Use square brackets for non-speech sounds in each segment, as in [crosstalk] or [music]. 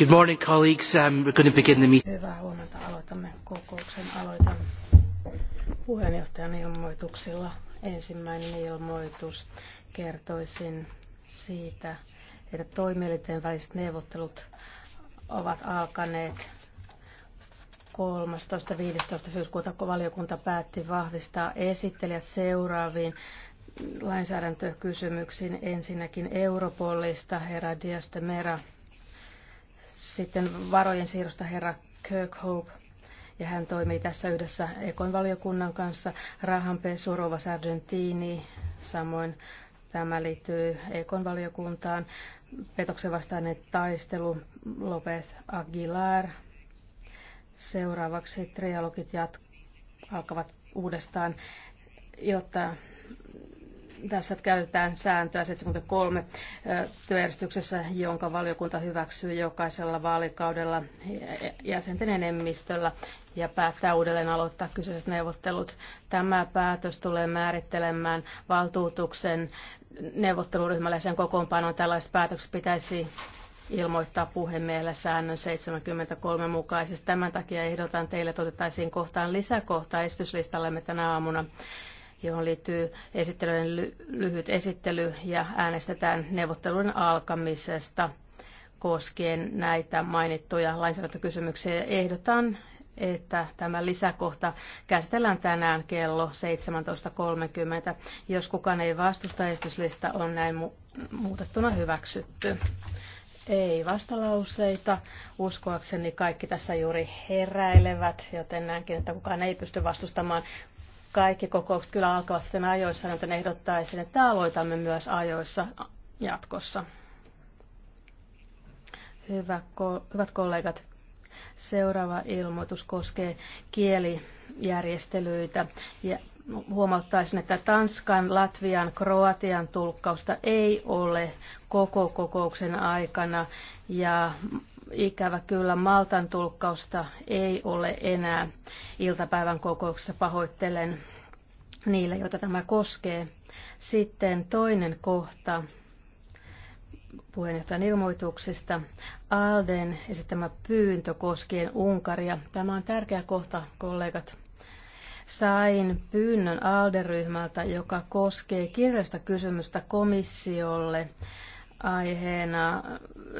Good morning, colleagues. Um, we're going to begin the meeting. Hyvää huomenta. Aloitamme kokouksen. Aloitan puheenjohtajan ilmoituksilla. Ensimmäinen ilmoitus kertoisin siitä, että toimielinten väliset neuvottelut ovat alkaneet 13.15. syyskuuta, kun valiokunta päätti vahvistaa esittelijät seuraaviin lainsäädäntökysymyksiin. Ensinnäkin Europolista, herra Dias de Mera sitten varojen siirrosta herra Hope. ja hän toimii tässä yhdessä Ekon valiokunnan kanssa. Rahanpesu, Rova Sargentini, samoin tämä liittyy Ekon valiokuntaan. Petoksen vastainen taistelu, Lopez Aguilar. Seuraavaksi trialogit jat- alkavat uudestaan, jotta tässä käytetään sääntöä 73 työjärjestyksessä, jonka valiokunta hyväksyy jokaisella vaalikaudella jäsenten enemmistöllä ja päättää uudelleen aloittaa kyseiset neuvottelut. Tämä päätös tulee määrittelemään valtuutuksen neuvotteluryhmälle ja sen kokoonpanoon. Tällaiset päätökset pitäisi ilmoittaa puhemiehelle säännön 73 mukaisesti. Tämän takia ehdotan teille, että otettaisiin kohtaan lisäkohta esityslistallemme tänä aamuna johon liittyy esittelyiden lyhyt esittely ja äänestetään neuvottelun alkamisesta koskien näitä mainittuja lainsäädäntökysymyksiä. Ehdotan, että tämä lisäkohta käsitellään tänään kello 17.30. Jos kukaan ei vastusta, esityslista on näin mu- muutettuna hyväksytty. Ei vastalauseita. Uskoakseni kaikki tässä juuri heräilevät, joten näenkin, että kukaan ei pysty vastustamaan kaikki kokoukset kyllä alkavat sitten ajoissa, joten ehdottaisin, että aloitamme myös ajoissa jatkossa. Hyvä, hyvät kollegat, seuraava ilmoitus koskee kielijärjestelyitä. Ja huomauttaisin, että Tanskan, Latvian, Kroatian tulkkausta ei ole koko kokouksen aikana ja ikävä kyllä Maltan tulkkausta ei ole enää iltapäivän kokouksessa, pahoittelen niille, joita tämä koskee. Sitten toinen kohta puheenjohtajan ilmoituksista. Alden esittämä pyyntö koskien Unkaria. Tämä on tärkeä kohta, kollegat. Sain pyynnön Alden-ryhmältä, joka koskee kirjallista kysymystä komissiolle aiheena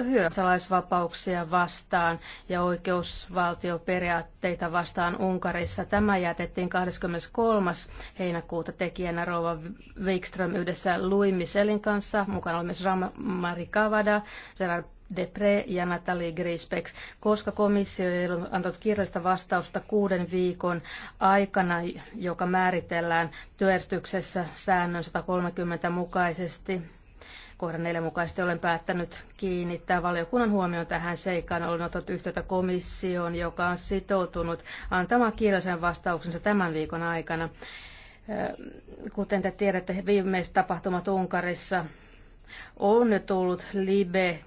hyösalaisvapauksia vastaan ja oikeusvaltioperiaatteita vastaan Unkarissa. Tämä jätettiin 23. heinäkuuta tekijänä Rova Wikström yhdessä Louis Michelin kanssa. Mukana oli myös Ramari Kavada, Gerard Depre ja Nathalie Grisbeck, koska komissio ei ole antanut kirjallista vastausta kuuden viikon aikana, joka määritellään työjärjestyksessä säännön 130 mukaisesti kohdan 4 mukaisesti olen päättänyt kiinnittää valiokunnan huomioon tähän seikkaan. Olen ottanut yhteyttä komissioon, joka on sitoutunut antamaan kielisen vastauksensa tämän viikon aikana. Kuten te tiedätte, viimeiset tapahtumat Unkarissa on nyt tullut Libe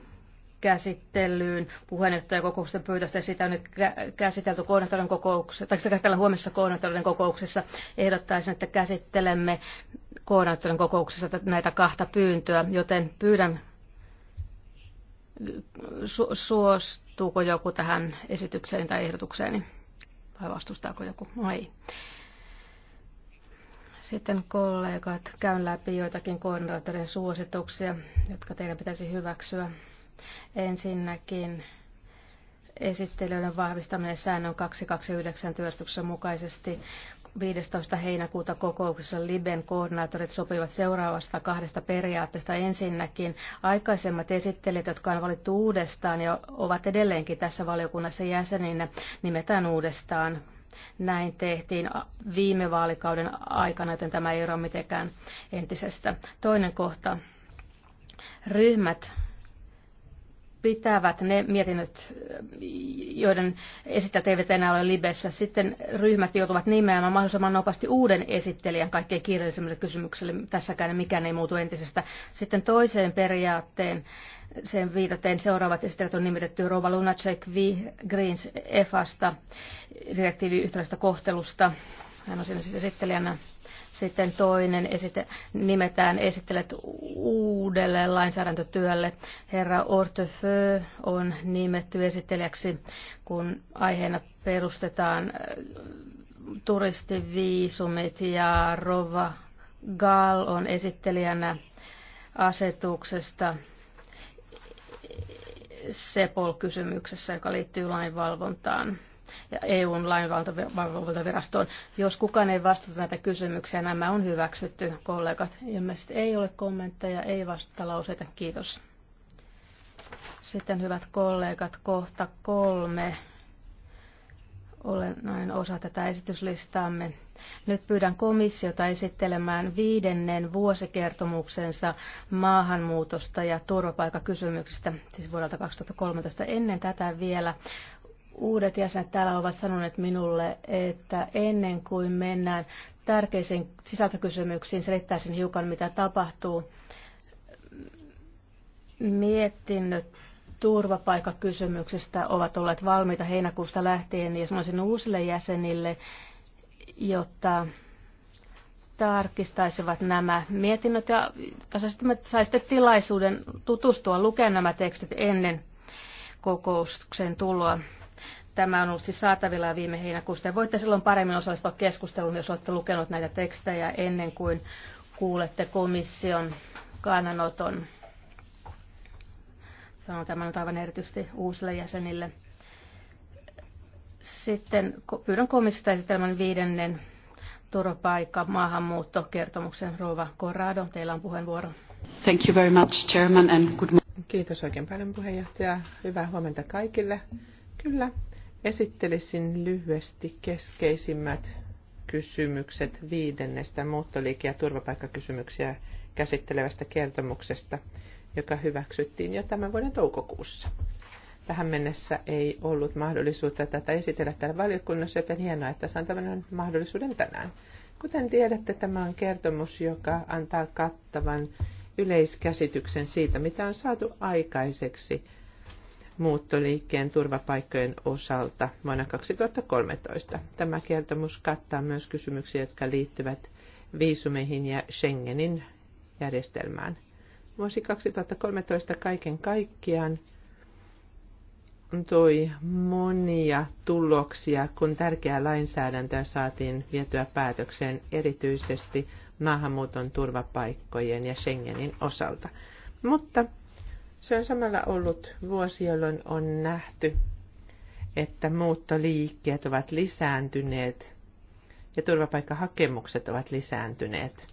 käsittelyyn. Puheenjohtajakokousta pyytästä sitä on nyt käsitelty koordinaattorin kokouksessa, tai sitä käsitellään huomisessa koordinaattorin kokouksessa. Ehdottaisin, että käsittelemme koordinaattorin kokouksessa näitä kahta pyyntöä, joten pyydän su- suostuuko joku tähän esitykseen tai ehdotukseeni vai vastustaako joku? No ei. Sitten kollegat, käyn läpi joitakin koordinaattorin suosituksia, jotka teidän pitäisi hyväksyä. Ensinnäkin esittelyiden vahvistaminen säännön 229 työstyksen mukaisesti 15. heinäkuuta kokouksessa Liben koordinaattorit sopivat seuraavasta kahdesta periaatteesta. Ensinnäkin aikaisemmat esittelijät, jotka on valittu uudestaan ja ovat edelleenkin tässä valiokunnassa jäseninä, nimetään uudestaan. Näin tehtiin viime vaalikauden aikana, joten tämä ei ole mitenkään entisestä. Toinen kohta. Ryhmät pitävät ne mietinnöt, joiden esittäjät eivät enää ole libessä. Sitten ryhmät joutuvat nimeämään mahdollisimman nopeasti uuden esittelijän kaikkein kiireellisemmille kysymyksille. Tässäkään mikään ei muutu entisestä. Sitten toiseen periaatteen sen viitaten seuraavat esittelijät on nimitetty Rova Lunacek V. Greens EFAsta, direktiivi yhtäläisestä kohtelusta. Hän on siinä siis esittelijänä. Sitten toinen esite, nimetään esittelet uudelle lainsäädäntötyölle. Herra Ortefeu on nimetty esittelijäksi, kun aiheena perustetaan äh, turistiviisumit ja Rova Gall on esittelijänä asetuksesta Sepol-kysymyksessä, joka liittyy lainvalvontaan ja EUn lainvalvontavirastoon. Jos kukaan ei vastusta näitä kysymyksiä, nämä on hyväksytty, kollegat. Ilmeisesti ei ole kommentteja, ei vastalauseita. Kiitos. Sitten hyvät kollegat, kohta kolme. Olen näin osa tätä esityslistaamme. Nyt pyydän komissiota esittelemään viidennen vuosikertomuksensa maahanmuutosta ja turvapaikakysymyksistä, siis vuodelta 2013. Ennen tätä vielä Uudet jäsenet täällä ovat sanoneet minulle, että ennen kuin mennään tärkeisiin sisältökysymyksiin, selittäisin hiukan, mitä tapahtuu. Miettinyt turvapaikkakysymyksestä ovat olleet valmiita heinäkuusta lähtien ja sanoisin uusille jäsenille, jotta tarkistaisivat nämä mietinnöt ja saisitte tilaisuuden tutustua, lukea nämä tekstit ennen kokouksen tuloa. Tämä on ollut siis saatavilla viime heinäkuusta. Ja voitte silloin paremmin osallistua keskusteluun, jos olette lukenut näitä tekstejä ennen kuin kuulette komission kannanoton. Sanon tämän nyt aivan erityisesti uusille jäsenille. Sitten pyydän komissiota esitelmän viidennen turvapaikka maahanmuuttokertomuksen. Rova Corrado, teillä on puheenvuoro. Thank you very much, Chairman, and good morning. Kiitos oikein paljon puheenjohtaja. Hyvää huomenta kaikille. Kyllä, Esittelisin lyhyesti keskeisimmät kysymykset viidennestä muuttoliike- ja turvapaikkakysymyksiä käsittelevästä kertomuksesta, joka hyväksyttiin jo tämän vuoden toukokuussa. Tähän mennessä ei ollut mahdollisuutta tätä esitellä täällä valiokunnassa, joten hienoa, että saan tämän mahdollisuuden tänään. Kuten tiedätte, tämä on kertomus, joka antaa kattavan yleiskäsityksen siitä, mitä on saatu aikaiseksi – muuttoliikkeen turvapaikkojen osalta vuonna 2013. Tämä kertomus kattaa myös kysymyksiä, jotka liittyvät viisumeihin ja Schengenin järjestelmään. Vuosi 2013 kaiken kaikkiaan toi monia tuloksia, kun tärkeää lainsäädäntöä saatiin vietyä päätökseen erityisesti maahanmuuton turvapaikkojen ja Schengenin osalta. Mutta se on samalla ollut vuosi, jolloin on nähty, että muuttoliikkeet ovat lisääntyneet ja turvapaikkahakemukset ovat lisääntyneet.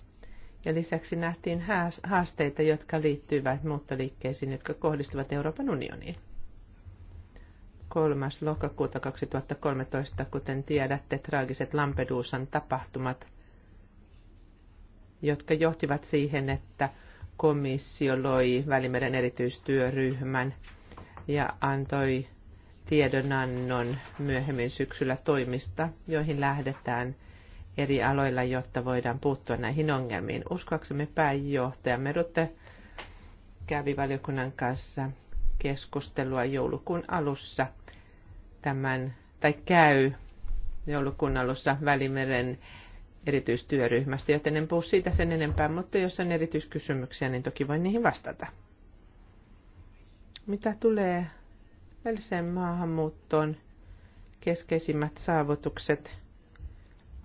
Ja lisäksi nähtiin haasteita, jotka liittyvät muuttoliikkeisiin, jotka kohdistuvat Euroopan unioniin. 3. lokakuuta 2013, kuten tiedätte, traagiset Lampedusan tapahtumat, jotka johtivat siihen, että komissio loi Välimeren erityistyöryhmän ja antoi tiedonannon myöhemmin syksyllä toimista, joihin lähdetään eri aloilla, jotta voidaan puuttua näihin ongelmiin. Uskoaksemme pääjohtajamme Rutte kävi valiokunnan kanssa keskustelua joulukuun alussa tämän, tai käy joulukuun alussa Välimeren erityistyöryhmästä, joten en puhu siitä sen enempää, mutta jos on erityiskysymyksiä, niin toki voin niihin vastata. Mitä tulee väliseen maahanmuuttoon, keskeisimmät saavutukset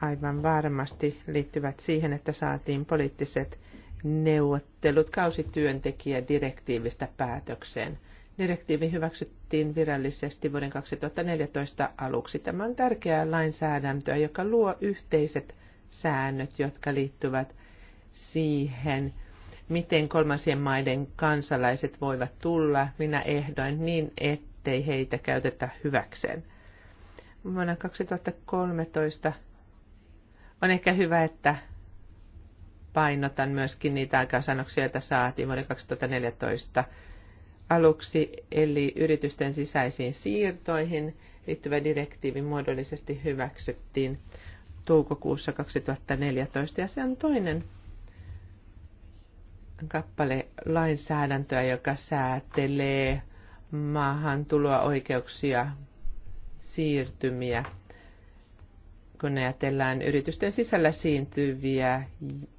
aivan varmasti liittyvät siihen, että saatiin poliittiset neuvottelut kausityöntekijädirektiivistä päätökseen. Direktiivi hyväksyttiin virallisesti vuoden 2014 aluksi. Tämä on tärkeää lainsäädäntöä, joka luo yhteiset säännöt, jotka liittyvät siihen, miten kolmansien maiden kansalaiset voivat tulla, minä ehdoin niin, ettei heitä käytetä hyväkseen. Vuonna 2013 on ehkä hyvä, että painotan myöskin niitä aikaansanoksia, joita saatiin vuoden 2014 aluksi, eli yritysten sisäisiin siirtoihin liittyvä direktiivi muodollisesti hyväksyttiin toukokuussa 2014 ja se on toinen kappale lainsäädäntöä, joka säätelee maahantuloa, oikeuksia, siirtymiä, kun ajatellaan yritysten sisällä siintyviä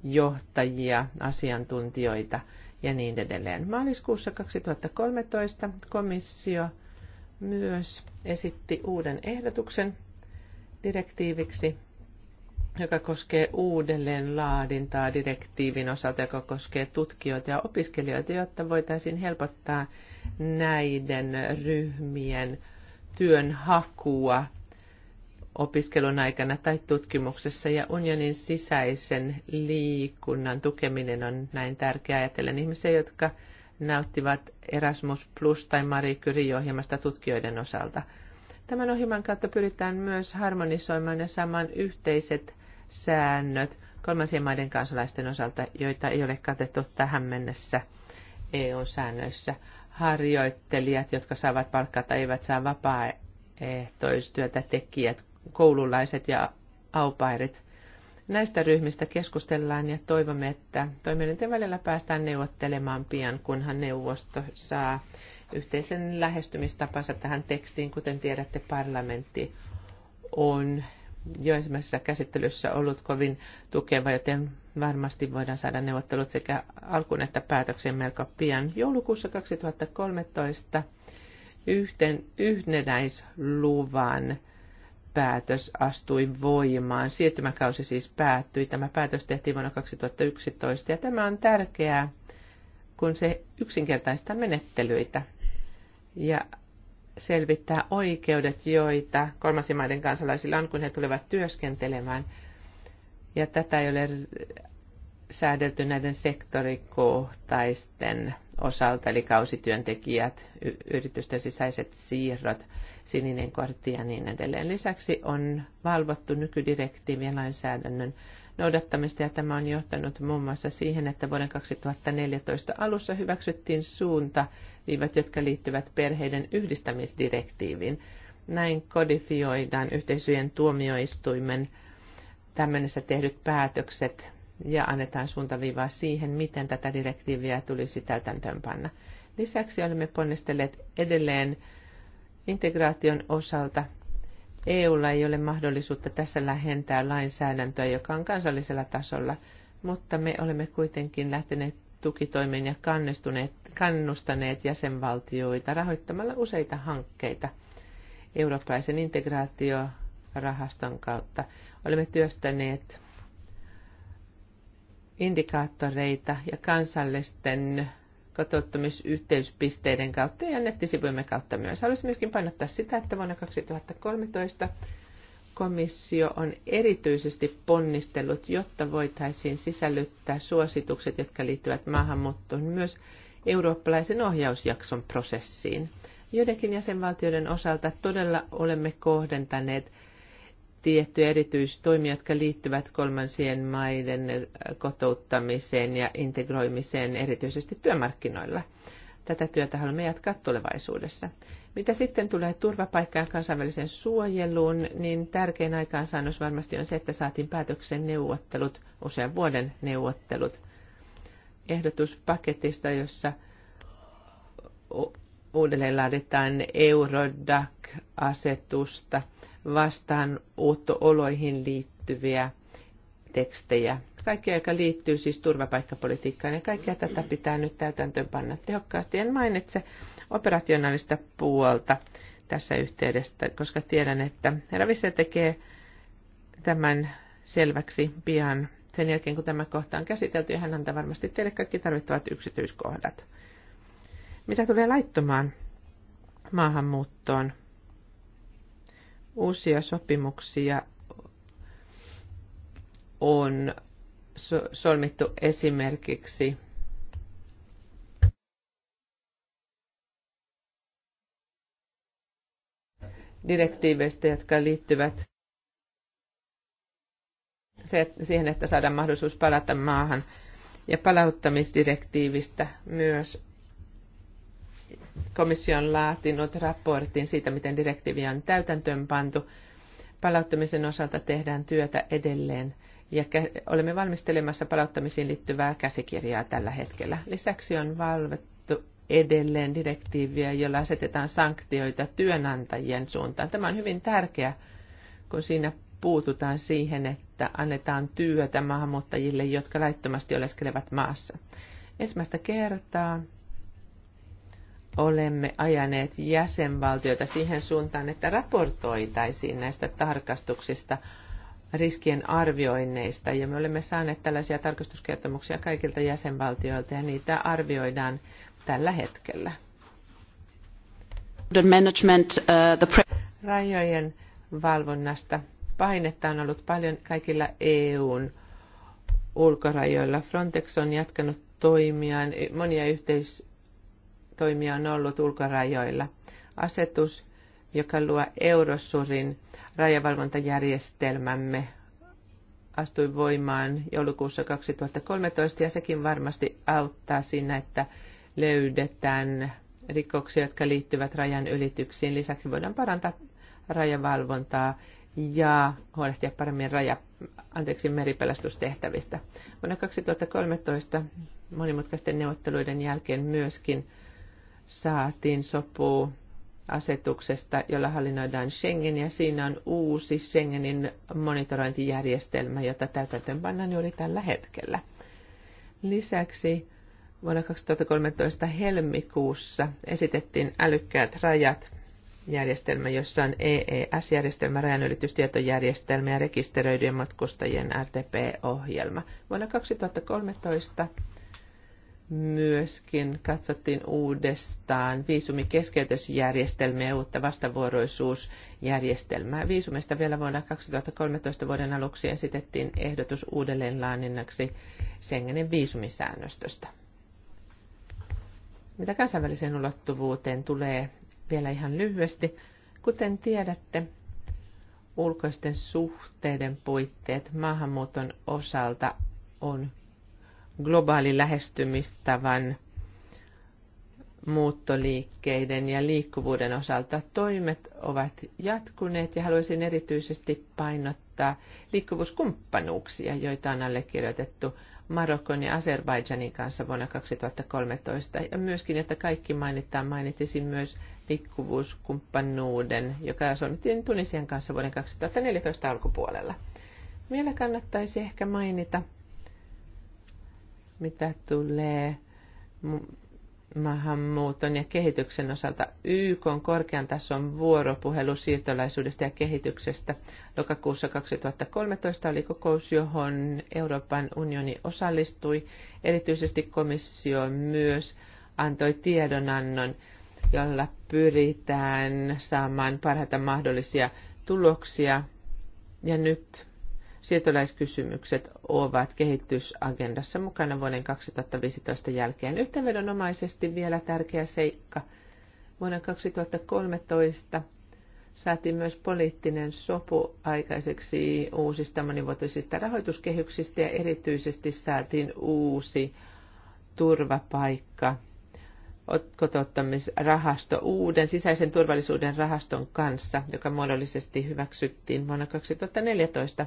johtajia, asiantuntijoita ja niin edelleen. Maaliskuussa 2013 komissio myös esitti uuden ehdotuksen direktiiviksi joka koskee uudelleen laadintaa direktiivin osalta, joka koskee tutkijoita ja opiskelijoita, jotta voitaisiin helpottaa näiden ryhmien työnhakua opiskelun aikana tai tutkimuksessa. Ja unionin sisäisen liikunnan tukeminen on näin tärkeää ajatellen ihmisiä, jotka nauttivat Erasmus Plus tai Marie Curie-ohjelmasta tutkijoiden osalta. Tämän ohjelman kautta pyritään myös harmonisoimaan ja saamaan yhteiset säännöt kolmansien maiden kansalaisten osalta, joita ei ole katettu tähän mennessä EU-säännöissä. Harjoittelijat, jotka saavat palkkaa tai eivät saa vapaaehtoistyötä tekijät, koululaiset ja aupairit. Näistä ryhmistä keskustellaan ja toivomme, että toimijoiden välillä päästään neuvottelemaan pian, kunhan neuvosto saa yhteisen lähestymistapansa tähän tekstiin. Kuten tiedätte, parlamentti on jo ensimmäisessä käsittelyssä ollut kovin tukeva, joten varmasti voidaan saada neuvottelut sekä alkuun että päätökseen melko pian. Joulukuussa 2013 yhten, yhdenäisluvan päätös astui voimaan. Siirtymäkausi siis päättyi. Tämä päätös tehtiin vuonna 2011 ja tämä on tärkeää, kun se yksinkertaistaa menettelyitä ja selvittää oikeudet, joita kolmansien maiden kansalaisilla on, kun he tulevat työskentelemään. Ja tätä ei ole säädelty näiden sektorikohtaisten osalta, eli kausityöntekijät, yritysten sisäiset siirrot, sininen kortti ja niin edelleen. Lisäksi on valvottu nykydirektiivien lainsäädännön noudattamista ja tämä on johtanut muun muassa siihen, että vuoden 2014 alussa hyväksyttiin suunta viivat, jotka liittyvät perheiden yhdistämisdirektiiviin. Näin kodifioidaan yhteisöjen tuomioistuimen tämmöisessä tehdyt päätökset ja annetaan suuntaviivaa siihen, miten tätä direktiiviä tulisi täytäntöönpanna. Lisäksi olemme ponnistelleet edelleen integraation osalta EUlla ei ole mahdollisuutta tässä lähentää lainsäädäntöä, joka on kansallisella tasolla, mutta me olemme kuitenkin lähteneet tukitoimeen ja kannustaneet jäsenvaltioita rahoittamalla useita hankkeita eurooppalaisen integraatiorahaston kautta. Olemme työstäneet indikaattoreita ja kansallisten kotouttamisyhteyspisteiden kautta ja nettisivuimme kautta myös. Haluaisin myöskin painottaa sitä, että vuonna 2013 komissio on erityisesti ponnistellut, jotta voitaisiin sisällyttää suositukset, jotka liittyvät maahanmuuttoon myös eurooppalaisen ohjausjakson prosessiin. Joidenkin jäsenvaltioiden osalta todella olemme kohdentaneet tiettyjä erityistoimia, jotka liittyvät kolmansien maiden äh, kotouttamiseen ja integroimiseen erityisesti työmarkkinoilla. Tätä työtä haluamme jatkaa tulevaisuudessa. Mitä sitten tulee turvapaikkaan kansainväliseen suojeluun, niin tärkein aikaansaannos varmasti on se, että saatiin päätöksen neuvottelut, usean vuoden neuvottelut, ehdotuspaketista, jossa uudelleen laaditaan Eurodac-asetusta – vastaanotto-oloihin liittyviä tekstejä. Kaikkea, joka liittyy siis turvapaikkapolitiikkaan ja kaikkea tätä pitää nyt täytäntöön panna tehokkaasti. En mainitse operationaalista puolta tässä yhteydessä, koska tiedän, että Ravissa tekee tämän selväksi pian sen jälkeen, kun tämä kohta on käsitelty, ja hän antaa varmasti teille kaikki tarvittavat yksityiskohdat. Mitä tulee laittomaan maahanmuuttoon, Uusia sopimuksia on solmittu esimerkiksi direktiiveistä, jotka liittyvät siihen, että saadaan mahdollisuus palata maahan ja palauttamisdirektiivistä myös komissio on laatinut raportin siitä, miten direktiivi on täytäntöönpantu. Palauttamisen osalta tehdään työtä edelleen ja olemme valmistelemassa palauttamisiin liittyvää käsikirjaa tällä hetkellä. Lisäksi on valvettu edelleen direktiiviä, jolla asetetaan sanktioita työnantajien suuntaan. Tämä on hyvin tärkeä, kun siinä puututaan siihen, että annetaan työtä maahanmuuttajille, jotka laittomasti oleskelevat maassa. Ensimmäistä kertaa olemme ajaneet jäsenvaltioita siihen suuntaan, että raportoitaisiin näistä tarkastuksista, riskien arvioinneista. Ja me olemme saaneet tällaisia tarkastuskertomuksia kaikilta jäsenvaltioilta ja niitä arvioidaan tällä hetkellä. Uh, Rajojen valvonnasta painetta on ollut paljon kaikilla EUn ulkorajoilla. Frontex on jatkanut toimiaan, monia yhteis- toimia on ollut ulkorajoilla. Asetus, joka luo Eurosurin rajavalvontajärjestelmämme, astui voimaan joulukuussa 2013 ja sekin varmasti auttaa siinä, että löydetään rikoksia, jotka liittyvät rajan ylityksiin. Lisäksi voidaan parantaa rajavalvontaa ja huolehtia paremmin raja, anteeksi, meripelastustehtävistä. Vuonna 2013 monimutkaisten neuvotteluiden jälkeen myöskin saatiin sopu asetuksesta, jolla hallinnoidaan Schengen, ja siinä on uusi Schengenin monitorointijärjestelmä, jota täytäntöönpannaan juuri tällä hetkellä. Lisäksi vuonna 2013 helmikuussa esitettiin älykkäät rajat järjestelmä, jossa on EES-järjestelmä, rajanylitystietojärjestelmä ja rekisteröidyjen matkustajien RTP-ohjelma. Vuonna 2013 myöskin katsottiin uudestaan viisumikeskeytysjärjestelmiä ja uutta vastavuoroisuusjärjestelmää. Viisumista vielä vuonna 2013 vuoden aluksi esitettiin ehdotus uudelleenlaaninnaksi Schengenin viisumisäännöstöstä. Mitä kansainväliseen ulottuvuuteen tulee vielä ihan lyhyesti, kuten tiedätte, ulkoisten suhteiden puitteet maahanmuuton osalta on globaali lähestymistavan muuttoliikkeiden ja liikkuvuuden osalta toimet ovat jatkuneet ja haluaisin erityisesti painottaa liikkuvuuskumppanuuksia, joita on allekirjoitettu Marokon ja Azerbaidžanin kanssa vuonna 2013. Ja myöskin, että kaikki mainitaan, mainitsisin myös liikkuvuuskumppanuuden, joka solmittiin Tunisian kanssa vuoden 2014 alkupuolella. Vielä kannattaisi ehkä mainita mitä tulee maahanmuuton ja kehityksen osalta YK on korkean tason vuoropuhelu siirtolaisuudesta ja kehityksestä. Lokakuussa 2013 oli kokous, johon Euroopan unioni osallistui. Erityisesti komissio myös antoi tiedonannon, jolla pyritään saamaan parhaita mahdollisia tuloksia. Ja nyt siirtolaiskysymykset ovat kehitysagendassa mukana vuoden 2015 jälkeen. Yhteenvedonomaisesti vielä tärkeä seikka. Vuonna 2013 saatiin myös poliittinen sopu aikaiseksi uusista monivuotoisista rahoituskehyksistä ja erityisesti saatiin uusi turvapaikka kotouttamisrahasto uuden sisäisen turvallisuuden rahaston kanssa, joka muodollisesti hyväksyttiin vuonna 2014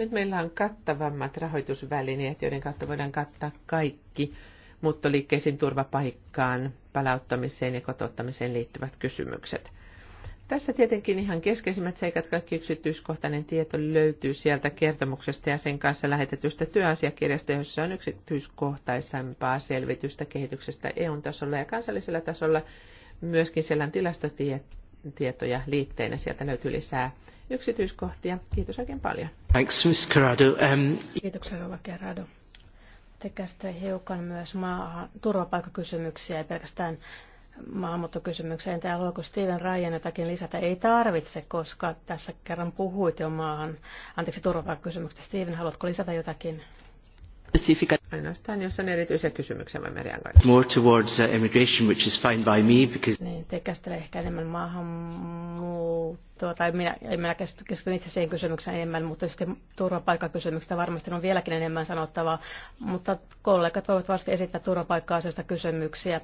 nyt meillä on kattavammat rahoitusvälineet, joiden kautta voidaan kattaa kaikki muuttoliikkeisiin turvapaikkaan, palauttamiseen ja kotouttamiseen liittyvät kysymykset. Tässä tietenkin ihan keskeisimmät seikat, kaikki yksityiskohtainen tieto löytyy sieltä kertomuksesta ja sen kanssa lähetetystä työasiakirjasta, jossa on yksityiskohtaisempaa selvitystä kehityksestä eu tasolla ja kansallisella tasolla. Myöskin siellä on tilastotietoa tietoja liitteinä. Sieltä löytyy lisää yksityiskohtia. Kiitos oikein paljon. Thanks, Ms. Carado. Um... Kiitoksia, Rova Carado. Te käsitte hiukan myös maahan turvapaikkakysymyksiä, ei pelkästään maahanmuuttokysymykseen. Entä haluaako Steven Ryan jotakin lisätä? Ei tarvitse, koska tässä kerran puhuit jo maahan. Anteeksi, turvapaikkakysymyksestä. Steven, haluatko lisätä jotakin? specific... Ainoastaan, jos on erityisiä kysymyksiä, mä Merjan kanssa. More towards uh, immigration, which is fine by me, because... Niin, te käsittelee ehkä enemmän maahanmuuttoa, tai minä, minä keskityn itse siihen kysymykseen enemmän, mutta sitten turvapaikkakysymyksestä varmasti on vieläkin enemmän sanottavaa, mutta kollegat voivat varmasti esittää turvapaikka-asioista kysymyksiä.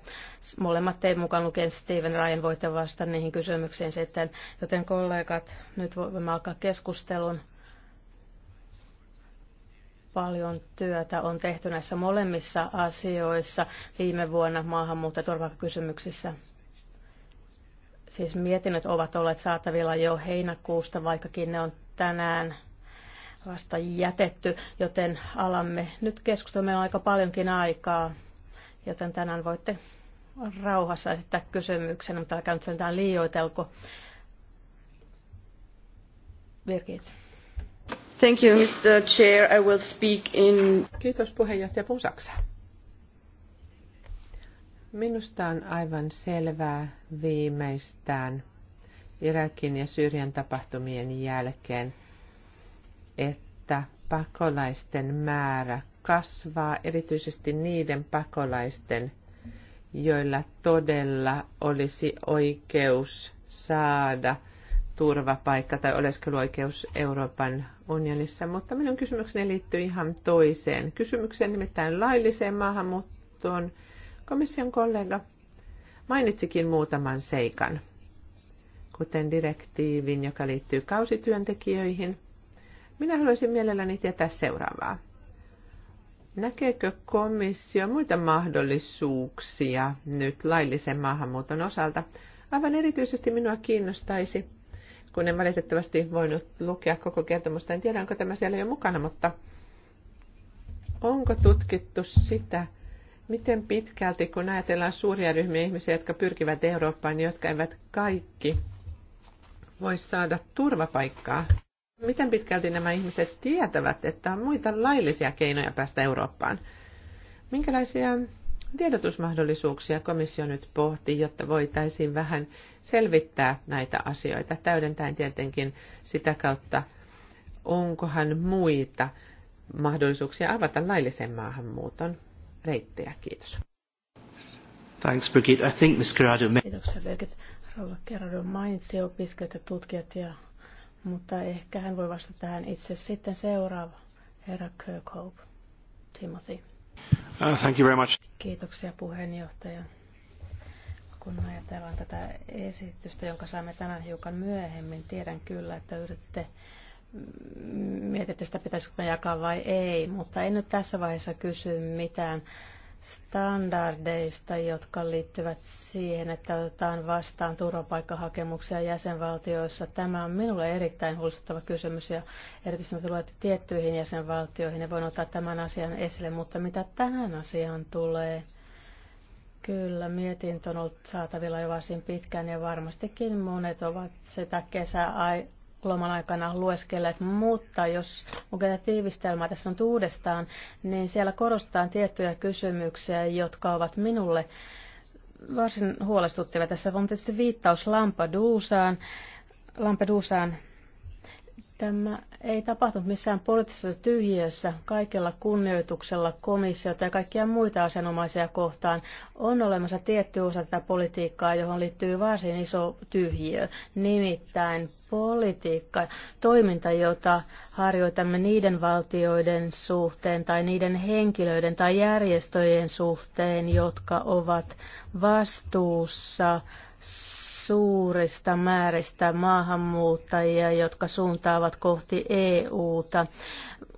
Molemmat teidän mukaan lukien Steven Ryan voitte vastata niihin kysymyksiin sitten, joten kollegat, nyt voimme alkaa keskustelun. Paljon työtä on tehty näissä molemmissa asioissa viime vuonna maahanmuutto- ja kysymyksissä. Siis mietinnöt ovat olleet saatavilla jo heinäkuusta, vaikkakin ne on tänään vasta jätetty, joten alamme nyt keskustella. Meillä on aika paljonkin aikaa, joten tänään voitte rauhassa esittää kysymyksen, mutta älkää nyt sentään liioitelko. Birgit. Thank you, Mr. Chair. I will speak in... Kiitos puheenjohtaja Puhun Saksaa. Minusta on aivan selvää viimeistään Irakin ja Syyrian tapahtumien jälkeen, että pakolaisten määrä kasvaa, erityisesti niiden pakolaisten, joilla todella olisi oikeus saada – turvapaikka tai oleskeluoikeus Euroopan unionissa, mutta minun kysymykseni liittyy ihan toiseen kysymykseen, nimittäin lailliseen maahanmuuttoon. Komission kollega mainitsikin muutaman seikan, kuten direktiivin, joka liittyy kausityöntekijöihin. Minä haluaisin mielelläni tietää seuraavaa. Näkeekö komissio muita mahdollisuuksia nyt laillisen maahanmuuton osalta? Aivan erityisesti minua kiinnostaisi, kun en valitettavasti voinut lukea koko kertomusta. En tiedä, onko tämä siellä jo mukana, mutta onko tutkittu sitä, miten pitkälti, kun ajatellaan suuria ryhmiä ihmisiä, jotka pyrkivät Eurooppaan, jotka eivät kaikki voi saada turvapaikkaa, miten pitkälti nämä ihmiset tietävät, että on muita laillisia keinoja päästä Eurooppaan? Minkälaisia tiedotusmahdollisuuksia komissio nyt pohti, jotta voitaisiin vähän selvittää näitä asioita, täydentäen tietenkin sitä kautta, onkohan muita mahdollisuuksia avata laillisen maahanmuuton reittejä. Kiitos. Thanks, Brigitte. I think Ms. Carado... Kiitoksia, Birgit. Rova Gerardo mainitsi opiskelijat ja tutkijat, ja, mutta ehkä hän voi vastata tähän itse sitten seuraava. Herra Kirkhope, Timothy. Uh, thank you very much. Kiitoksia puheenjohtaja. Kun ajatellaan tätä esitystä, jonka saamme tänään hiukan myöhemmin, tiedän kyllä, että yritätte mietitte sitä, pitäisikö me jakaa vai ei, mutta en nyt tässä vaiheessa kysy mitään standardeista, jotka liittyvät siihen, että otetaan vastaan turvapaikkahakemuksia jäsenvaltioissa. Tämä on minulle erittäin huolestuttava kysymys ja erityisesti luette tiettyihin jäsenvaltioihin ja voin ottaa tämän asian esille, mutta mitä tähän asiaan tulee? Kyllä, mietintö on ollut saatavilla jo varsin pitkään ja varmastikin monet ovat sitä kesäaikaa loman aikana lueskelleet, mutta jos lukee tiivistelmää tässä on uudestaan, niin siellä korostetaan tiettyjä kysymyksiä, jotka ovat minulle varsin huolestuttavia. Tässä on tietysti viittaus Lampedusaan, Lampedusaan Tämä ei tapahtunut missään poliittisessa tyhjiössä. Kaikella kunnioituksella komissiota ja kaikkia muita asianomaisia kohtaan on olemassa tietty osa tätä politiikkaa, johon liittyy varsin iso tyhjiö, nimittäin politiikka, toiminta, jota harjoitamme niiden valtioiden suhteen tai niiden henkilöiden tai järjestöjen suhteen, jotka ovat vastuussa suuresta määrästä maahanmuuttajia, jotka suuntaavat kohti EUta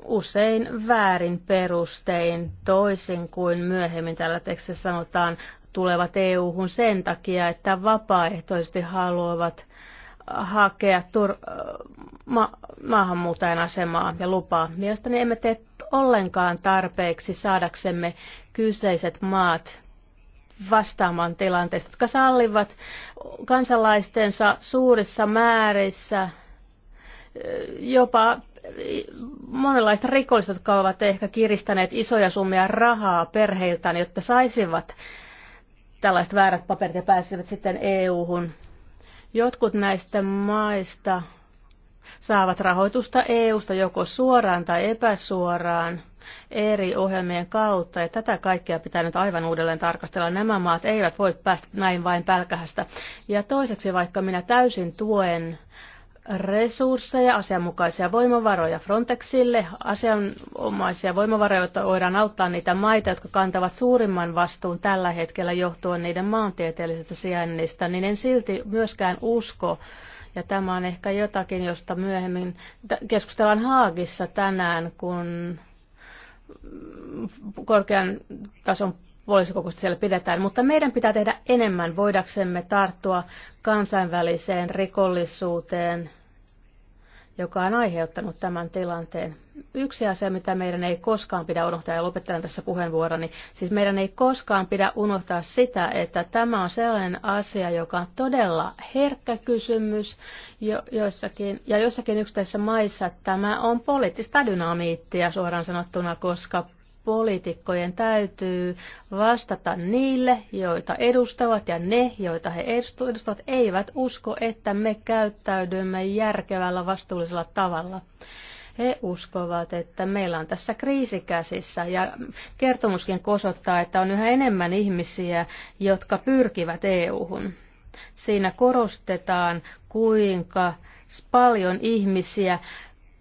usein väärin perustein, toisin kuin myöhemmin tällä tekstissä sanotaan, tulevat EU-hun sen takia, että vapaaehtoisesti haluavat hakea tur- ma- maahanmuuttajan asemaa ja lupaa. Mielestäni emme tee ollenkaan tarpeeksi saadaksemme kyseiset maat vastaamaan tilanteista, jotka sallivat kansalaistensa suurissa määrissä jopa monenlaista rikollista, jotka ovat ehkä kiristäneet isoja summia rahaa perheiltään, jotta saisivat tällaiset väärät paperit ja pääsisivät sitten EU-hun. Jotkut näistä maista saavat rahoitusta EUsta joko suoraan tai epäsuoraan eri ohjelmien kautta, ja tätä kaikkea pitää nyt aivan uudelleen tarkastella. Nämä maat eivät voi päästä näin vain pälkähästä. Ja toiseksi, vaikka minä täysin tuen resursseja, asianmukaisia voimavaroja Frontexille, asianomaisia voimavaroja, jotta voidaan auttaa niitä maita, jotka kantavat suurimman vastuun tällä hetkellä johtuen niiden maantieteellisestä sijainnista, niin en silti myöskään usko, ja tämä on ehkä jotakin, josta myöhemmin keskustellaan Haagissa tänään, kun korkean tason poliisikokousta siellä pidetään, mutta meidän pitää tehdä enemmän voidaksemme tarttua kansainväliseen rikollisuuteen joka on aiheuttanut tämän tilanteen. Yksi asia, mitä meidän ei koskaan pidä unohtaa, ja lopettelen tässä puheenvuoroni, siis meidän ei koskaan pidä unohtaa sitä, että tämä on sellainen asia, joka on todella herkkä kysymys, jo, joissakin, ja jossakin yksittäisissä maissa tämä on poliittista dynamiittia suoraan sanottuna, koska poliitikkojen täytyy vastata niille, joita edustavat, ja ne, joita he edustavat, eivät usko, että me käyttäydymme järkevällä vastuullisella tavalla. He uskovat, että meillä on tässä kriisi käsissä ja kertomuskin kosottaa, että on yhä enemmän ihmisiä, jotka pyrkivät EU-hun. Siinä korostetaan, kuinka paljon ihmisiä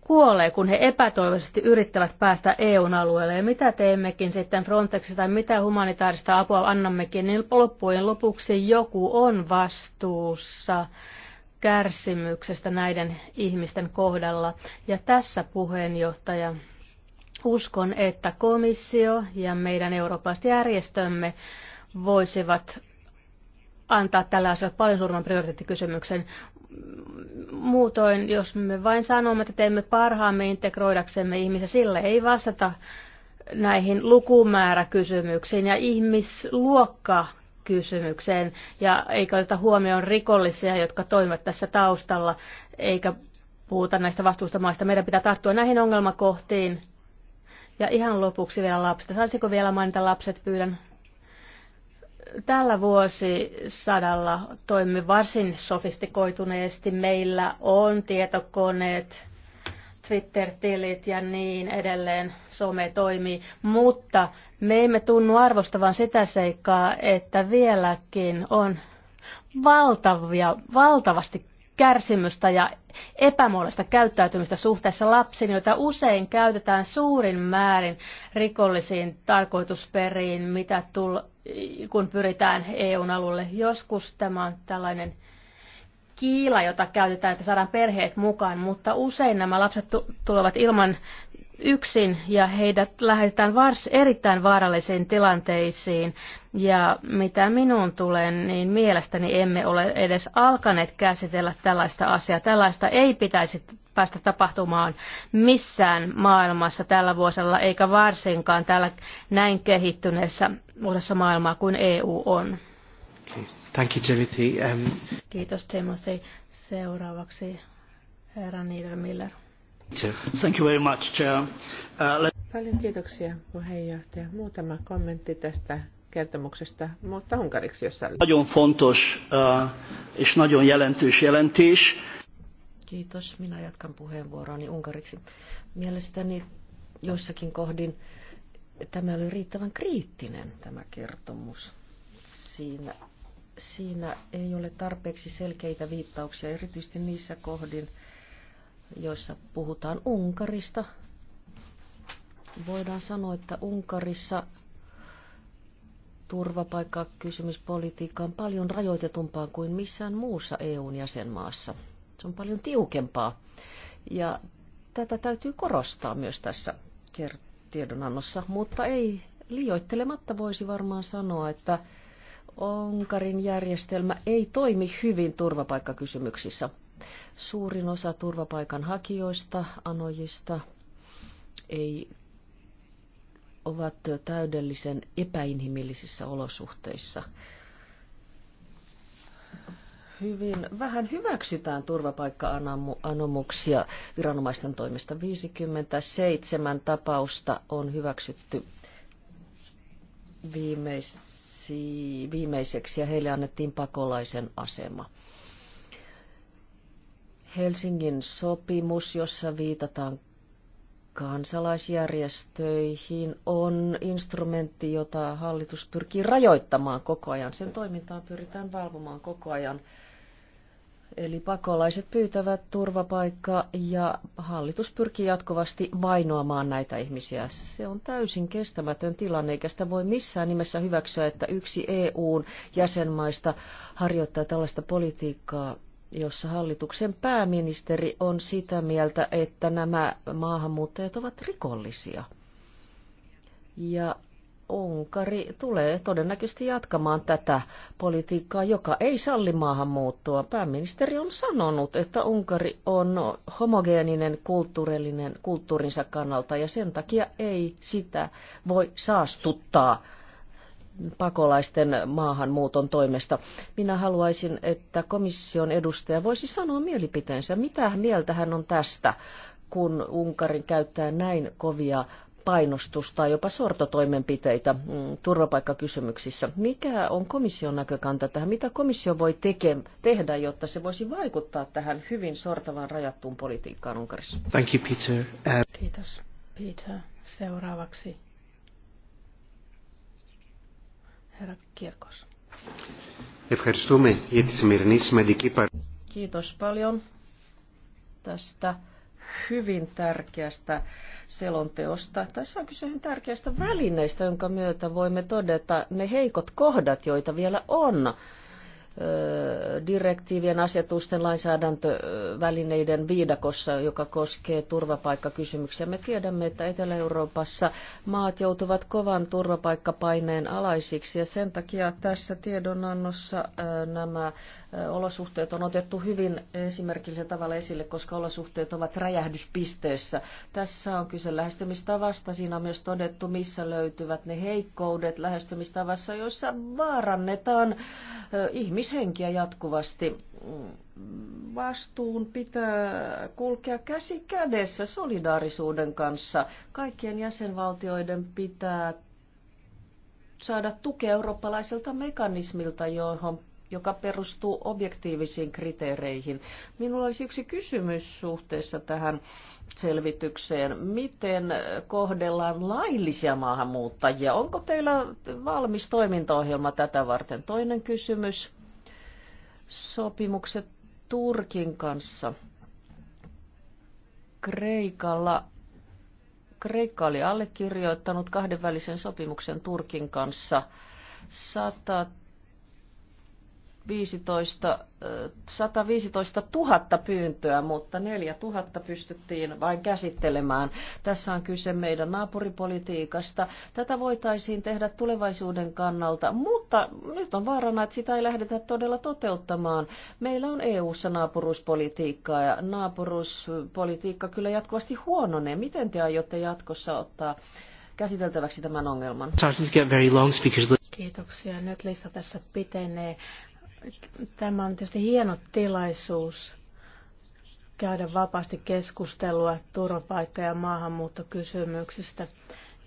kuolee, kun he epätoivoisesti yrittävät päästä eu alueelle. Ja mitä teemmekin sitten Frontexista tai mitä humanitaarista apua annammekin, niin loppujen lopuksi joku on vastuussa kärsimyksestä näiden ihmisten kohdalla. Ja tässä puheenjohtaja uskon, että komissio ja meidän eurooppalaiset järjestömme voisivat antaa tällä asialla paljon suurman prioriteettikysymyksen. Muutoin, jos me vain sanomme, että teemme parhaamme integroidaksemme ihmisiä, sillä ei vastata näihin lukumääräkysymyksiin ja ihmisluokka kysymykseen. ja eikä oteta huomioon rikollisia, jotka toimivat tässä taustalla, eikä puhuta näistä vastuusta maista. Meidän pitää tarttua näihin ongelmakohtiin. Ja ihan lopuksi vielä lapset. Saisiko vielä mainita lapset, pyydän? tällä vuosisadalla toimimme varsin sofistikoituneesti. Meillä on tietokoneet, Twitter-tilit ja niin edelleen, some toimii, mutta me emme tunnu arvostavan sitä seikkaa, että vieläkin on valtavia, valtavasti kärsimystä ja epämuodollista käyttäytymistä suhteessa lapsiin, joita usein käytetään suurin määrin rikollisiin tarkoitusperiin, mitä tull, kun pyritään EUn alulle. Joskus tämä on tällainen kiila, jota käytetään, että saadaan perheet mukaan, mutta usein nämä lapset tulevat ilman yksin ja heidät lähetetään vars, erittäin vaarallisiin tilanteisiin ja mitä minuun tulee, niin mielestäni emme ole edes alkaneet käsitellä tällaista asiaa. Tällaista ei pitäisi päästä tapahtumaan missään maailmassa tällä vuosella, eikä varsinkaan tällä näin kehittyneessä uudessa maailmaa kuin EU on. Thank you, Timothy. Um... Kiitos Timothy. Seuraavaksi herra Niedel Miller. Thank you very much, Chair. Uh, let... Paljon kiitoksia puheenjohtaja. Muutama kommentti tästä kertomuksesta, mutta unkariksi jossain. Nagyon fontos és nagyon jelentős jelentés. Kiitos. Minä jatkan puheenvuoroani unkariksi. Mielestäni jossakin kohdin tämä oli riittävän kriittinen tämä kertomus. Siinä, siinä ei ole tarpeeksi selkeitä viittauksia, erityisesti niissä kohdin, joissa puhutaan Unkarista. Voidaan sanoa, että Unkarissa turvapaikkakysymyspolitiikka on paljon rajoitetumpaa kuin missään muussa EUn jäsenmaassa. Se on paljon tiukempaa. Ja tätä täytyy korostaa myös tässä tiedonannossa, mutta ei liioittelematta voisi varmaan sanoa, että Onkarin järjestelmä ei toimi hyvin turvapaikkakysymyksissä. Suurin osa turvapaikan hakijoista, anojista, ei ovat täydellisen epäinhimillisissä olosuhteissa. Hyvin vähän hyväksytään turvapaikka-anomuksia viranomaisten toimesta. 57 tapausta on hyväksytty viimeiseksi ja heille annettiin pakolaisen asema. Helsingin sopimus, jossa viitataan kansalaisjärjestöihin on instrumentti, jota hallitus pyrkii rajoittamaan koko ajan. Sen toimintaa pyritään valvomaan koko ajan. Eli pakolaiset pyytävät turvapaikkaa ja hallitus pyrkii jatkuvasti vainoamaan näitä ihmisiä. Se on täysin kestämätön tilanne, eikä sitä voi missään nimessä hyväksyä, että yksi EUn jäsenmaista harjoittaa tällaista politiikkaa jossa hallituksen pääministeri on sitä mieltä, että nämä maahanmuuttajat ovat rikollisia. Ja Unkari tulee todennäköisesti jatkamaan tätä politiikkaa, joka ei salli maahanmuuttoa. Pääministeri on sanonut, että Unkari on homogeeninen kulttuurillinen kulttuurinsa kannalta ja sen takia ei sitä voi saastuttaa pakolaisten maahanmuuton toimesta. Minä haluaisin, että komission edustaja voisi sanoa mielipiteensä, mitä mieltä hän on tästä, kun Unkarin käyttää näin kovia painostusta, jopa sortotoimenpiteitä mm, turvapaikkakysymyksissä. Mikä on komission näkökanta tähän? Mitä komissio voi teke, tehdä, jotta se voisi vaikuttaa tähän hyvin sortavaan rajattuun politiikkaan Unkarissa? Thank you, Peter. Uh, Kiitos, Peter. Seuraavaksi Herra Kirkos. Kiitos paljon tästä hyvin tärkeästä selonteosta. Tässä on kyse hyvin tärkeästä välineistä, jonka myötä voimme todeta ne heikot kohdat, joita vielä on direktiivien, asetusten, lainsäädäntövälineiden viidakossa, joka koskee turvapaikkakysymyksiä. Me tiedämme, että Etelä-Euroopassa maat joutuvat kovan turvapaikkapaineen alaisiksi ja sen takia tässä tiedonannossa nämä olosuhteet on otettu hyvin esimerkillisellä tavalla esille, koska olosuhteet ovat räjähdyspisteessä. Tässä on kyse lähestymistavasta. Siinä on myös todettu, missä löytyvät ne heikkoudet lähestymistavassa, joissa vaarannetaan ihmishenkiä jatkuvasti. Vastuun pitää kulkea käsi kädessä solidaarisuuden kanssa. Kaikkien jäsenvaltioiden pitää saada tukea eurooppalaiselta mekanismilta, johon joka perustuu objektiivisiin kriteereihin. Minulla olisi yksi kysymys suhteessa tähän selvitykseen. Miten kohdellaan laillisia maahanmuuttajia? Onko teillä valmis toimintaohjelma tätä varten? Toinen kysymys. Sopimukset Turkin kanssa. Kreikalla Kreikka oli allekirjoittanut kahdenvälisen sopimuksen Turkin kanssa. 100 15, 115 000 pyyntöä, mutta 4 000 pystyttiin vain käsittelemään. Tässä on kyse meidän naapuripolitiikasta. Tätä voitaisiin tehdä tulevaisuuden kannalta, mutta nyt on vaarana, että sitä ei lähdetä todella toteuttamaan. Meillä on EU-ssa naapuruuspolitiikkaa ja naapuruuspolitiikka kyllä jatkuvasti huononee. Miten te aiotte jatkossa ottaa käsiteltäväksi tämän ongelman? Kiitoksia. Nyt lista tässä pitenee. Tämä on tietysti hieno tilaisuus käydä vapaasti keskustelua turvapaikka- ja maahanmuuttokysymyksistä.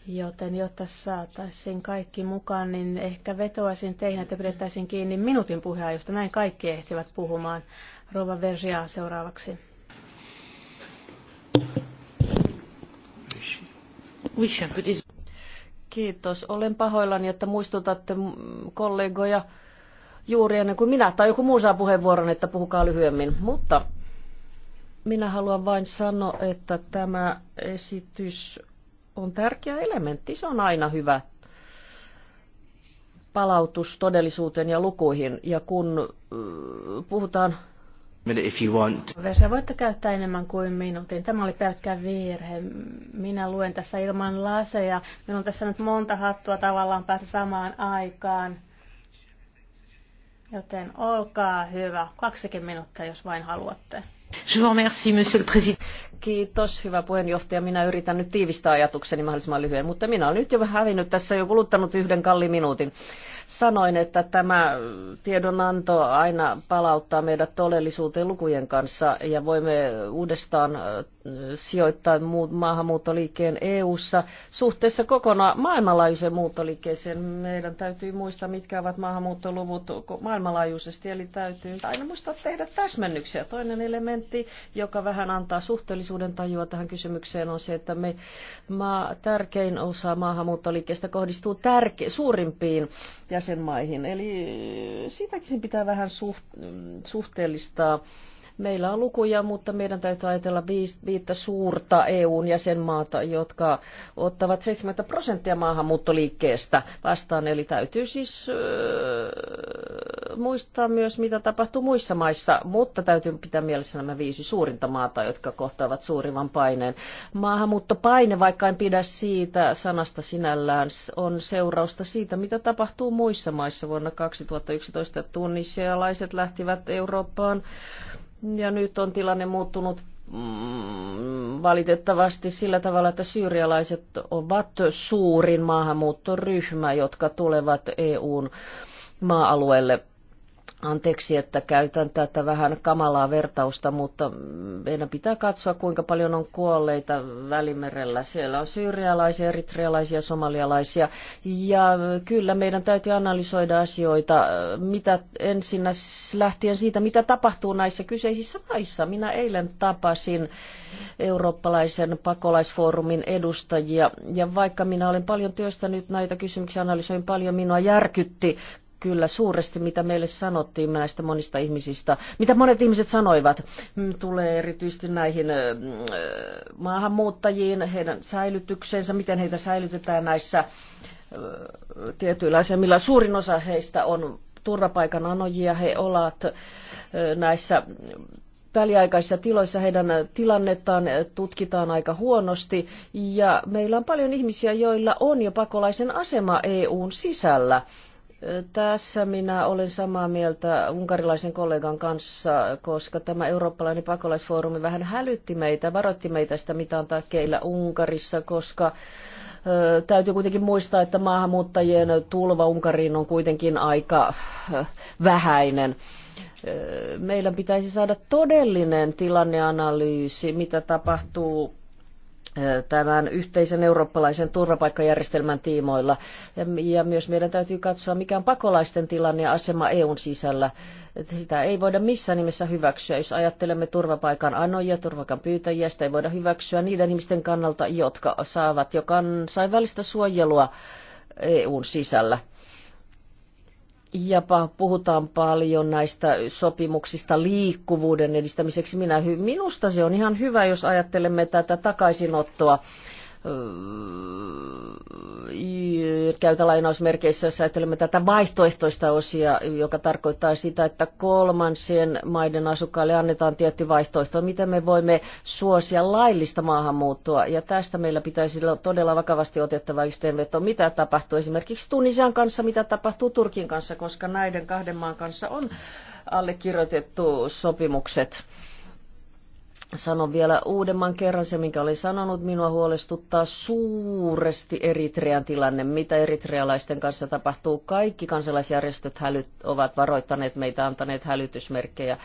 Joten jotta saataisiin kaikki mukaan, niin ehkä vetoaisin teihin, että pidettäisiin kiinni minuutin puheen, josta näin kaikki ehtivät puhumaan. Rova Versia seuraavaksi. Kiitos. Olen pahoillani, että muistutatte kollegoja juuri ennen kuin minä tai joku muu saa puheenvuoron, että puhukaa lyhyemmin. Mutta minä haluan vain sanoa, että tämä esitys on tärkeä elementti. Se on aina hyvä palautus todellisuuteen ja lukuihin. Ja kun puhutaan If you want. Versa voitte käyttää enemmän kuin minuutin. Tämä oli pelkkä virhe. Minä luen tässä ilman laseja. Minulla on tässä nyt monta hattua tavallaan päässä samaan aikaan. Joten olkaa hyvä, 20 minuuttia, jos vain haluatte. Je vous remercie, monsieur le président. Kiitos, hyvä puheenjohtaja. Minä yritän nyt tiivistää ajatukseni mahdollisimman lyhyen, mutta minä olen nyt jo hävinnyt tässä jo kuluttanut yhden kalliin minuutin. Sanoin, että tämä tiedonanto aina palauttaa meidät todellisuuteen lukujen kanssa ja voimme uudestaan sijoittaa maahanmuuttoliikkeen EU-ssa suhteessa kokonaan maailmanlaajuiseen muuttoliikkeeseen. Meidän täytyy muistaa, mitkä ovat maahanmuuttoluvut maailmanlaajuisesti, eli täytyy aina muistaa tehdä täsmennyksiä. Toinen elementti, joka vähän antaa suhteellisuutta todellisuuden tajua tähän kysymykseen on se, että me maa, tärkein osa maahanmuuttoliikkeestä kohdistuu tärke, suurimpiin jäsenmaihin. Eli sitäkin pitää vähän suht, mm, suhteellistaa Meillä on lukuja, mutta meidän täytyy ajatella viittä suurta EUn jäsenmaata, jotka ottavat 70 prosenttia maahanmuuttoliikkeestä vastaan. Eli täytyy siis äh, muistaa myös, mitä tapahtuu muissa maissa, mutta täytyy pitää mielessä nämä viisi suurinta maata, jotka kohtaavat suurimman paineen. Maahanmuuttopaine, vaikka en pidä siitä sanasta sinällään, on seurausta siitä, mitä tapahtuu muissa maissa. Vuonna 2011 tunisialaiset lähtivät Eurooppaan ja nyt on tilanne muuttunut mm, valitettavasti sillä tavalla, että syyrialaiset ovat suurin maahanmuuttoryhmä, jotka tulevat EUn maa-alueelle Anteeksi, että käytän tätä vähän kamalaa vertausta, mutta meidän pitää katsoa, kuinka paljon on kuolleita Välimerellä. Siellä on syyrialaisia, eritrealaisia, somalialaisia. Ja kyllä meidän täytyy analysoida asioita mitä ensin lähtien siitä, mitä tapahtuu näissä kyseisissä maissa. Minä eilen tapasin eurooppalaisen pakolaisfoorumin edustajia. Ja vaikka minä olen paljon työstänyt näitä kysymyksiä, analysoin paljon, minua järkytti kyllä suuresti, mitä meille sanottiin näistä monista ihmisistä, mitä monet ihmiset sanoivat, mm, tulee erityisesti näihin mm, maahanmuuttajiin, heidän säilytykseensä, miten heitä säilytetään näissä tietyillä asemilla. Suurin osa heistä on anojia, he ovat näissä väliaikaisissa tiloissa heidän tilannettaan tutkitaan aika huonosti ja meillä on paljon ihmisiä, joilla on jo pakolaisen asema EUn sisällä tässä minä olen samaa mieltä unkarilaisen kollegan kanssa, koska tämä eurooppalainen pakolaisfoorumi vähän hälytti meitä, varoitti meitä sitä, mitä on takkeilla Unkarissa, koska ö, täytyy kuitenkin muistaa, että maahanmuuttajien tulva Unkariin on kuitenkin aika ö, vähäinen. Meillä pitäisi saada todellinen tilanneanalyysi, mitä tapahtuu tämän yhteisen eurooppalaisen turvapaikkajärjestelmän tiimoilla. Ja myös meidän täytyy katsoa, mikä on pakolaisten tilanne ja asema EUn sisällä. Sitä ei voida missään nimessä hyväksyä. Jos ajattelemme turvapaikan anojia, turvapaikan pyytäjiä, sitä ei voida hyväksyä niiden ihmisten kannalta, jotka saavat jo kansainvälistä suojelua EUn sisällä ja puhutaan paljon näistä sopimuksista liikkuvuuden edistämiseksi. Minä, minusta se on ihan hyvä, jos ajattelemme tätä takaisinottoa Öö, käytä lainausmerkeissä, jos ajattelemme tätä vaihtoehtoista osia, joka tarkoittaa sitä, että kolmansien maiden asukkaille annetaan tietty vaihtoehto, miten me voimme suosia laillista maahanmuuttoa. Ja tästä meillä pitäisi olla todella vakavasti otettava yhteenveto, mitä tapahtuu esimerkiksi Tunisian kanssa, mitä tapahtuu Turkin kanssa, koska näiden kahden maan kanssa on allekirjoitettu sopimukset sanon vielä uudemman kerran se, minkä olin sanonut. Minua huolestuttaa suuresti Eritrean tilanne, mitä eritrealaisten kanssa tapahtuu. Kaikki kansalaisjärjestöt hälyt, ovat varoittaneet meitä, antaneet hälytysmerkkejä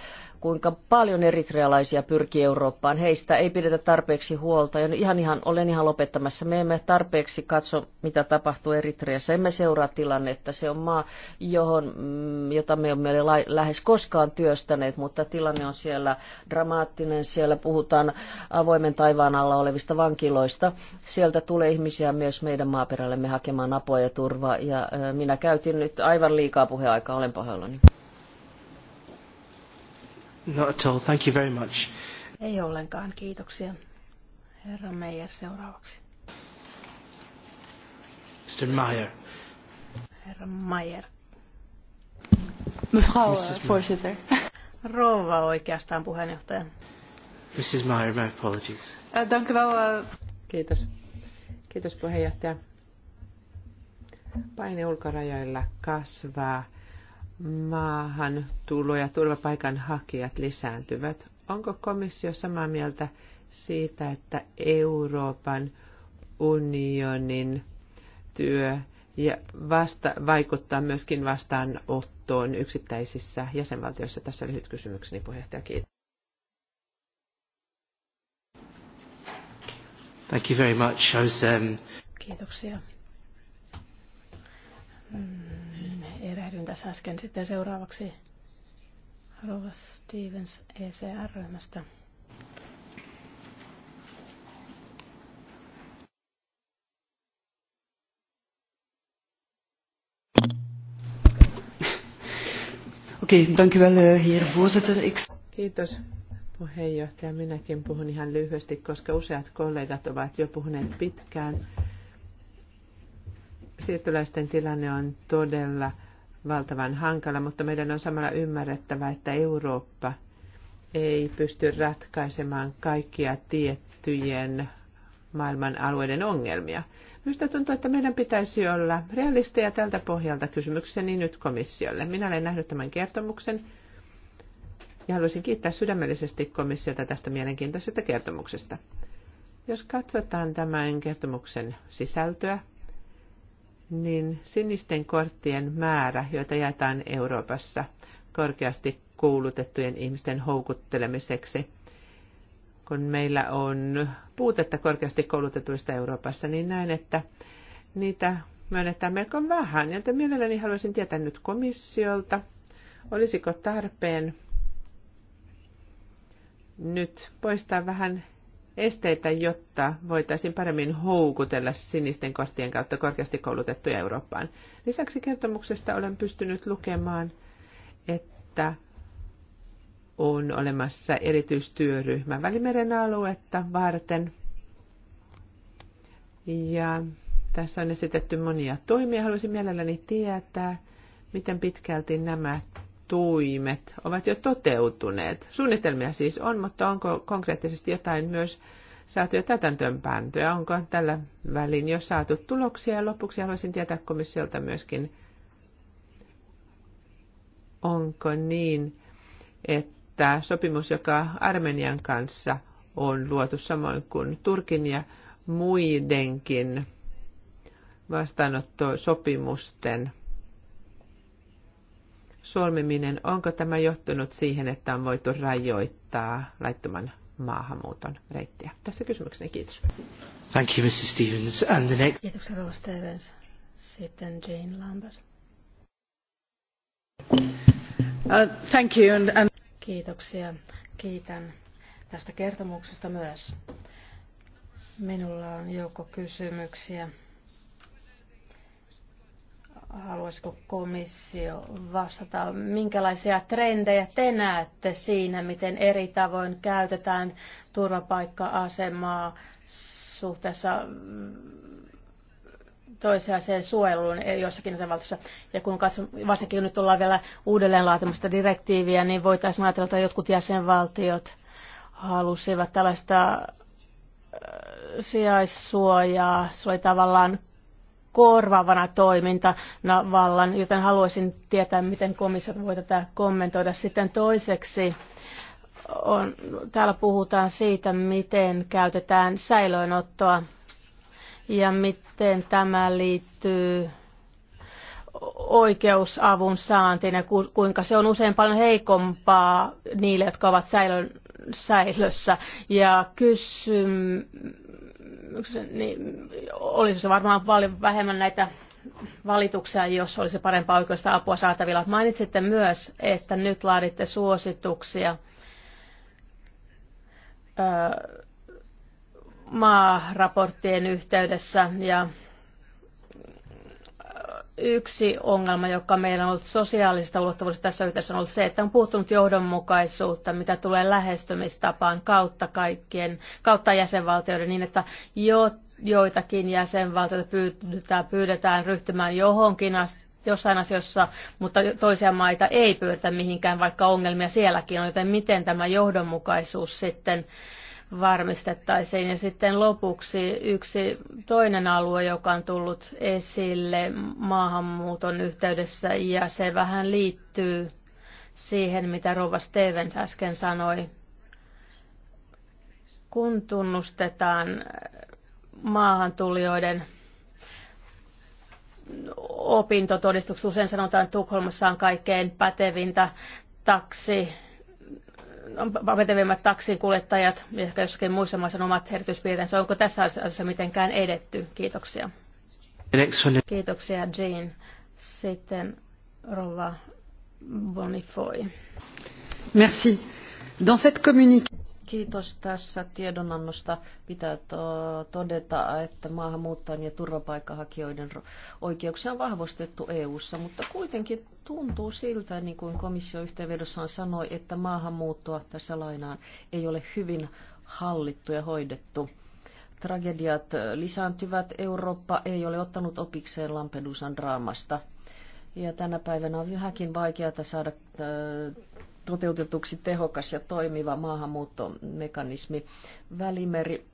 kuinka paljon eritrealaisia pyrkii Eurooppaan. Heistä ei pidetä tarpeeksi huolta. Ja ihan, ihan, olen ihan lopettamassa. Me emme tarpeeksi katso, mitä tapahtuu Eritreassa. Emme seuraa tilannetta. Se on maa, johon, mm, jota me emme ole lähes koskaan työstäneet, mutta tilanne on siellä dramaattinen. Siellä puhutaan avoimen taivaan alla olevista vankiloista. Sieltä tulee ihmisiä myös meidän maaperällemme hakemaan apua ja turvaa. Ja minä käytin nyt aivan liikaa puheaikaa. Olen pahoillani. Not at all. Thank you very much. Ei ollenkaan, kiitoksia. Herra Meijer seuraavaksi. Mr. Meyer. Herra Meyer. Mevrouw, eh, voorzitter. [laughs] Rouva oikeastaan puheenjohtaja. Mrs. Meyer, my apologies. Uh, dank u wel. Uh... Kiitos. Kiitos puheenjohtaja. Paine ulkorajoilla kasvaa maahan tulo- ja turvapaikanhakijat lisääntyvät. Onko komissio samaa mieltä siitä, että Euroopan unionin työ ja vasta, vaikuttaa myöskin vastaanottoon yksittäisissä jäsenvaltioissa. Tässä lyhyt kysymykseni puheenjohtaja. Kiitos. Thank you very much. I was, um... Kiitoksia. Mm tässä äsken. Sitten seuraavaksi Rova Stevens ECR-ryhmästä. okay, dank u wel, eh, heer voorzitter. Ik... Kiitos, puheenjohtaja. Minäkin puhun ihan lyhyesti, koska useat kollegat ovat jo puhuneet pitkään. Siirtolaisten tilanne on todella valtavan hankala, mutta meidän on samalla ymmärrettävä, että Eurooppa ei pysty ratkaisemaan kaikkia tiettyjen maailman alueiden ongelmia. Minusta tuntuu, että meidän pitäisi olla realisteja tältä pohjalta kysymykseni nyt komissiolle. Minä olen nähnyt tämän kertomuksen ja haluaisin kiittää sydämellisesti komissiota tästä mielenkiintoisesta kertomuksesta. Jos katsotaan tämän kertomuksen sisältöä, niin sinisten korttien määrä, joita jaetaan Euroopassa korkeasti koulutettujen ihmisten houkuttelemiseksi, kun meillä on puutetta korkeasti koulutetuista Euroopassa, niin näen, että niitä myönnetään melko vähän, joten mielelläni haluaisin tietää nyt komissiolta, olisiko tarpeen nyt poistaa vähän esteitä, jotta voitaisiin paremmin houkutella sinisten korttien kautta korkeasti koulutettuja Eurooppaan. Lisäksi kertomuksesta olen pystynyt lukemaan, että on olemassa erityistyöryhmä Välimeren aluetta varten. Ja tässä on esitetty monia toimia. Haluaisin mielelläni tietää, miten pitkälti nämä toimet ovat jo toteutuneet. Suunnitelmia siis on, mutta onko konkreettisesti jotain myös saatu jo täytäntöönpääntöä? Onko tällä välin jo saatu tuloksia? Ja lopuksi haluaisin tietää komissiolta myöskin, onko niin, että sopimus, joka Armenian kanssa on luotu samoin kuin Turkin ja muidenkin vastaanottosopimusten sopimusten solmiminen, onko tämä johtunut siihen, että on voitu rajoittaa laittoman maahanmuuton reittiä? Tässä kysymykseni, kiitos. Thank you, Mrs. Stevens. And the next... Kiitoksia, Rose Stevens. Sitten Jane Lambert. Uh, thank you and, and... Kiitoksia. Kiitän tästä kertomuksesta myös. Minulla on joukko kysymyksiä Haluaisiko komissio vastata, minkälaisia trendejä te näette siinä, miten eri tavoin käytetään turvapaikka-asemaa suhteessa mm, toiseen suojeluun jossakin osavaltiossa. Ja kun katson, varsinkin nyt ollaan vielä uudelleen laatimasta direktiiviä, niin voitaisiin ajatella, että jotkut jäsenvaltiot halusivat tällaista äh, sijaissuojaa. Se oli tavallaan korvaavana toimintana vallan, joten haluaisin tietää, miten komissio voi tätä kommentoida. Sitten toiseksi on, täällä puhutaan siitä, miten käytetään säilöönottoa ja miten tämä liittyy oikeusavun saantiin ja kuinka se on usein paljon heikompaa niille, jotka ovat säilön, säilössä. Ja kysyn, niin olisi se varmaan paljon vähemmän näitä valituksia, jos olisi parempaa oikeusta apua saatavilla. Mainitsitte myös, että nyt laaditte suosituksia maaraporttien yhteydessä ja yksi ongelma, joka meillä on ollut sosiaalisesta ulottuvuudesta tässä yhteydessä, on ollut se, että on puuttunut johdonmukaisuutta, mitä tulee lähestymistapaan kautta kaikkien, kautta jäsenvaltioiden, niin että jo, joitakin jäsenvaltioita pyydetään, pyydetään ryhtymään johonkin asti, jossain asiassa, mutta toisia maita ei pyydetä mihinkään, vaikka ongelmia sielläkin on, joten miten tämä johdonmukaisuus sitten varmistettaisiin. Ja sitten lopuksi yksi toinen alue, joka on tullut esille maahanmuuton yhteydessä, ja se vähän liittyy siihen, mitä Rova Stevens äsken sanoi. Kun tunnustetaan maahantulijoiden opintotodistukset, usein sanotaan, että Tukholmassa on kaikkein pätevintä taksi pätevimmät kuljettajat ehkä jossakin muissa maissa on omat erityispiirteensä. Onko tässä asiassa mitenkään edetty? Kiitoksia. Kiitoksia Jean. Sitten Rova Bonifoy. Merci. Dans cette communique... Kiitos tässä tiedonannosta. Pitää to- todeta, että maahanmuuttajien ja turvapaikanhakijoiden oikeuksia on vahvostettu EU:ssa, mutta kuitenkin tuntuu siltä, niin kuin komissio yhteenvedossaan sanoi, että maahanmuuttoa tässä lainaan ei ole hyvin hallittu ja hoidettu. Tragediat lisääntyvät, Eurooppa ei ole ottanut opikseen Lampedusan draamasta. Ja tänä päivänä on yhäkin vaikeaa saada toteutetuksi tehokas ja toimiva maahanmuuttomekanismi. Välimeri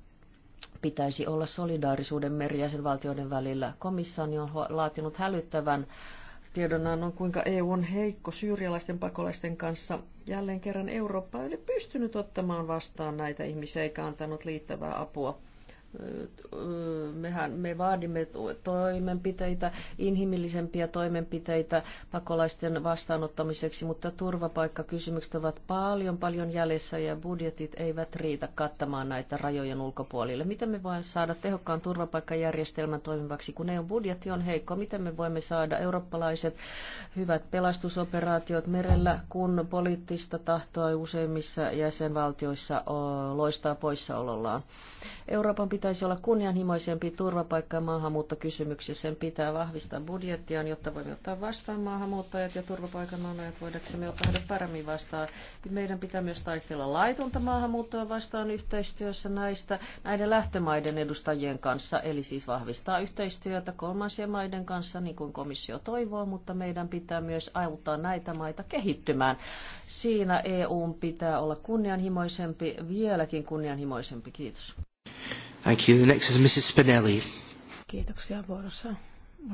pitäisi olla solidaarisuuden meri jäsenvaltioiden välillä. Komissaani on laatinut hälyttävän tiedonannon, kuinka EU on heikko syyrialaisten pakolaisten kanssa. Jälleen kerran Eurooppa ei ole pystynyt ottamaan vastaan näitä ihmisiä eikä antanut liittävää apua mehän me vaadimme toimenpiteitä, inhimillisempiä toimenpiteitä pakolaisten vastaanottamiseksi, mutta turvapaikkakysymykset ovat paljon paljon jäljessä ja budjetit eivät riitä kattamaan näitä rajojen ulkopuolille. Miten me voimme saada tehokkaan turvapaikkajärjestelmän toimivaksi, kun on budjetti on heikko? Miten me voimme saada eurooppalaiset hyvät pelastusoperaatiot merellä, kun poliittista tahtoa useimmissa jäsenvaltioissa loistaa poissaolollaan? Euroopan pitää pitäisi olla kunnianhimoisempi turvapaikka- ja maahanmuuttokysymyksissä. Sen pitää vahvistaa budjettiaan, jotta voimme ottaa vastaan maahanmuuttajat ja turvapaikanhakijat, voidaksemme ottaa heidät paremmin vastaan. Meidän pitää myös taistella laitonta maahanmuuttoa vastaan yhteistyössä näistä, näiden lähtömaiden edustajien kanssa, eli siis vahvistaa yhteistyötä kolmansien maiden kanssa, niin kuin komissio toivoo, mutta meidän pitää myös auttaa näitä maita kehittymään. Siinä EUn pitää olla kunnianhimoisempi, vieläkin kunnianhimoisempi. Kiitos. Thank you. The next is Mrs. Spinelli. Kiitoksia vuorossa,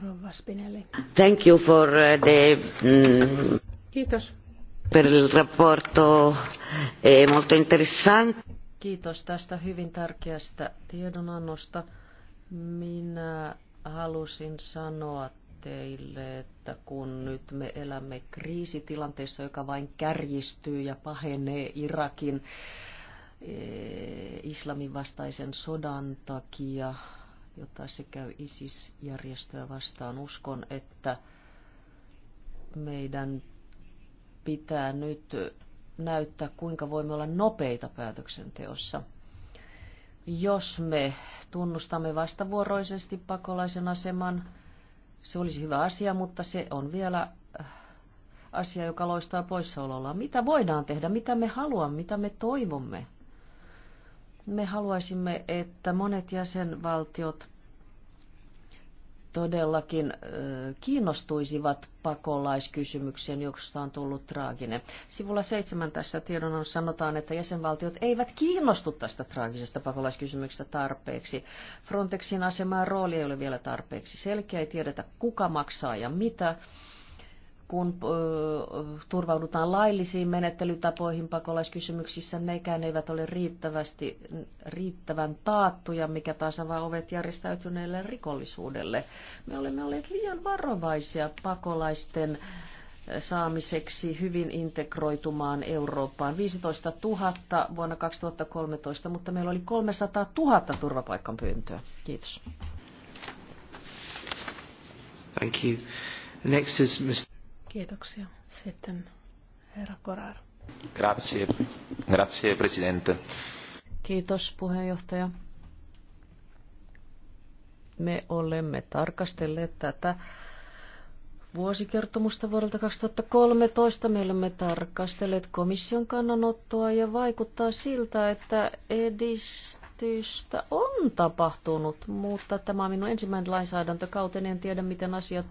Rova Spinelli. Thank you for uh, the... Mm, Kiitos. Per il rapporto è molto interessante. Kiitos tästä hyvin tärkeästä tiedonannosta. Minä halusin sanoa teille, että kun nyt me elämme kriisitilanteessa, joka vain kärjistyy ja pahenee Irakin Eh, islamin vastaisen sodan takia, jota se käy ISIS-järjestöä vastaan. Uskon, että meidän pitää nyt näyttää, kuinka voimme olla nopeita päätöksenteossa. Jos me tunnustamme vastavuoroisesti pakolaisen aseman, se olisi hyvä asia, mutta se on vielä äh, asia, joka loistaa poissaolollaan. Mitä voidaan tehdä, mitä me haluamme, mitä me toivomme? Me haluaisimme, että monet jäsenvaltiot todellakin kiinnostuisivat pakolaiskysymykseen, josta on tullut traaginen. Sivulla seitsemän tässä tiedon sanotaan, että jäsenvaltiot eivät kiinnostu tästä traagisesta pakolaiskysymyksestä tarpeeksi. Frontexin asemaa rooli ei ole vielä tarpeeksi selkeä, ei tiedetä kuka maksaa ja mitä kun turvaudutaan laillisiin menettelytapoihin pakolaiskysymyksissä, nekään eivät ole riittävästi, riittävän taattuja, mikä taas avaa ovet järjestäytyneelle rikollisuudelle. Me olemme olleet liian varovaisia pakolaisten saamiseksi hyvin integroitumaan Eurooppaan. 15 000 vuonna 2013, mutta meillä oli 300 000 turvapaikan pyyntöä. Kiitos. Thank you. Next is Mr. Kiitoksia. Sitten herra Korar. Grazie. Grazie, presidente. Kiitos, puheenjohtaja. Me olemme tarkastelleet tätä vuosikertomusta vuodelta 2013. Meillä me tarkastelleet komission kannanottoa ja vaikuttaa siltä, että edistää edistystä on tapahtunut, mutta tämä on minun ensimmäinen lainsäädäntökauteni. En tiedä, miten asiat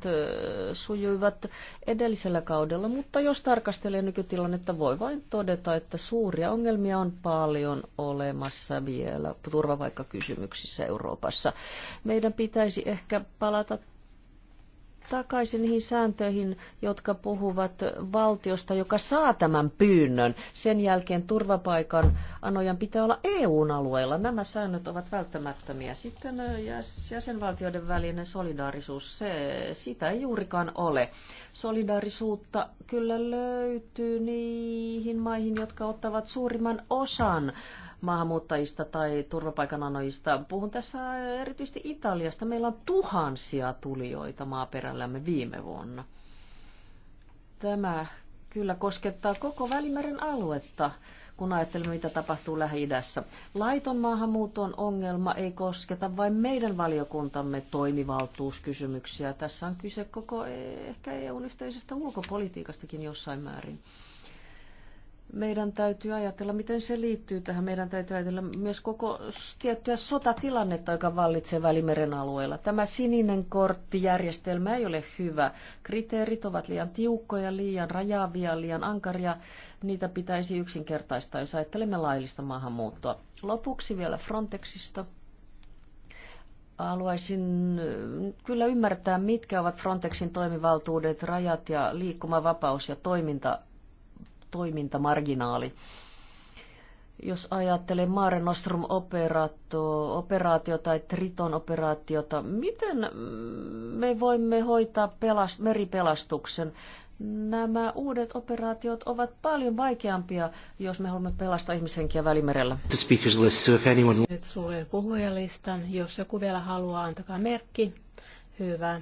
sujuivat edellisellä kaudella, mutta jos tarkastelee nykytilannetta, voi vain todeta, että suuria ongelmia on paljon olemassa vielä turvavaikkakysymyksissä Euroopassa. Meidän pitäisi ehkä palata takaisin niihin sääntöihin, jotka puhuvat valtiosta, joka saa tämän pyynnön. Sen jälkeen turvapaikan anojan pitää olla EU-alueella. Nämä säännöt ovat välttämättömiä. Sitten jäsenvaltioiden välinen solidaarisuus, se, sitä ei juurikaan ole. Solidaarisuutta kyllä löytyy niihin maihin, jotka ottavat suurimman osan äh, maahanmuuttajista tai turvapaikananoista. Puhun tässä erityisesti Italiasta. Meillä on tuhansia tulijoita maaperällämme viime vuonna. Tämä kyllä koskettaa koko Välimeren aluetta kun ajattelemme, mitä tapahtuu Lähi-idässä. Laiton maahanmuuton ongelma ei kosketa vain meidän valiokuntamme toimivaltuuskysymyksiä. Tässä on kyse koko eh, ehkä eu yhteisestä ulkopolitiikastakin jossain määrin meidän täytyy ajatella, miten se liittyy tähän. Meidän täytyy ajatella myös koko tiettyä sotatilannetta, joka vallitsee Välimeren alueella. Tämä sininen korttijärjestelmä ei ole hyvä. Kriteerit ovat liian tiukkoja, liian rajaavia, liian ankaria. Niitä pitäisi yksinkertaistaa, jos ajattelemme laillista maahanmuuttoa. Lopuksi vielä Frontexista. Haluaisin äh, kyllä ymmärtää, mitkä ovat Frontexin toimivaltuudet, rajat ja liikkumavapaus ja toiminta toimintamarginaali. Jos ajattelee Mare Nostrum-operaatio tai Triton-operaatiota, miten me voimme hoitaa pelast- meripelastuksen? Nämä uudet operaatiot ovat paljon vaikeampia, jos me haluamme pelastaa ihmishenkiä Välimerellä. Nyt suljen puhujalistan. Jos joku vielä haluaa, antakaa merkki. Hyvä.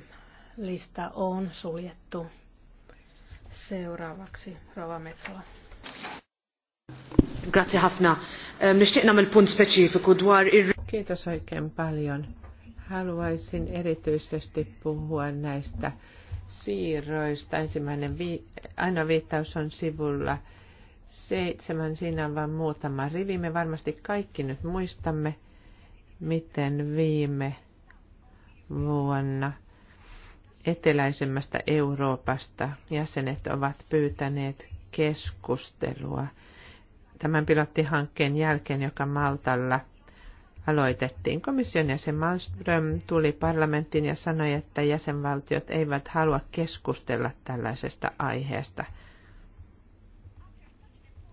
Lista on suljettu. Seuraavaksi Rova Metsola. Grazie ħafna. Ehm, Kiitos oikein paljon. Haluaisin erityisesti puhua näistä siirroista. Ensimmäinen vi- aina viittaus on sivulla seitsemän. Siinä on vain muutama rivi. Me varmasti kaikki nyt muistamme, miten viime vuonna – eteläisemmästä Euroopasta jäsenet ovat pyytäneet keskustelua tämän pilottihankkeen jälkeen, joka Maltalla aloitettiin. Komission jäsen Malmström tuli parlamenttiin ja sanoi, että jäsenvaltiot eivät halua keskustella tällaisesta aiheesta.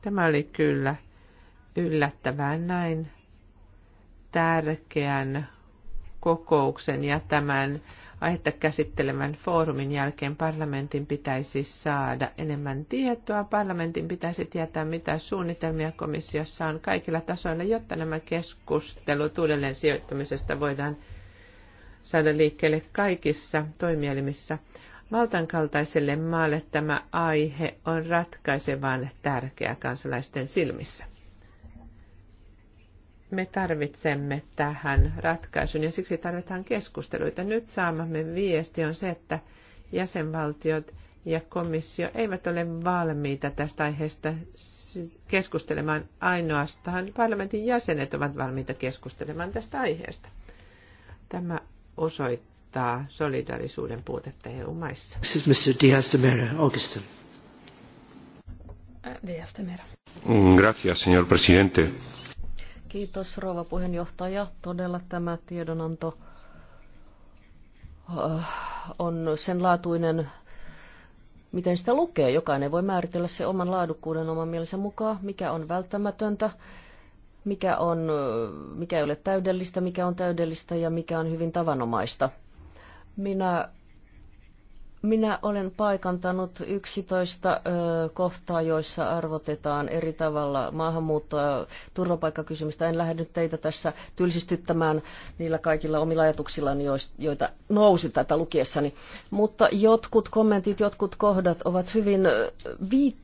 Tämä oli kyllä yllättävää näin tärkeän kokouksen ja tämän aihetta käsittelevän foorumin jälkeen parlamentin pitäisi saada enemmän tietoa. Parlamentin pitäisi tietää, mitä suunnitelmia komissiossa on kaikilla tasoilla, jotta nämä keskustelut uudelleen sijoittamisesta voidaan saada liikkeelle kaikissa toimielimissä. Maltan kaltaiselle maalle tämä aihe on ratkaisevan tärkeä kansalaisten silmissä me tarvitsemme tähän ratkaisun ja siksi tarvitaan keskusteluita. Nyt saamamme viesti on se, että jäsenvaltiot ja komissio eivät ole valmiita tästä aiheesta keskustelemaan ainoastaan. Parlamentin jäsenet ovat valmiita keskustelemaan tästä aiheesta. Tämä osoittaa solidarisuuden puutetta EU-maissa. Mr. Diaz de Mera, Augustin. Diaz de Mera. Mm, gracias, señor presidente. Kiitos rouva puheenjohtaja. Todella tämä tiedonanto äh, on sen laatuinen, miten sitä lukee. Jokainen voi määritellä se oman laadukkuuden oman mielensä mukaan, mikä on välttämätöntä, mikä, on, mikä ei ole täydellistä, mikä on täydellistä ja mikä on hyvin tavanomaista. Minä minä olen paikantanut 11 ö, kohtaa, joissa arvotetaan eri tavalla maahanmuuttoa, turvapaikkakysymystä. En lähde nyt teitä tässä tylsistyttämään niillä kaikilla omilla ajatuksillani, joita nousi tätä lukiessani. Mutta jotkut kommentit, jotkut kohdat ovat hyvin viit...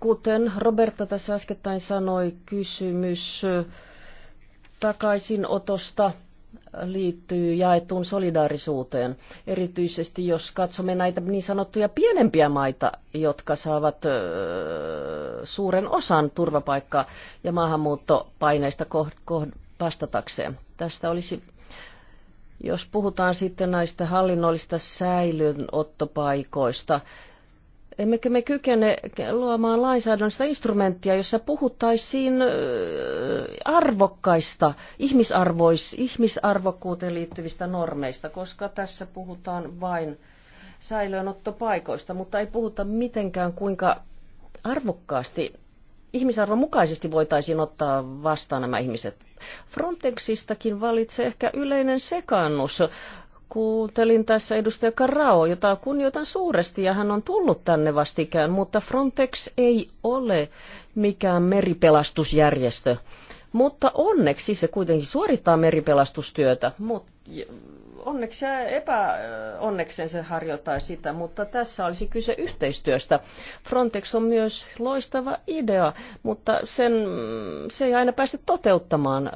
Kuten Roberta tässä äskettäin sanoi, kysymys takaisinotosta. otosta liittyy jaettuun solidaarisuuteen. Erityisesti jos katsomme näitä niin sanottuja pienempiä maita, jotka saavat suuren osan turvapaikka- ja maahanmuuttopaineista vastatakseen. Tästä olisi, jos puhutaan sitten näistä hallinnollisista säilönottopaikoista, Emmekö me kykene luomaan lainsäädännöstä instrumenttia, jossa puhuttaisiin arvokkaista, ihmisarvois, ihmisarvokkuuteen liittyvistä normeista, koska tässä puhutaan vain säilöönottopaikoista, mutta ei puhuta mitenkään kuinka arvokkaasti ihmisarvon mukaisesti voitaisiin ottaa vastaan nämä ihmiset. Frontexistakin valitsee ehkä yleinen sekaannus kuuntelin tässä edustaja Karao, jota kunnioitan suuresti ja hän on tullut tänne vastikään, mutta Frontex ei ole mikään meripelastusjärjestö. Mutta onneksi se kuitenkin suorittaa meripelastustyötä, mutta onneksi ja epäonneksen se harjoittaa sitä, mutta tässä olisi kyse yhteistyöstä. Frontex on myös loistava idea, mutta sen, se ei aina pääse toteuttamaan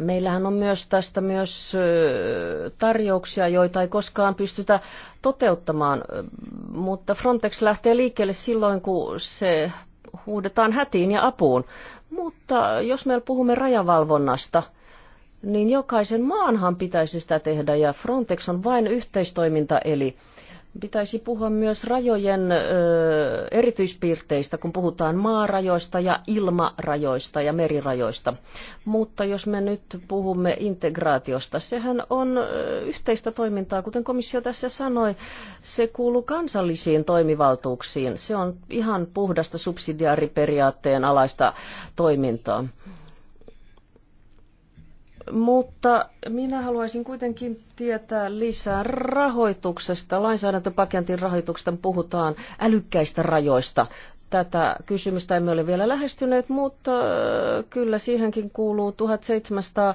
Meillähän on myös tästä myös tarjouksia, joita ei koskaan pystytä toteuttamaan, mutta Frontex lähtee liikkeelle silloin, kun se huudetaan hätiin ja apuun. Mutta jos me puhumme rajavalvonnasta, niin jokaisen maanhan pitäisi sitä tehdä ja Frontex on vain yhteistoiminta, eli Pitäisi puhua myös rajojen ö, erityispiirteistä, kun puhutaan maarajoista ja ilmarajoista ja merirajoista. Mutta jos me nyt puhumme integraatiosta, sehän on ö, yhteistä toimintaa, kuten komissio tässä sanoi. Se kuuluu kansallisiin toimivaltuuksiin. Se on ihan puhdasta subsidiaariperiaatteen alaista toimintaa. Mutta minä haluaisin kuitenkin tietää lisää rahoituksesta. Lainsäädäntöpaketin rahoituksesta puhutaan älykkäistä rajoista. Tätä kysymystä emme ole vielä lähestyneet, mutta äh, kyllä siihenkin kuuluu 1700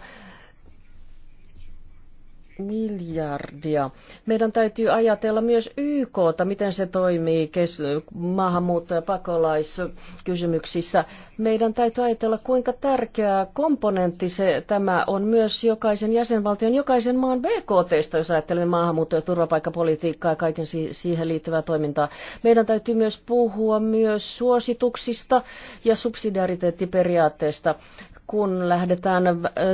miljardia. Meidän täytyy ajatella myös YK, miten se toimii kes- maahanmuutto- ja pakolaiskysymyksissä. Meidän täytyy ajatella, kuinka tärkeä komponentti se, tämä on myös jokaisen jäsenvaltion, jokaisen maan BKTstä, jos ajattelemme maahanmuutto- ja turvapaikkapolitiikkaa ja kaiken siihen liittyvää toimintaa. Meidän täytyy myös puhua myös suosituksista ja subsidiariteettiperiaatteesta kun lähdetään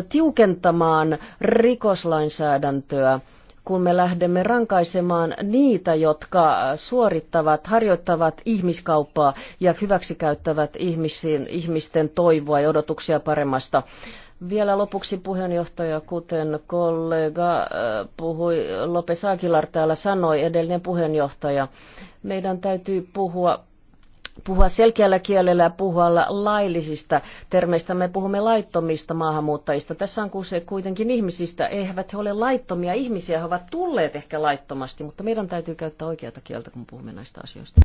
tiukentamaan rikoslainsäädäntöä, kun me lähdemme rankaisemaan niitä, jotka suorittavat, harjoittavat ihmiskauppaa ja hyväksikäyttävät ihmisiin, ihmisten toivoa ja odotuksia paremmasta. Vielä lopuksi puheenjohtaja, kuten kollega puhui, Lopes Aguilar täällä sanoi, edellinen puheenjohtaja, meidän täytyy puhua puhua selkeällä kielellä ja puhua laillisista termeistä. Me puhumme laittomista maahanmuuttajista. Tässä on se kuitenkin ihmisistä. Eivät he ole laittomia ihmisiä, he ovat tulleet ehkä laittomasti, mutta meidän täytyy käyttää oikeata kieltä, kun puhumme näistä asioista.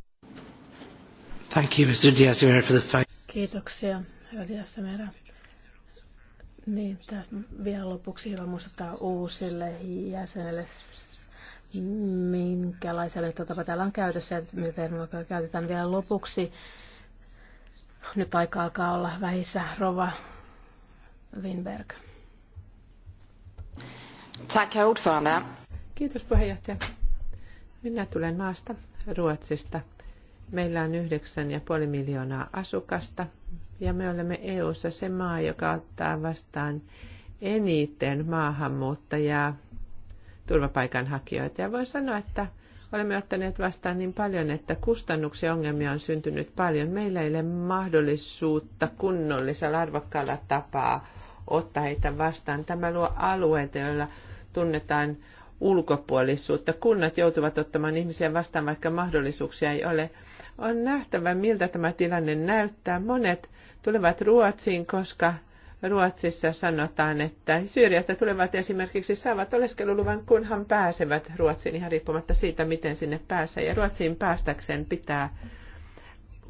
Thank you, Mr. Diaz, for the fight. Kiitoksia, herra Diaz, niin, vielä lopuksi hyvä muistuttaa uusille jäsenille minkälaisia menettelytapa täällä on käytössä ja mitä käytetään vielä lopuksi. Nyt aika alkaa olla vähissä. Rova Winberg. Tack, ordförande. Kiitos puheenjohtaja. Minä tulen maasta, Ruotsista. Meillä on 9,5 miljoonaa asukasta ja me olemme EU:ssa se maa, joka ottaa vastaan eniten maahanmuuttajaa turvapaikanhakijoita. Ja voin sanoa, että olemme ottaneet vastaan niin paljon, että kustannuksia ongelmia on syntynyt paljon. Meillä ei ole mahdollisuutta kunnollisella arvokkaalla tapaa ottaa heitä vastaan. Tämä luo alueita, joilla tunnetaan ulkopuolisuutta. Kunnat joutuvat ottamaan ihmisiä vastaan, vaikka mahdollisuuksia ei ole. On nähtävä, miltä tämä tilanne näyttää. Monet tulevat Ruotsiin, koska Ruotsissa sanotaan, että Syyriasta tulevat esimerkiksi saavat oleskeluluvan, kunhan pääsevät Ruotsiin ihan riippumatta siitä, miten sinne pääsee. Ja Ruotsiin päästäkseen pitää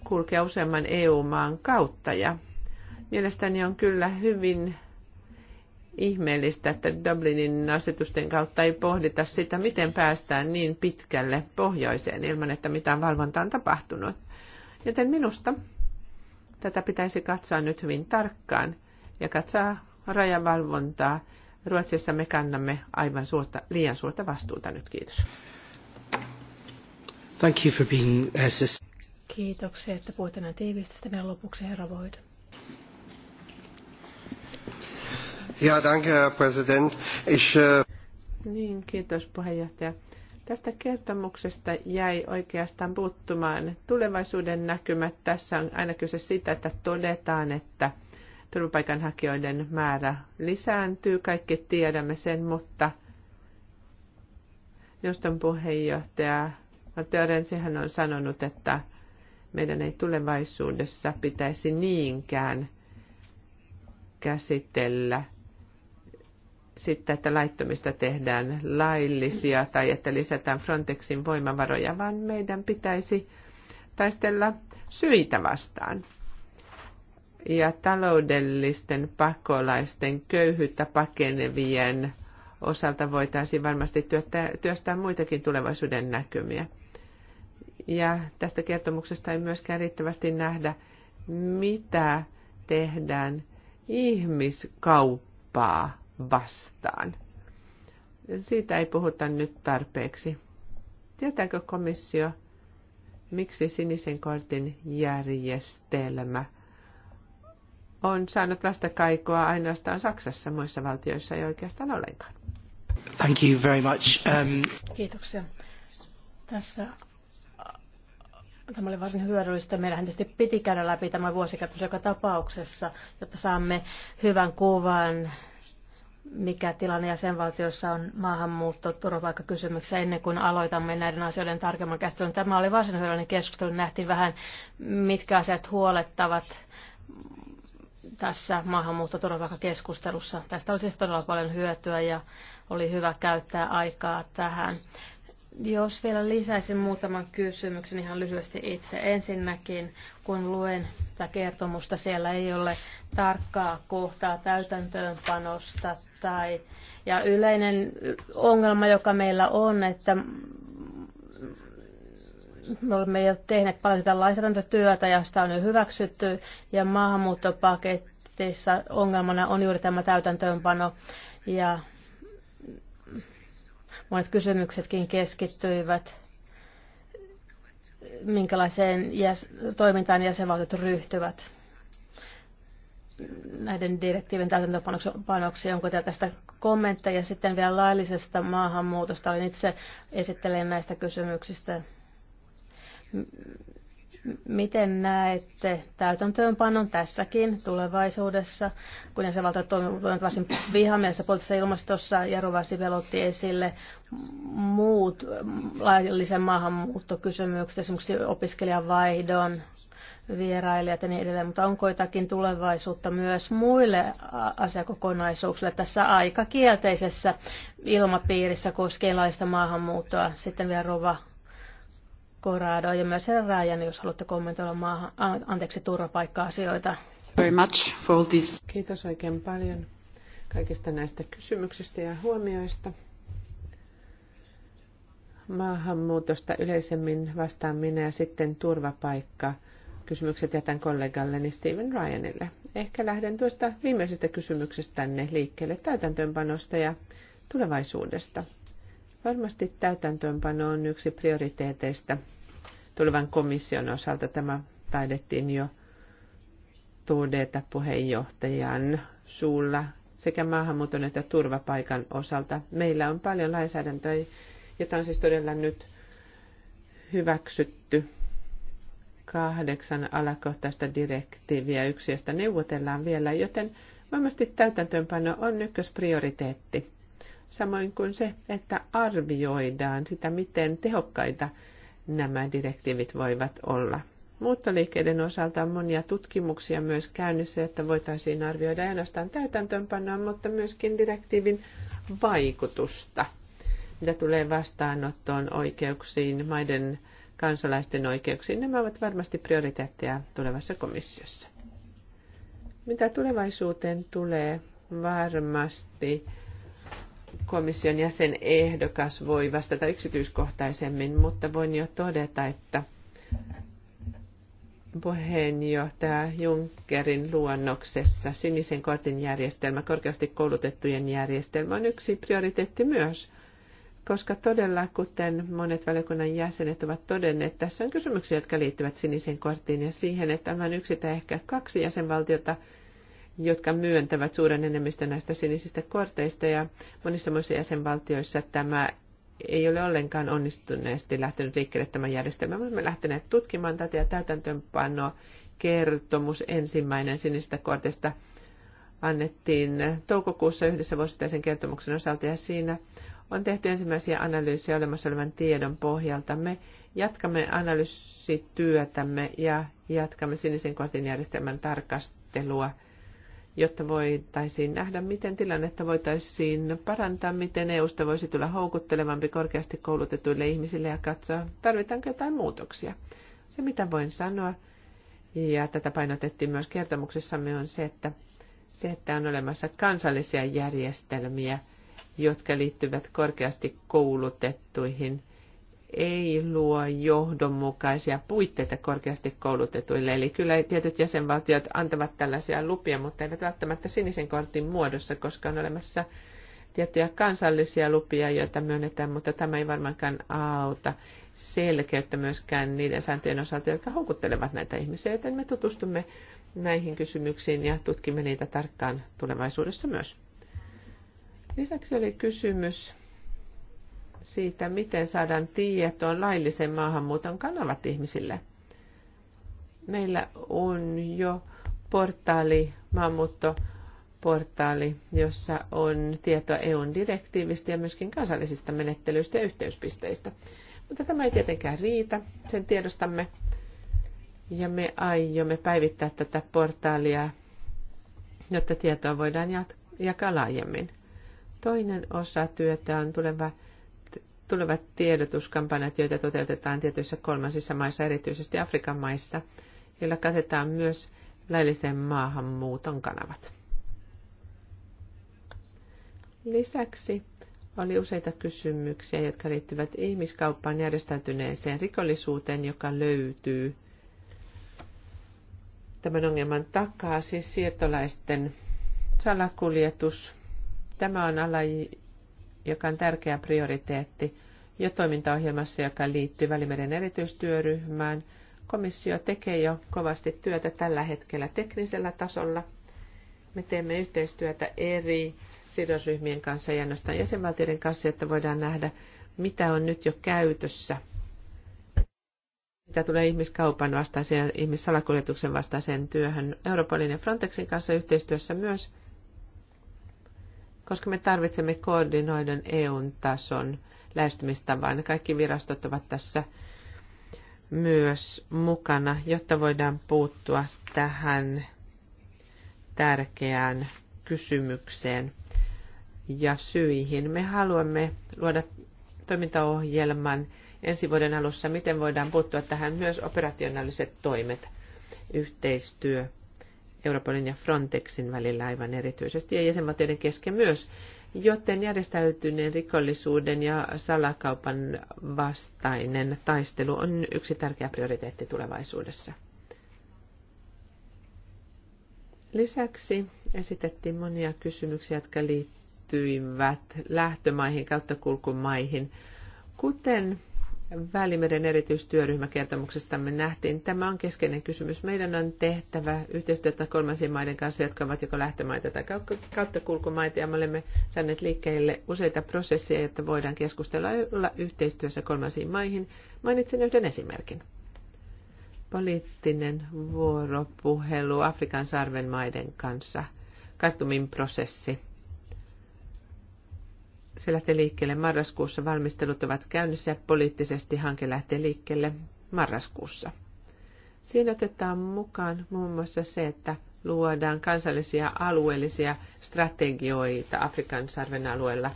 kulkea useamman EU-maan kautta. Ja mielestäni on kyllä hyvin ihmeellistä, että Dublinin asetusten kautta ei pohdita sitä, miten päästään niin pitkälle pohjoiseen ilman, että mitään valvontaa on tapahtunut. Joten minusta tätä pitäisi katsoa nyt hyvin tarkkaan ja katsoa rajavalvontaa. Ruotsissa me kannamme aivan suurta, liian suurta vastuuta nyt. Kiitos. Thank you for being, uh, Kiitoksia, että puhuit tänään tiiviisti. Sitten vielä lopuksi herra Void. Ja, danke, herr Ich, uh... Niin, kiitos puheenjohtaja. Tästä kertomuksesta jäi oikeastaan puuttumaan tulevaisuuden näkymät. Tässä on aina kyse siitä, että todetaan, että – turvapaikanhakijoiden määrä lisääntyy, kaikki tiedämme sen, mutta neuvoston puheenjohtaja Matteo Rensihän on sanonut, että meidän ei tulevaisuudessa pitäisi niinkään käsitellä sitten, että laittomista tehdään laillisia tai että lisätään Frontexin voimavaroja, vaan meidän pitäisi taistella syitä vastaan ja taloudellisten pakolaisten köyhyyttä pakenevien osalta voitaisiin varmasti työstää muitakin tulevaisuuden näkymiä. Ja tästä kertomuksesta ei myöskään riittävästi nähdä, mitä tehdään ihmiskauppaa vastaan. Siitä ei puhuta nyt tarpeeksi. Tietääkö komissio, miksi sinisen kortin järjestelmä – on saanut vastakaikua ainoastaan Saksassa, muissa valtioissa ei oikeastaan ollenkaan. Thank you very much. Um... Kiitoksia. Tässä äh, Tämä oli varsin hyödyllistä. Meillähän tietysti piti käydä läpi tämä vuosikertomus joka tapauksessa, jotta saamme hyvän kuvan, mikä tilanne jäsenvaltiossa on maahanmuutto turvapaikkakysymyksessä ennen kuin aloitamme näiden asioiden tarkemman käsittelyn. Tämä oli varsin hyödyllinen keskustelu. Nähtiin vähän, mitkä asiat huolettavat tässä maahanmuuttoturvapaikkakeskustelussa. Tästä olisi siis todella paljon hyötyä ja oli hyvä käyttää aikaa tähän. Jos vielä lisäisin muutaman kysymyksen ihan lyhyesti itse. Ensinnäkin, kun luen tätä kertomusta, siellä ei ole tarkkaa kohtaa täytäntöönpanosta tai ja yleinen ongelma, joka meillä on, että me olemme jo tehneet paljon tätä lainsäädäntötyötä ja sitä on jo hyväksytty ja maahanmuuttopaketissa ongelmana on juuri tämä täytäntöönpano ja monet kysymyksetkin keskittyivät minkälaiseen jäs- toimintaan jäsenvaltiot ryhtyvät näiden direktiivin täytäntöönpanoksi, onko teillä tästä kommentteja. Sitten vielä laillisesta maahanmuutosta, olin itse esittelen näistä kysymyksistä. Miten näette täytäntöönpanon tässäkin tulevaisuudessa, kun valta on varsin vihamielessä poliittisessa ilmastossa, Jaru Vasivel velotti esille muut laillisen maahanmuuttokysymykset, esimerkiksi opiskelijan vaihdon, vierailijat ja niin edelleen, mutta onko jotakin tulevaisuutta myös muille asiakokonaisuuksille tässä aika kielteisessä ilmapiirissä koskien laista maahanmuuttoa? Sitten vielä Rova Corrado ja myös herra Rajan, jos haluatte kommentoida maahan, anteeksi, turvapaikka-asioita. Very much for this. Kiitos oikein paljon kaikista näistä kysymyksistä ja huomioista. Maahanmuutosta yleisemmin vastaan minä ja sitten turvapaikka kysymykset jätän kollegalleni niin Steven Ryanille. Ehkä lähden tuosta viimeisestä kysymyksestänne liikkeelle täytäntöönpanosta ja tulevaisuudesta. Varmasti täytäntöönpano on yksi prioriteeteista tulevan komission osalta. Tämä taidettiin jo todeta puheenjohtajan suulla sekä maahanmuuton että turvapaikan osalta. Meillä on paljon lainsäädäntöä, jota on siis todella nyt hyväksytty. Kahdeksan alakohtaista direktiiviä josta neuvotellaan vielä, joten varmasti täytäntöönpano on ykkösprioriteetti samoin kuin se, että arvioidaan sitä, miten tehokkaita nämä direktiivit voivat olla. Muuttoliikkeiden osalta on monia tutkimuksia myös käynnissä, että voitaisiin arvioida ainoastaan täytäntöönpanoa, mutta myöskin direktiivin vaikutusta, mitä tulee vastaanottoon oikeuksiin, maiden kansalaisten oikeuksiin. Nämä ovat varmasti prioriteetteja tulevassa komissiossa. Mitä tulevaisuuteen tulee, varmasti komission jäsen ehdokas voi vastata yksityiskohtaisemmin, mutta voin jo todeta, että puheenjohtaja Junckerin luonnoksessa sinisen kortin järjestelmä, korkeasti koulutettujen järjestelmä on yksi prioriteetti myös, koska todella, kuten monet valiokunnan jäsenet ovat todenneet, tässä on kysymyksiä, jotka liittyvät sinisen korttiin ja siihen, että on vain yksi tai ehkä kaksi jäsenvaltiota, jotka myöntävät suuren enemmistön näistä sinisistä korteista ja monissa muissa jäsenvaltioissa tämä ei ole ollenkaan onnistuneesti lähtenyt liikkeelle tämä järjestelmä. Me olemme lähteneet tutkimaan tätä ja täytäntöönpano kertomus ensimmäinen sinistä kortista annettiin toukokuussa yhdessä vuosittaisen kertomuksen osalta ja siinä on tehty ensimmäisiä analyysejä olemassa olevan tiedon pohjalta. Me jatkamme analyysityötämme ja jatkamme sinisen kortin järjestelmän tarkastelua jotta voitaisiin nähdä, miten tilannetta voitaisiin parantaa, miten EUsta voisi tulla houkuttelevampi korkeasti koulutetuille ihmisille ja katsoa, tarvitaanko jotain muutoksia. Se, mitä voin sanoa, ja tätä painotettiin myös kertomuksessamme, on se, että se, että on olemassa kansallisia järjestelmiä, jotka liittyvät korkeasti koulutettuihin ei luo johdonmukaisia puitteita korkeasti koulutetuille. Eli kyllä tietyt jäsenvaltiot antavat tällaisia lupia, mutta eivät välttämättä sinisen kortin muodossa, koska on olemassa tiettyjä kansallisia lupia, joita myönnetään, mutta tämä ei varmaankaan auta selkeyttä myöskään niiden sääntöjen osalta, jotka houkuttelevat näitä ihmisiä, joten me tutustumme näihin kysymyksiin ja tutkimme niitä tarkkaan tulevaisuudessa myös. Lisäksi oli kysymys siitä, miten saadaan tietoon laillisen maahanmuuton kanavat ihmisille. Meillä on jo portaali, maahanmuuttoportaali, jossa on tietoa EUn direktiivistä ja myöskin kansallisista menettelyistä ja yhteyspisteistä. Mutta tämä ei tietenkään riitä, sen tiedostamme. Ja me aiomme päivittää tätä portaalia, jotta tietoa voidaan jakaa laajemmin. Toinen osa työtä on tuleva tulevat tiedotuskampanjat, joita toteutetaan tietyissä kolmansissa maissa, erityisesti Afrikan maissa, joilla katetaan myös laillisen maahanmuuton kanavat. Lisäksi oli useita kysymyksiä, jotka liittyvät ihmiskauppaan järjestäytyneeseen rikollisuuteen, joka löytyy tämän ongelman takaa, siis siirtolaisten salakuljetus. Tämä on ala, joka on tärkeä prioriteetti jo toimintaohjelmassa, joka liittyy Välimeren erityistyöryhmään. Komissio tekee jo kovasti työtä tällä hetkellä teknisellä tasolla. Me teemme yhteistyötä eri sidosryhmien kanssa ja ainoastaan jäsenvaltioiden kanssa, että voidaan nähdä, mitä on nyt jo käytössä mitä tulee ihmiskaupan vastaiseen ja ihmissalakuljetuksen vastaiseen työhön Europolin ja Frontexin kanssa yhteistyössä myös koska me tarvitsemme koordinoidun eu tason lähestymistavan. Kaikki virastot ovat tässä myös mukana, jotta voidaan puuttua tähän tärkeään kysymykseen ja syihin. Me haluamme luoda toimintaohjelman ensi vuoden alussa, miten voidaan puuttua tähän myös operationaaliset toimet, yhteistyö Europolin ja Frontexin välillä aivan erityisesti ja jäsenvaltioiden kesken myös, joten järjestäytyneen rikollisuuden ja salakaupan vastainen taistelu on yksi tärkeä prioriteetti tulevaisuudessa. Lisäksi esitettiin monia kysymyksiä, jotka liittyivät lähtömaihin, kauttakulkumaihin, kuten Välimeren me nähtiin. Tämä on keskeinen kysymys. Meidän on tehtävä yhteistyötä kolmansien maiden kanssa, jotka ovat joko lähtömaita tai kulkumaita. ja me olemme saaneet liikkeelle useita prosesseja, jotta voidaan keskustella yhteistyössä kolmansiin maihin. Mainitsen yhden esimerkin. Poliittinen vuoropuhelu Afrikan sarven maiden kanssa. Kartumin prosessi se lähtee liikkeelle marraskuussa. Valmistelut ovat käynnissä ja poliittisesti hanke lähtee liikkeelle marraskuussa. Siinä otetaan mukaan muun muassa se, että luodaan kansallisia alueellisia strategioita Afrikan sarven alueella.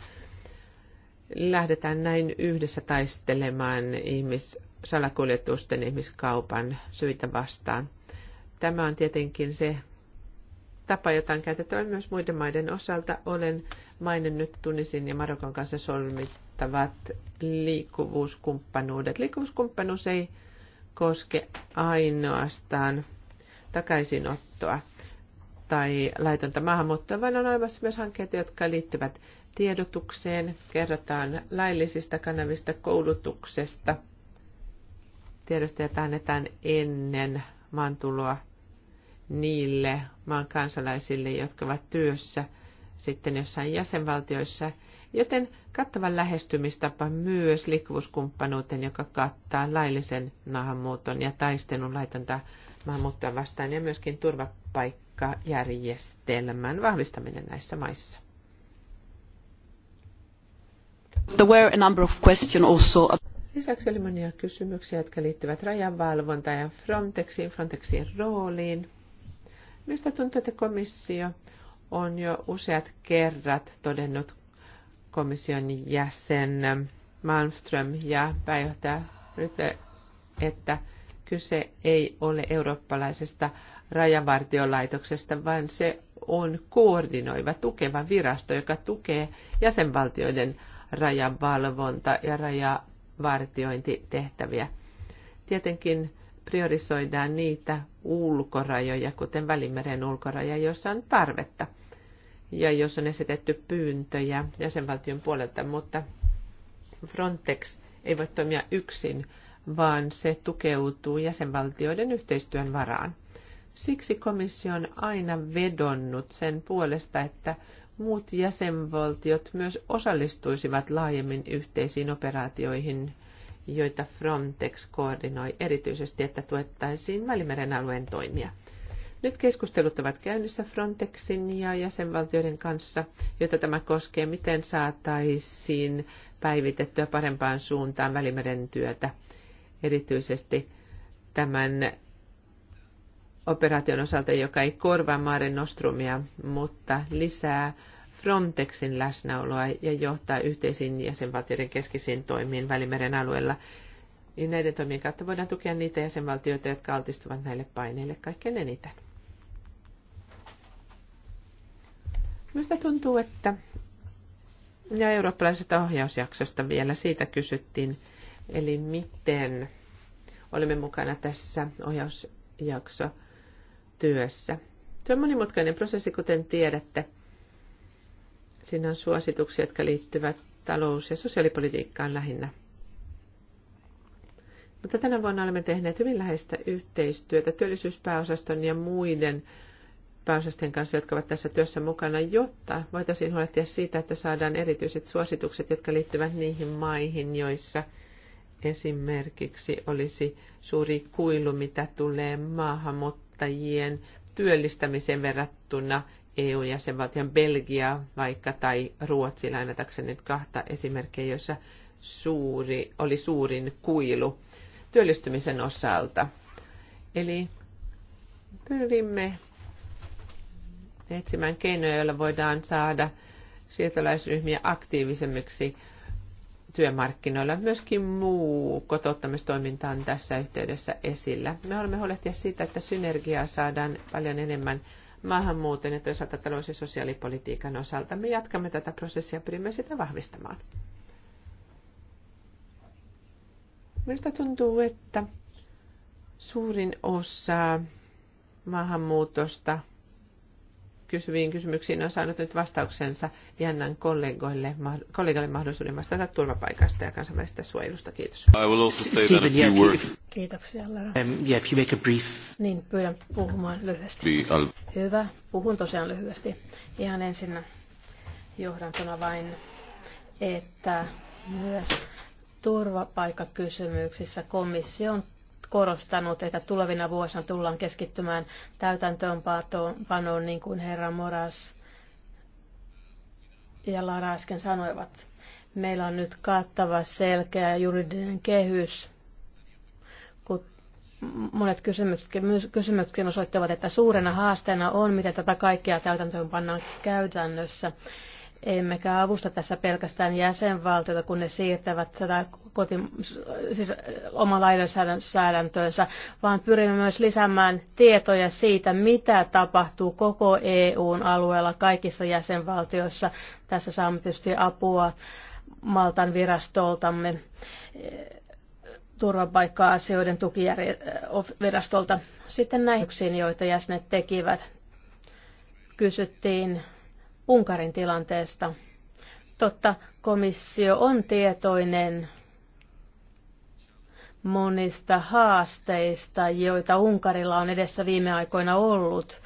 Lähdetään näin yhdessä taistelemaan ihmis, salakuljetusten ihmiskaupan syitä vastaan. Tämä on tietenkin se tapa, jota on käytettävä myös muiden maiden osalta. Olen nyt Tunisin ja Marokon kanssa solmittavat liikkuvuuskumppanuudet. Liikkuvuuskumppanuus ei koske ainoastaan takaisinottoa tai laitonta maahanmuuttoa, vaan on olemassa myös hankkeita, jotka liittyvät tiedotukseen, kerrotaan laillisista kanavista, koulutuksesta, tiedosta, jota annetaan ennen maantuloa niille maan kansalaisille, jotka ovat työssä – sitten jossain jäsenvaltioissa, joten kattava lähestymistapa myös liikkuvuuskumppanuuteen, joka kattaa laillisen maahanmuuton ja taistelun laitonta maahanmuuttoa vastaan ja myöskin turvapaikkajärjestelmän vahvistaminen näissä maissa. There were a number of questions also. Lisäksi oli monia kysymyksiä, jotka liittyvät rajanvalvontaan ja Frontexiin, Frontexin rooliin. Minusta tuntuu, että komissio on jo useat kerrat todennut komission jäsen Malmström ja pääjohtaja Rytte, että kyse ei ole eurooppalaisesta rajavartiolaitoksesta, vaan se on koordinoiva, tukeva virasto, joka tukee jäsenvaltioiden rajavalvonta- ja rajavartiointitehtäviä. Tietenkin priorisoidaan niitä ulkorajoja, kuten Välimeren ulkoraja, joissa on tarvetta ja jos on esitetty pyyntöjä jäsenvaltion puolelta, mutta Frontex ei voi toimia yksin, vaan se tukeutuu jäsenvaltioiden yhteistyön varaan. Siksi komissio on aina vedonnut sen puolesta, että muut jäsenvaltiot myös osallistuisivat laajemmin yhteisiin operaatioihin – joita Frontex koordinoi erityisesti, että tuettaisiin Välimeren alueen toimia. Nyt keskustelut ovat käynnissä Frontexin ja jäsenvaltioiden kanssa, joita tämä koskee, miten saataisiin päivitettyä parempaan suuntaan Välimeren työtä, erityisesti tämän operaation osalta, joka ei korvaa Maaren Nostrumia, mutta lisää Frontexin läsnäoloa ja johtaa yhteisiin jäsenvaltioiden keskeisiin toimiin Välimeren alueella. Ja näiden toimien kautta voidaan tukea niitä jäsenvaltioita, jotka altistuvat näille paineille kaikkein eniten. Minusta tuntuu, että ja eurooppalaisesta ohjausjaksosta vielä siitä kysyttiin, eli miten olemme mukana tässä ohjausjakso työssä. Se on monimutkainen prosessi, kuten tiedätte. Siinä on suosituksia, jotka liittyvät talous- ja sosiaalipolitiikkaan lähinnä. Mutta tänä vuonna olemme tehneet hyvin läheistä yhteistyötä työllisyyspääosaston ja muiden pääosasten kanssa, jotka ovat tässä työssä mukana, jotta voitaisiin huolehtia siitä, että saadaan erityiset suositukset, jotka liittyvät niihin maihin, joissa esimerkiksi olisi suuri kuilu, mitä tulee maahanmuuttajien työllistämiseen verrattuna EU-jäsenvaltion Belgia vaikka tai Ruotsi, lainatakseni nyt kahta esimerkkiä, joissa suuri, oli suurin kuilu työllistymisen osalta. Eli pyrimme etsimään keinoja, joilla voidaan saada siirtolaisryhmiä aktiivisemmiksi työmarkkinoilla. Myöskin muu kotouttamistoiminta on tässä yhteydessä esillä. Me olemme huolehtia siitä, että synergiaa saadaan paljon enemmän maahanmuuton ja toisaalta talous- ja sosiaalipolitiikan osalta. Me jatkamme tätä prosessia ja pyrimme sitä vahvistamaan. Minusta tuntuu, että suurin osa maahanmuutosta kysyviin kysymyksiin on saanut nyt vastauksensa ja annan kollegoille, kollegalle mahdollisuuden vastata turvapaikasta ja kansainvälisestä suojelusta. Kiitos. Stephen Kiitoksia, Lara. Um, yeah, if you make a brief... Niin, pyydän puhumaan lyhyesti. Uh, Hyvä, puhun tosiaan lyhyesti. Ihan ensin johdantona vain, että myös turvapaikkakysymyksissä komission korostanut, että tulevina vuosina tullaan keskittymään täytäntöönpanoon, niin kuin herra Moras ja Lara äsken sanoivat. Meillä on nyt kattava, selkeä juridinen kehys, kun monet kysymyksetkin osoittavat, että suurena haasteena on, miten tätä kaikkea täytäntöön pannaan käytännössä. Emmekä avusta tässä pelkästään jäsenvaltioita, kun ne siirtävät tätä koti, siis oma lainsäädäntöönsä, vaan pyrimme myös lisäämään tietoja siitä, mitä tapahtuu koko EUn alueella kaikissa jäsenvaltioissa. Tässä saamme tietysti apua Maltan virastoltamme turvapaikka-asioiden tukivirastolta sitten näihin, joita jäsenet tekivät. Kysyttiin Unkarin tilanteesta. Totta, komissio on tietoinen monista haasteista, joita Unkarilla on edessä viime aikoina ollut.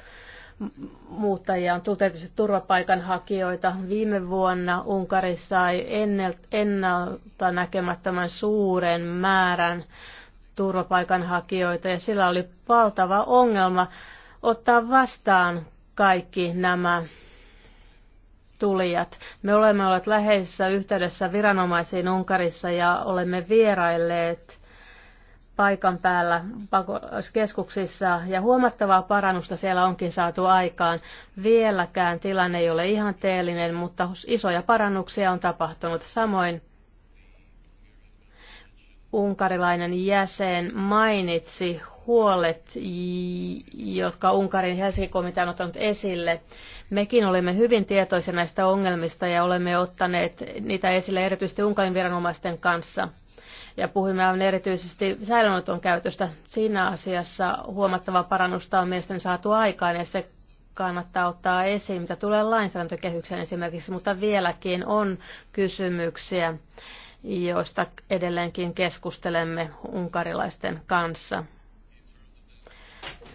Muuttajia on tullut turvapaikanhakijoita. Viime vuonna Unkari sai ennalta näkemättömän suuren määrän turvapaikanhakijoita ja sillä oli valtava ongelma ottaa vastaan kaikki nämä tulijat. Me olemme olleet läheisessä yhteydessä viranomaisiin Unkarissa ja olemme vierailleet paikan päällä pakolaiskeskuksissa ja huomattavaa parannusta siellä onkin saatu aikaan. Vieläkään tilanne ei ole ihan teellinen, mutta isoja parannuksia on tapahtunut. Samoin unkarilainen jäsen mainitsi huolet, jotka Unkarin helsinki komitean on ottanut esille Mekin olemme hyvin tietoisia näistä ongelmista ja olemme ottaneet niitä esille erityisesti Unkarin viranomaisten kanssa. Ja puhumme aivan erityisesti säilönoton käytöstä. Siinä asiassa huomattava parannusta on mielestäni saatu aikaan ja se kannattaa ottaa esiin, mitä tulee lainsäädäntökehykseen esimerkiksi, mutta vieläkin on kysymyksiä, joista edelleenkin keskustelemme unkarilaisten kanssa.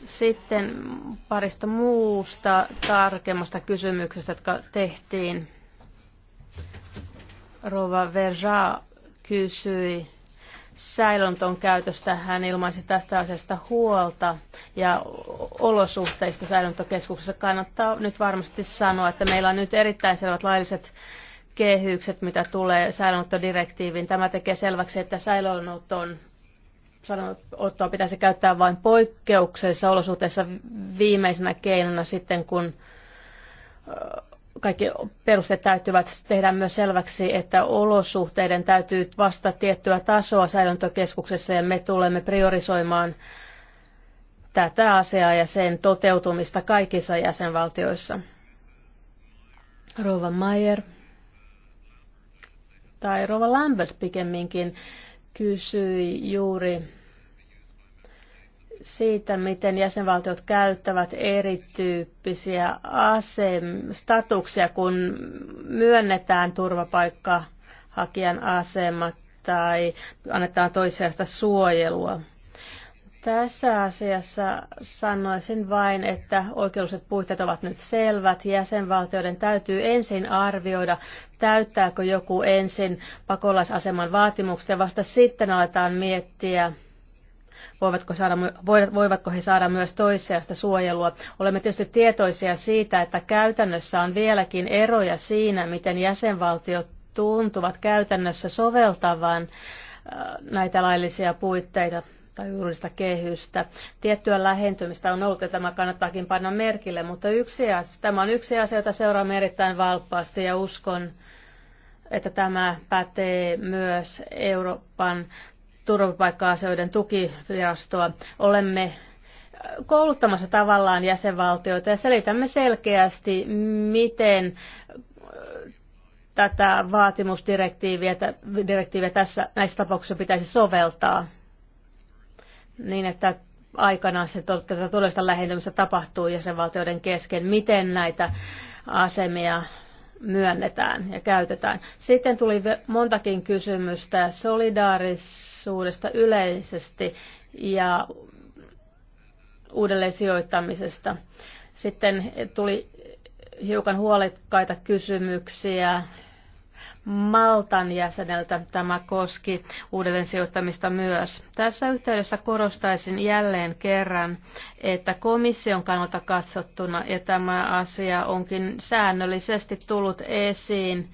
Sitten parista muusta tarkemmasta kysymyksestä, jotka tehtiin. Rova Verja kysyi säilönton käytöstä. Hän ilmaisi tästä asiasta huolta ja olosuhteista säilöntokeskuksessa. Kannattaa nyt varmasti sanoa, että meillä on nyt erittäin selvät lailliset kehykset, mitä tulee säilönottodirektiiviin. Tämä tekee selväksi, että säilönoton sanottua pitäisi käyttää vain poikkeuksellisissa olosuhteissa viimeisenä keinona sitten, kun kaikki perusteet täytyvät tehdä myös selväksi, että olosuhteiden täytyy vastata tiettyä tasoa säilöntökeskuksessa ja me tulemme priorisoimaan tätä asiaa ja sen toteutumista kaikissa jäsenvaltioissa. Rova Mayer tai Rova Lambert pikemminkin kysyi juuri siitä, miten jäsenvaltiot käyttävät erityyppisiä asem- statuksia, kun myönnetään turvapaikkahakijan asema tai annetaan toisesta suojelua. Tässä asiassa sanoisin vain, että oikeudelliset puitteet ovat nyt selvät. Jäsenvaltioiden täytyy ensin arvioida, täyttääkö joku ensin pakolaisaseman vaatimukset ja vasta sitten aletaan miettiä, voivatko, saada, voivatko he saada myös toissijaista suojelua. Olemme tietysti tietoisia siitä, että käytännössä on vieläkin eroja siinä, miten jäsenvaltiot tuntuvat käytännössä soveltavan äh, näitä laillisia puitteita tai juridista kehystä. Tiettyä lähentymistä on ollut ja tämä kannattaakin panna merkille, mutta yksi asia, tämä on yksi asia, jota seuraamme erittäin valppaasti ja uskon, että tämä pätee myös Euroopan turvapaikka-asioiden tukivirastoa. Olemme kouluttamassa tavallaan jäsenvaltioita ja selitämme selkeästi, miten äh, tätä vaatimusdirektiiviä direktiiviä tässä, näissä tapauksissa pitäisi soveltaa niin, että aikanaan se tätä todellista lähentymistä tapahtuu jäsenvaltioiden kesken, miten näitä asemia myönnetään ja käytetään. Sitten tuli montakin kysymystä solidaarisuudesta yleisesti ja uudelleen sijoittamisesta. Sitten tuli hiukan huolekkaita kysymyksiä Maltan jäseneltä tämä koski uudelleen sijoittamista myös. Tässä yhteydessä korostaisin jälleen kerran, että komission kannalta katsottuna, ja tämä asia onkin säännöllisesti tullut esiin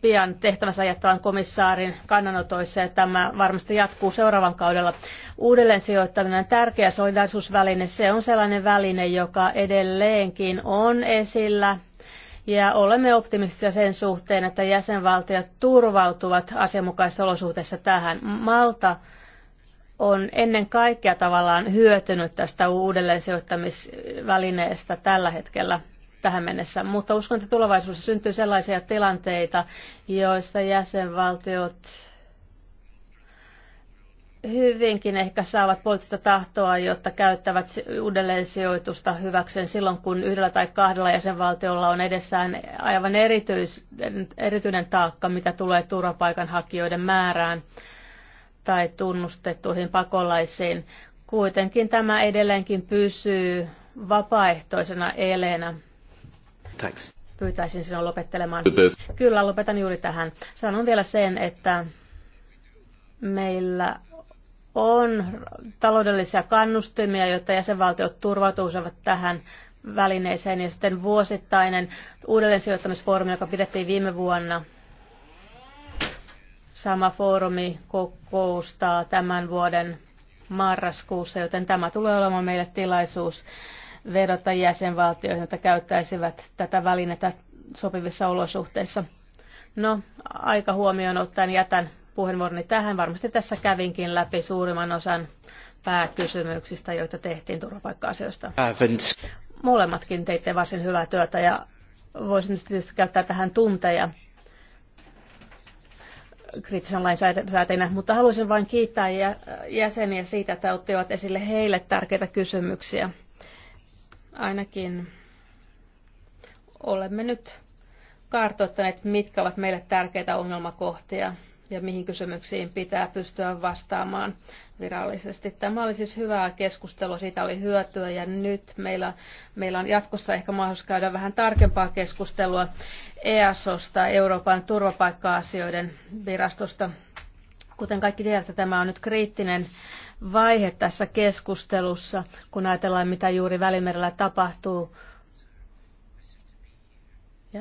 pian tehtävänsä jättävän komissaarin kannanotoissa ja tämä varmasti jatkuu seuraavan kaudella. Uudelleen sijoittaminen tärkeä solidaisuusväline. Se on sellainen väline, joka edelleenkin on esillä ja olemme optimistisia sen suhteen, että jäsenvaltiot turvautuvat asianmukaisissa olosuhteissa tähän. Malta on ennen kaikkea tavallaan hyötynyt tästä uudelleensijoittamisvälineestä tällä hetkellä tähän mennessä, mutta uskon, että tulevaisuudessa syntyy sellaisia tilanteita, joissa jäsenvaltiot hyvinkin ehkä saavat poliittista tahtoa, jotta käyttävät uudelleen sijoitusta hyväkseen silloin, kun yhdellä tai kahdella jäsenvaltiolla on edessään aivan erityis, erityinen taakka, mitä tulee turvapaikanhakijoiden määrään tai tunnustettuihin pakolaisiin. Kuitenkin tämä edelleenkin pysyy vapaaehtoisena eleenä. Thanks. Pyytäisin sinua lopettelemaan. Kyllä, lopetan juuri tähän. Sanon vielä sen, että meillä on taloudellisia kannustimia, jotta jäsenvaltiot turvautuisivat tähän välineeseen ja sitten vuosittainen uudelleen sijoittamisfoorumi, joka pidettiin viime vuonna. Sama foorumi kokoustaa tämän vuoden marraskuussa, joten tämä tulee olemaan meille tilaisuus vedota jäsenvaltioihin, jotka käyttäisivät tätä välinettä sopivissa olosuhteissa. No, aika huomioon ottaen jätän puheenvuoroni tähän. Varmasti tässä kävinkin läpi suurimman osan pääkysymyksistä, joita tehtiin turvapaikka-asioista. Molemmatkin teitte varsin hyvää työtä ja voisin tietysti käyttää tähän tunteja kriittisen lainsäätäjänä, mutta haluaisin vain kiittää jäseniä siitä, että ottivat esille heille tärkeitä kysymyksiä. Ainakin olemme nyt kartoittaneet, mitkä ovat meille tärkeitä ongelmakohtia ja mihin kysymyksiin pitää pystyä vastaamaan virallisesti. Tämä oli siis hyvää keskustelua, siitä oli hyötyä ja nyt meillä, meillä on jatkossa ehkä mahdollisuus käydä vähän tarkempaa keskustelua EASOsta, Euroopan turvapaikka-asioiden virastosta. Kuten kaikki tiedätte, tämä on nyt kriittinen vaihe tässä keskustelussa, kun ajatellaan, mitä juuri Välimerellä tapahtuu. Ja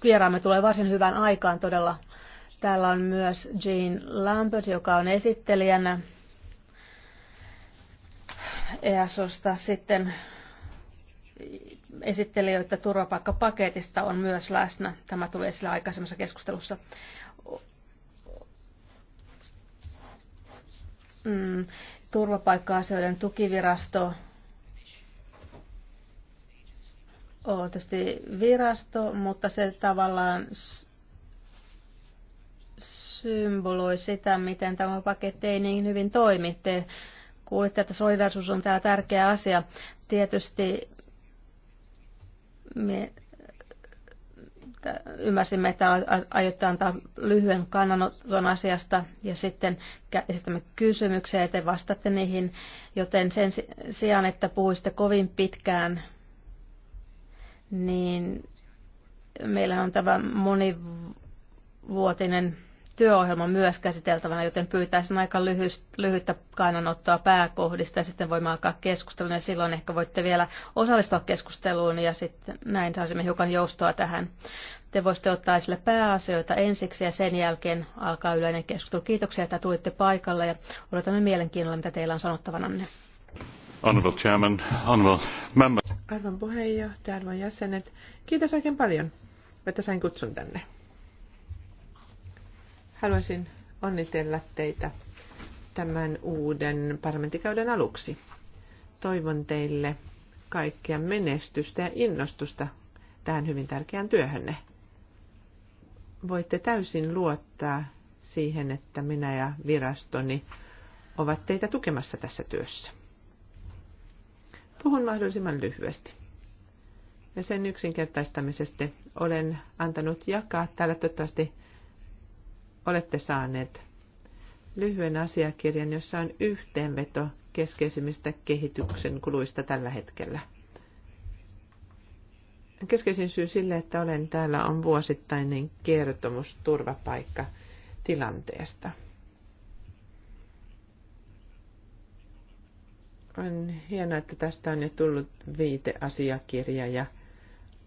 kieraamme äh, tulee varsin hyvään aikaan todella Täällä on myös Jean Lambert, joka on esittelijänä EASOsta. Sitten esittelijöitä turvapaikkapaketista on myös läsnä. Tämä tuli esille aikaisemmassa keskustelussa. Mm, turvapaikka-asioiden tukivirasto on tietysti virasto, mutta se tavallaan symboloi sitä, miten tämä paketti ei niin hyvin toimi. Te kuulitte, että solidaarisuus on täällä tärkeä asia. Tietysti me ymmärsimme, että aiotte antaa lyhyen kannanoton asiasta ja sitten esitämme kysymyksiä ja te vastatte niihin, joten sen sijaan, että puhuisitte kovin pitkään, niin meillä on tämä monivuotinen työohjelma myös käsiteltävänä, joten pyytäisin aika lyhyttä kannanottoa pääkohdista ja sitten voimme alkaa keskustelun ja silloin ehkä voitte vielä osallistua keskusteluun ja sitten näin saisimme hiukan joustoa tähän. Te voisitte ottaa esille pääasioita ensiksi ja sen jälkeen alkaa yleinen keskustelu. Kiitoksia, että tulitte paikalle ja odotamme mielenkiinnolla, mitä teillä on sanottavananne. Honorable Chairman, Honorable Member. Arvon puheenjohtaja, arvon jäsenet, kiitos oikein paljon, että sain kutsun tänne. Haluaisin onnitella teitä tämän uuden parlamenttikauden aluksi. Toivon teille kaikkea menestystä ja innostusta tähän hyvin tärkeään työhönne. Voitte täysin luottaa siihen, että minä ja virastoni ovat teitä tukemassa tässä työssä. Puhun mahdollisimman lyhyesti. Ja sen yksinkertaistamisesta olen antanut jakaa täällä toivottavasti olette saaneet lyhyen asiakirjan, jossa on yhteenveto keskeisimmistä kehityksen kuluista tällä hetkellä. Keskeisin syy sille, että olen täällä, on vuosittainen kertomus turvapaikka tilanteesta. On hienoa, että tästä on jo tullut viiteasiakirja ja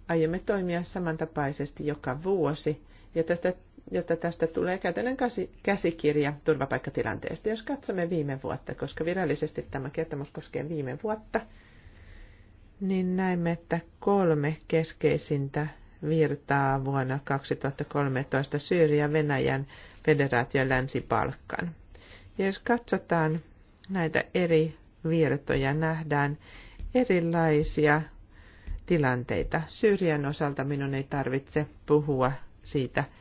aiomme toimia samantapaisesti joka vuosi. Ja tästä jotta tästä tulee käytännön käsikirja turvapaikkatilanteesta. Jos katsomme viime vuotta, koska virallisesti tämä kertomus koskee viime vuotta, niin näemme, että kolme keskeisintä virtaa vuonna 2013 Syyria, Venäjän federaatio ja Länsi-Balkan. Ja jos katsotaan näitä eri virtoja, nähdään erilaisia tilanteita. Syyrian osalta minun ei tarvitse puhua siitä –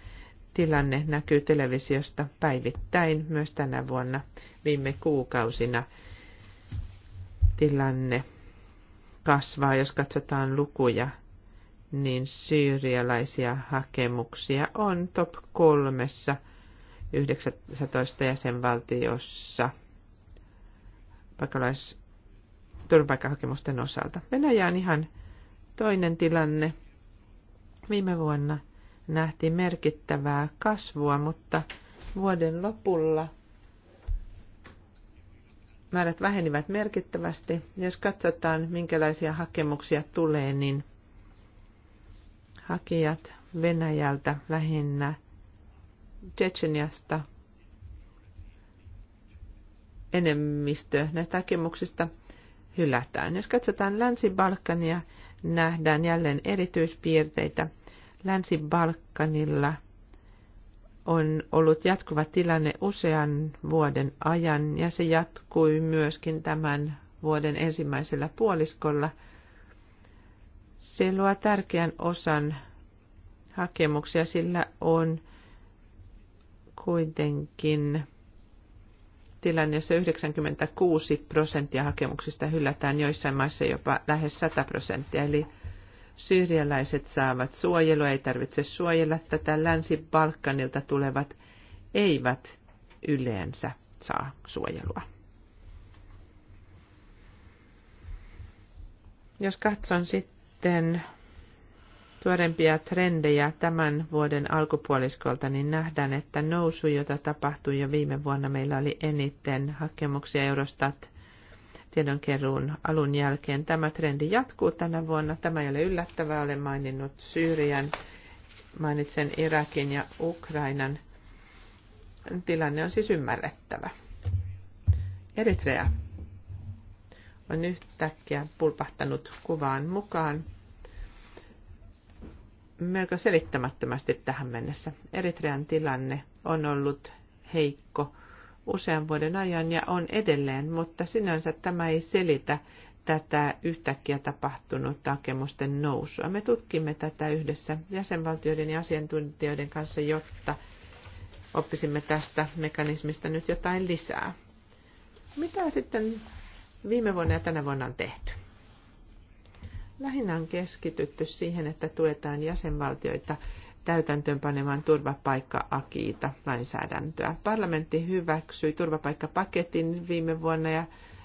tilanne näkyy televisiosta päivittäin myös tänä vuonna viime kuukausina. Tilanne kasvaa, jos katsotaan lukuja, niin syyrialaisia hakemuksia on top kolmessa 19 jäsenvaltiossa pakolais- turvapaikkahakemusten osalta. Venäjä on ihan toinen tilanne. Viime vuonna – nähtiin merkittävää kasvua, mutta vuoden lopulla määrät vähenivät merkittävästi. Jos katsotaan, minkälaisia hakemuksia tulee, niin hakijat Venäjältä lähinnä Tsecheniasta enemmistö näistä hakemuksista hylätään. Jos katsotaan Länsi-Balkania, nähdään jälleen erityispiirteitä – Länsi-Balkanilla on ollut jatkuva tilanne usean vuoden ajan ja se jatkui myöskin tämän vuoden ensimmäisellä puoliskolla. Se luo tärkeän osan hakemuksia, sillä on kuitenkin tilanne, jossa 96 prosenttia hakemuksista hylätään, joissain maissa jopa lähes 100 prosenttia, eli Syyrialaiset saavat suojelua, ei tarvitse suojella tätä. Länsi-Balkanilta tulevat eivät yleensä saa suojelua. Jos katson sitten tuorempia trendejä tämän vuoden alkupuoliskolta, niin nähdään, että nousu, jota tapahtui jo viime vuonna, meillä oli eniten hakemuksia Eurostat tiedonkeruun alun jälkeen. Tämä trendi jatkuu tänä vuonna. Tämä ei ole yllättävää, olen maininnut Syyrian, mainitsen Irakin ja Ukrainan. Tilanne on siis ymmärrettävä. Eritrea on yhtäkkiä pulpahtanut kuvaan mukaan melko selittämättömästi tähän mennessä. Eritrean tilanne on ollut heikko usean vuoden ajan ja on edelleen, mutta sinänsä tämä ei selitä tätä yhtäkkiä tapahtunutta hakemusten nousua. Me tutkimme tätä yhdessä jäsenvaltioiden ja asiantuntijoiden kanssa, jotta oppisimme tästä mekanismista nyt jotain lisää. Mitä sitten viime vuonna ja tänä vuonna on tehty? Lähinnä on keskitytty siihen, että tuetaan jäsenvaltioita täytäntöönpanemaan turvapaikka-akiita lainsäädäntöä. Parlamentti hyväksyi turvapaikkapaketin viime vuonna ja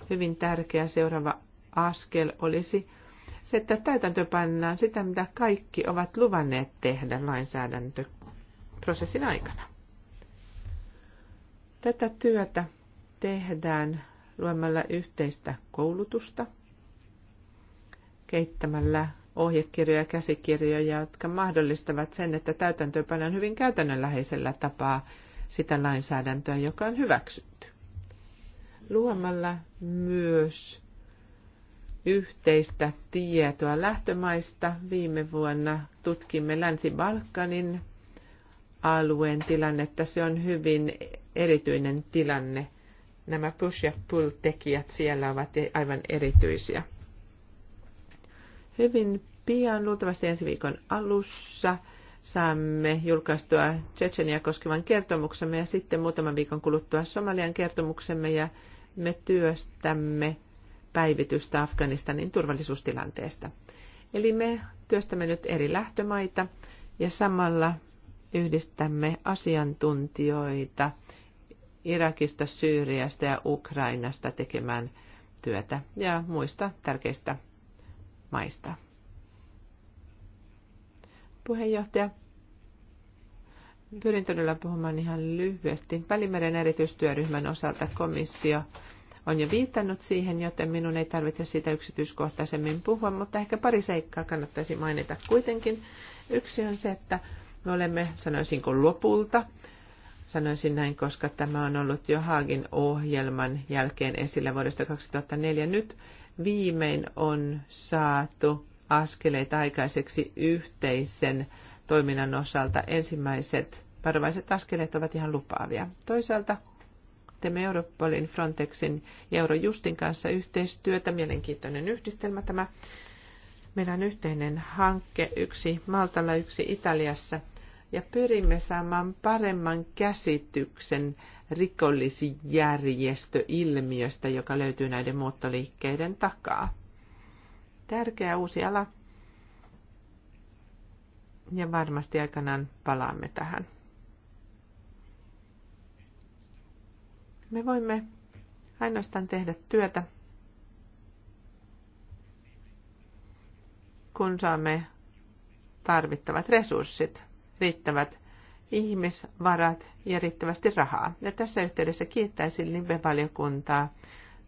hyvin tärkeä seuraava askel olisi se, että täytäntöönpannaan sitä, mitä kaikki ovat luvanneet tehdä lainsäädäntöprosessin aikana. Tätä työtä tehdään luomalla yhteistä koulutusta, keittämällä ohjekirjoja ja käsikirjoja, jotka mahdollistavat sen, että täytäntöönpannaan hyvin käytännönläheisellä tapaa sitä lainsäädäntöä, joka on hyväksytty. Luomalla myös yhteistä tietoa lähtömaista. Viime vuonna tutkimme Länsi-Balkanin alueen tilannetta. Se on hyvin erityinen tilanne. Nämä push ja pull-tekijät siellä ovat aivan erityisiä. Hyvin pian, luultavasti ensi viikon alussa, saamme julkaistua Tsetseniä koskevan kertomuksemme ja sitten muutaman viikon kuluttua Somalian kertomuksemme ja me työstämme päivitystä Afganistanin turvallisuustilanteesta. Eli me työstämme nyt eri lähtömaita ja samalla yhdistämme asiantuntijoita Irakista, Syyriasta ja Ukrainasta tekemään työtä ja muista tärkeistä maista puheenjohtaja. Pyrin todella puhumaan ihan lyhyesti. Välimeren erityistyöryhmän osalta komissio on jo viitannut siihen, joten minun ei tarvitse sitä yksityiskohtaisemmin puhua, mutta ehkä pari seikkaa kannattaisi mainita kuitenkin. Yksi on se, että me olemme, sanoisinko lopulta, sanoisin näin, koska tämä on ollut jo Haagin ohjelman jälkeen esillä vuodesta 2004. Nyt viimein on saatu askeleita aikaiseksi yhteisen toiminnan osalta. Ensimmäiset varovaiset askeleet ovat ihan lupaavia. Toisaalta teemme Europolin, Frontexin ja Eurojustin kanssa yhteistyötä. Mielenkiintoinen yhdistelmä tämä. Meillä on yhteinen hanke, yksi Maltalla, yksi Italiassa, ja pyrimme saamaan paremman käsityksen rikollisjärjestöilmiöstä, joka löytyy näiden muuttoliikkeiden takaa tärkeä uusi ala. Ja varmasti aikanaan palaamme tähän. Me voimme ainoastaan tehdä työtä, kun saamme tarvittavat resurssit, riittävät ihmisvarat ja riittävästi rahaa. Ja tässä yhteydessä kiittäisin Live-valiokuntaa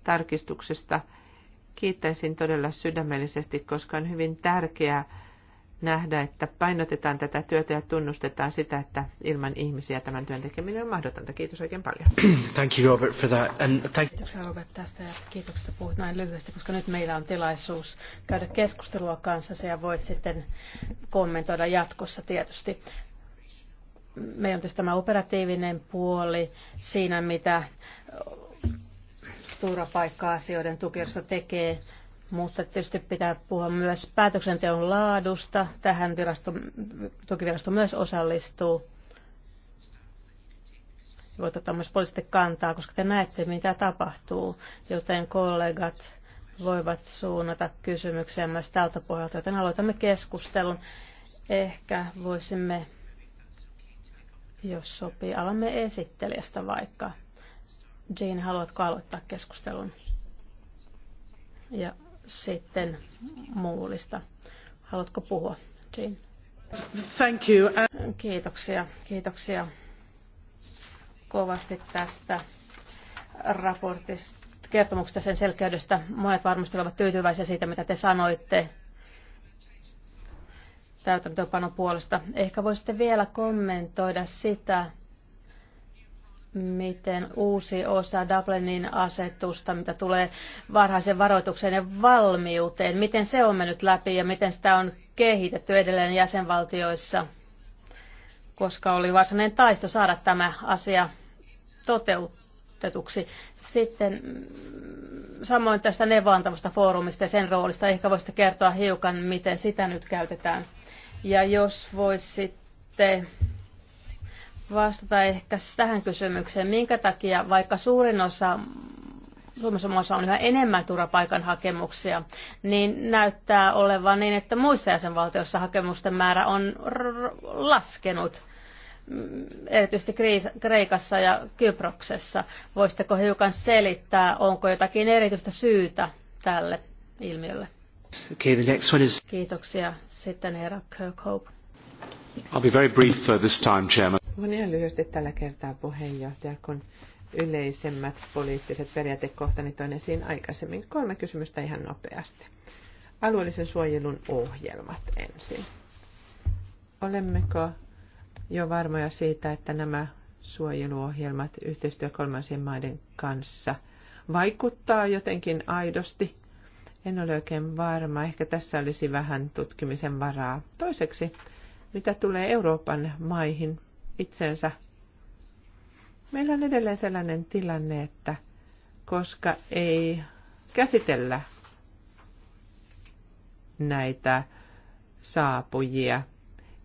tarkistuksesta kiittäisin todella sydämellisesti, koska on hyvin tärkeää nähdä, että painotetaan tätä työtä ja tunnustetaan sitä, että ilman ihmisiä tämän työn tekeminen on mahdotonta. Kiitos oikein paljon. [clears throat] Thank you Robert for that. And thank... Kiitoksia Robert tästä ja kiitoksia, että puhut näin lyhyesti, koska nyt meillä on tilaisuus käydä keskustelua kanssa ja voit sitten kommentoida jatkossa tietysti. Meillä on tietysti tämä operatiivinen puoli siinä, mitä turvapaikka-asioiden tukiosta tekee, mutta tietysti pitää puhua myös päätöksenteon laadusta. Tähän virasto, tukivirasto myös osallistuu. Voit ottaa myös poliittisesti kantaa, koska te näette, mitä tapahtuu, joten kollegat voivat suunnata kysymyksiä myös tältä pohjalta, joten aloitamme keskustelun. Ehkä voisimme, jos sopii, alamme esittelijästä vaikka. Jane, haluatko aloittaa keskustelun? Ja sitten muulista. Haluatko puhua, Jane? Thank you. Kiitoksia. Kiitoksia kovasti tästä raportista, kertomuksesta sen selkeydestä. Monet varmasti ovat tyytyväisiä siitä, mitä te sanoitte täytäntöönpanon puolesta. Ehkä voisitte vielä kommentoida sitä, miten uusi osa Dublinin asetusta, mitä tulee varhaisen varoitukseen ja valmiuteen, miten se on mennyt läpi ja miten sitä on kehitetty edelleen jäsenvaltioissa, koska oli varsinainen taisto saada tämä asia toteutetuksi. Sitten mm, samoin tästä neuvontavasta foorumista ja sen roolista. Ehkä voisitte kertoa hiukan, miten sitä nyt käytetään. Ja jos voisitte vastata ehkä tähän kysymykseen, minkä takia vaikka suurin osa Suomessa maassa on yhä enemmän turvapaikan hakemuksia, niin näyttää olevan niin, että muissa jäsenvaltioissa hakemusten määrä on laskenut mm, erityisesti Kreikassa ja Kyproksessa. Voisitteko hiukan selittää, onko jotakin erityistä syytä tälle ilmiölle? Okay, the next one is... Kiitoksia. Sitten herra Kirkhope. I'll be very brief uh, this time, Chairman. lyhyesti tällä kertaa puheenjohtaja, kun yleisemmät poliittiset periaatekohtani toin esiin aikaisemmin. Kolme kysymystä ihan nopeasti. Alueellisen suojelun ohjelmat ensin. Olemmeko jo varmoja siitä, että nämä suojeluohjelmat yhteistyö kolmansien maiden kanssa vaikuttaa jotenkin aidosti? En ole oikein varma. Ehkä tässä olisi vähän tutkimisen varaa. Toiseksi mitä tulee Euroopan maihin itsensä, meillä on edelleen sellainen tilanne, että koska ei käsitellä näitä saapujia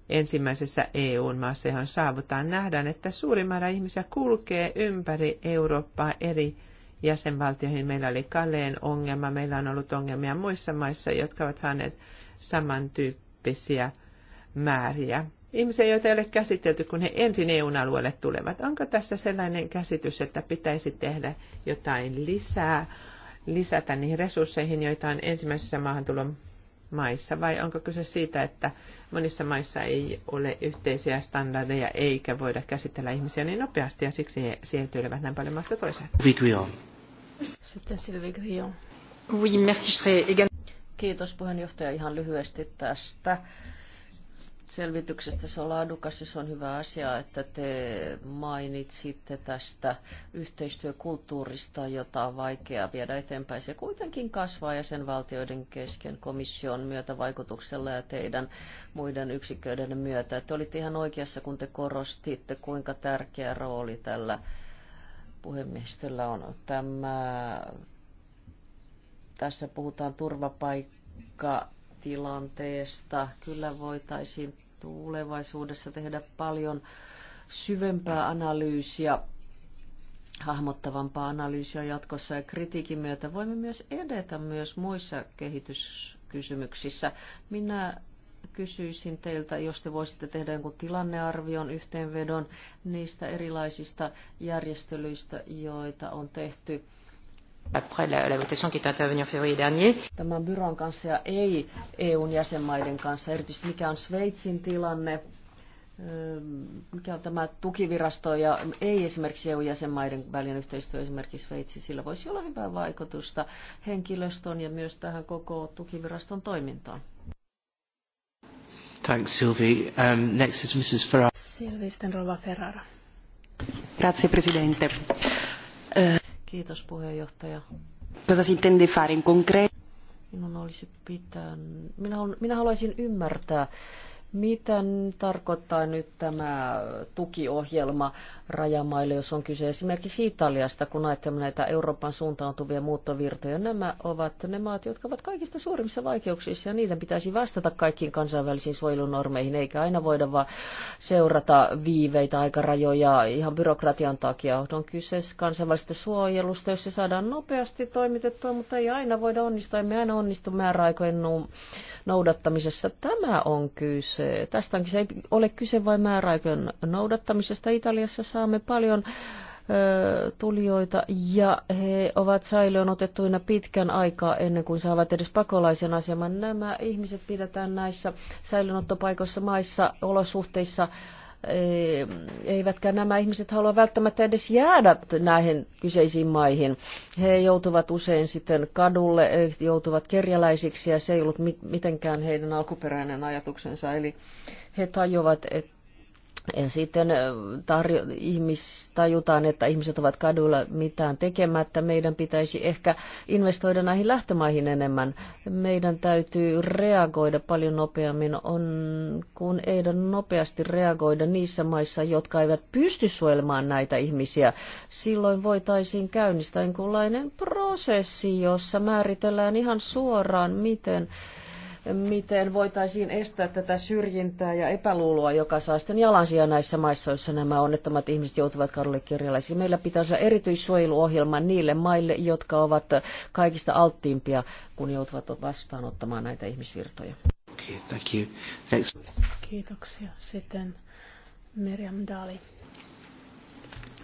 ensimmäisessä EU-maassa, johon saavutaan, nähdään, että suuri määrä ihmisiä kulkee ympäri Eurooppaa eri jäsenvaltioihin. Meillä oli Kaleen ongelma, meillä on ollut ongelmia muissa maissa, jotka ovat saaneet samantyyppisiä määriä. Ihmisiä, joita ei ole käsitelty, kun he ensin eu alueelle tulevat. Onko tässä sellainen käsitys, että pitäisi tehdä jotain lisää, lisätä niihin resursseihin, joita on ensimmäisessä maahantulon maissa, vai onko kyse siitä, että monissa maissa ei ole yhteisiä standardeja eikä voida käsitellä ihmisiä niin nopeasti ja siksi he siirtyilevät näin paljon maasta toiseen? Sitten Sylvie Grillon. Oui, merci. Kiitos puheenjohtaja ihan lyhyesti tästä selvityksestä. Se on laadukas ja se on hyvä asia, että te mainitsitte tästä yhteistyökulttuurista, jota on vaikea viedä eteenpäin. Se kuitenkin kasvaa jäsenvaltioiden kesken komission myötä vaikutuksella ja teidän muiden yksiköiden myötä. Te olitte ihan oikeassa, kun te korostitte, kuinka tärkeä rooli tällä puhemiehistöllä on. Tämä, tässä puhutaan turvapaikka tilanteesta. Kyllä voitaisiin tulevaisuudessa tehdä paljon syvempää analyysiä, hahmottavampaa analyysiä jatkossa ja kritiikin myötä voimme myös edetä myös muissa kehityskysymyksissä. Minä kysyisin teiltä, jos te voisitte tehdä jonkun tilannearvion, yhteenvedon niistä erilaisista järjestelyistä, joita on tehty après la, la votation qui est intervenue en février dernier. Tämän byron kanssa ja ei EUn jäsenmaiden kanssa, erityisesti mikä on Sveitsin tilanne, ähm, mikä on tämä tukivirasto ja ei esimerkiksi EU-jäsenmaiden välinen yhteistyö esimerkiksi Sveitsi, sillä voisi olla hyvää vaikutusta henkilöstön ja myös tähän koko tukiviraston toimintaan. Thanks, Sylvie. Um, next is Mrs. Ferrara. Sylvie Stenrova Ferrara. Grazie, Presidente. Kiitos puheenjohtaja. Cosa si intende fare in concreto? Minun olisi Minä, minä haluaisin ymmärtää, mitä tarkoittaa nyt tämä tukiohjelma rajamaille, jos on kyse esimerkiksi Italiasta, kun ajattelemme näitä Euroopan suuntautuvia muuttovirtoja? Nämä ovat ne maat, jotka ovat kaikista suurimmissa vaikeuksissa ja niiden pitäisi vastata kaikkiin kansainvälisiin suojelunormeihin, eikä aina voida vaan seurata viiveitä, aikarajoja ihan byrokratian takia. On kyse kansainvälisestä suojelusta, jos se saadaan nopeasti toimitettua, mutta ei aina voida onnistua, emme aina onnistu määräaikojen noudattamisessa. Tämä on kyse Tästä onkin se ei ole kyse vain määräaikojen noudattamisesta. Italiassa saamme paljon tulijoita ja he ovat säilöön otettuina pitkän aikaa ennen kuin saavat edes pakolaisen aseman. Nämä ihmiset pidetään näissä säilönottopaikoissa maissa olosuhteissa, eivätkä nämä ihmiset halua välttämättä edes jäädä näihin kyseisiin maihin. He joutuvat usein sitten kadulle, eh, joutuvat kerjäläisiksi ja se ei ollut mitenkään heidän alkuperäinen ajatuksensa. Eli he tajuvat, että ja sitten tarjo- ihmis- tajutaan, että ihmiset ovat kaduilla mitään tekemättä. Meidän pitäisi ehkä investoida näihin lähtömaihin enemmän. Meidän täytyy reagoida paljon nopeammin, on, kun ei nopeasti reagoida niissä maissa, jotka eivät pysty suojelemaan näitä ihmisiä. Silloin voitaisiin käynnistää jonkunlainen prosessi, jossa määritellään ihan suoraan, miten miten voitaisiin estää tätä syrjintää ja epäluuloa, joka saa sitten jalansia näissä maissa, joissa nämä onnettomat ihmiset joutuvat kadulle kirjalaisiksi. Meillä pitää olla erityissuojeluohjelma niille maille, jotka ovat kaikista alttiimpia, kun joutuvat vastaanottamaan näitä ihmisvirtoja. Kiitoksia. Sitten Miriam Dali.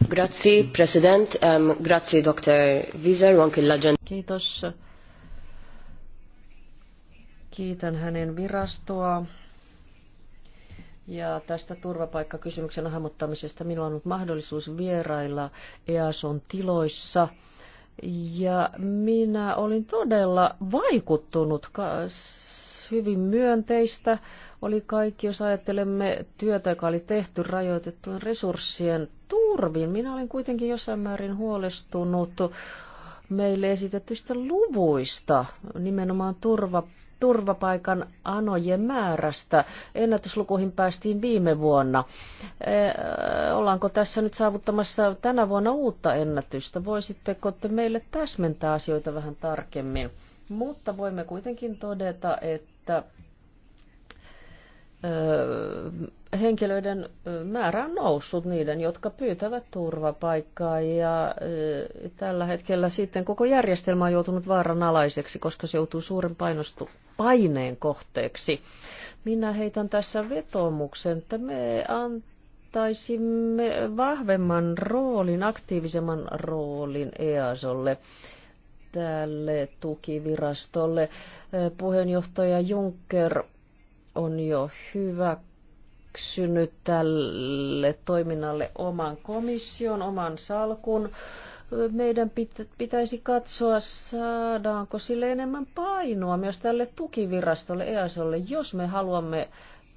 Grazie, President. Um, grazie, Dr. Wieser. Kiitos Kiitän hänen virastoa. Ja tästä turvapaikkakysymyksen hahmottamisesta minulla on ollut mahdollisuus vierailla EASON tiloissa. Ja minä olin todella vaikuttunut hyvin myönteistä. Oli kaikki, jos ajattelemme työtä, joka oli tehty rajoitettujen resurssien turvin. Minä olin kuitenkin jossain määrin huolestunut meille esitetyistä luvuista, nimenomaan turvapaikkakysymyksestä turvapaikan anojen määrästä. Ennätyslukuihin päästiin viime vuonna. E, ollaanko tässä nyt saavuttamassa tänä vuonna uutta ennätystä? Voisitteko te meille täsmentää asioita vähän tarkemmin? Mutta voimme kuitenkin todeta, että henkilöiden määrä on noussut niiden, jotka pyytävät turvapaikkaa ja tällä hetkellä sitten koko järjestelmä on joutunut vaaranalaiseksi, koska se joutuu suuren painostu paineen kohteeksi. Minä heitän tässä vetomuksen, että me antaisimme vahvemman roolin, aktiivisemman roolin EASOlle tälle tukivirastolle. Puheenjohtaja Juncker on jo hyväksynyt tälle toiminnalle oman komission, oman salkun. Meidän pitäisi katsoa, saadaanko sille enemmän painoa myös tälle tukivirastolle EASOlle, jos me haluamme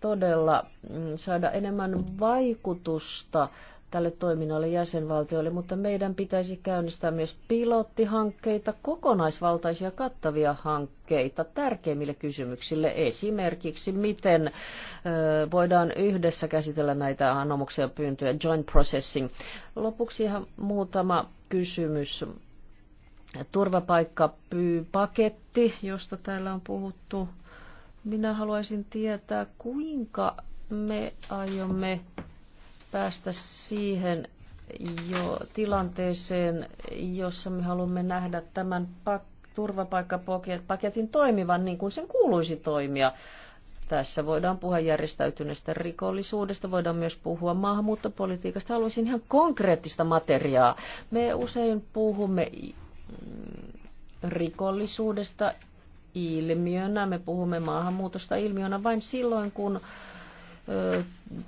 todella mm, saada enemmän vaikutusta tälle toiminnalle jäsenvaltioille, mutta meidän pitäisi käynnistää myös pilottihankkeita, kokonaisvaltaisia kattavia hankkeita tärkeimmille kysymyksille, esimerkiksi miten voidaan yhdessä käsitellä näitä anomuksia pyyntöjä, joint processing. Lopuksi ihan muutama kysymys. Turvapaikkapaketti, josta täällä on puhuttu. Minä haluaisin tietää, kuinka me aiomme päästä siihen jo tilanteeseen, jossa me haluamme nähdä tämän pak- turvapaikkapaketin toimivan niin kuin sen kuuluisi toimia. Tässä voidaan puhua järjestäytyneestä rikollisuudesta, voidaan myös puhua maahanmuuttopolitiikasta. Haluaisin ihan konkreettista materiaa. Me usein puhumme rikollisuudesta ilmiönä, me puhumme maahanmuutosta ilmiönä vain silloin, kun äh,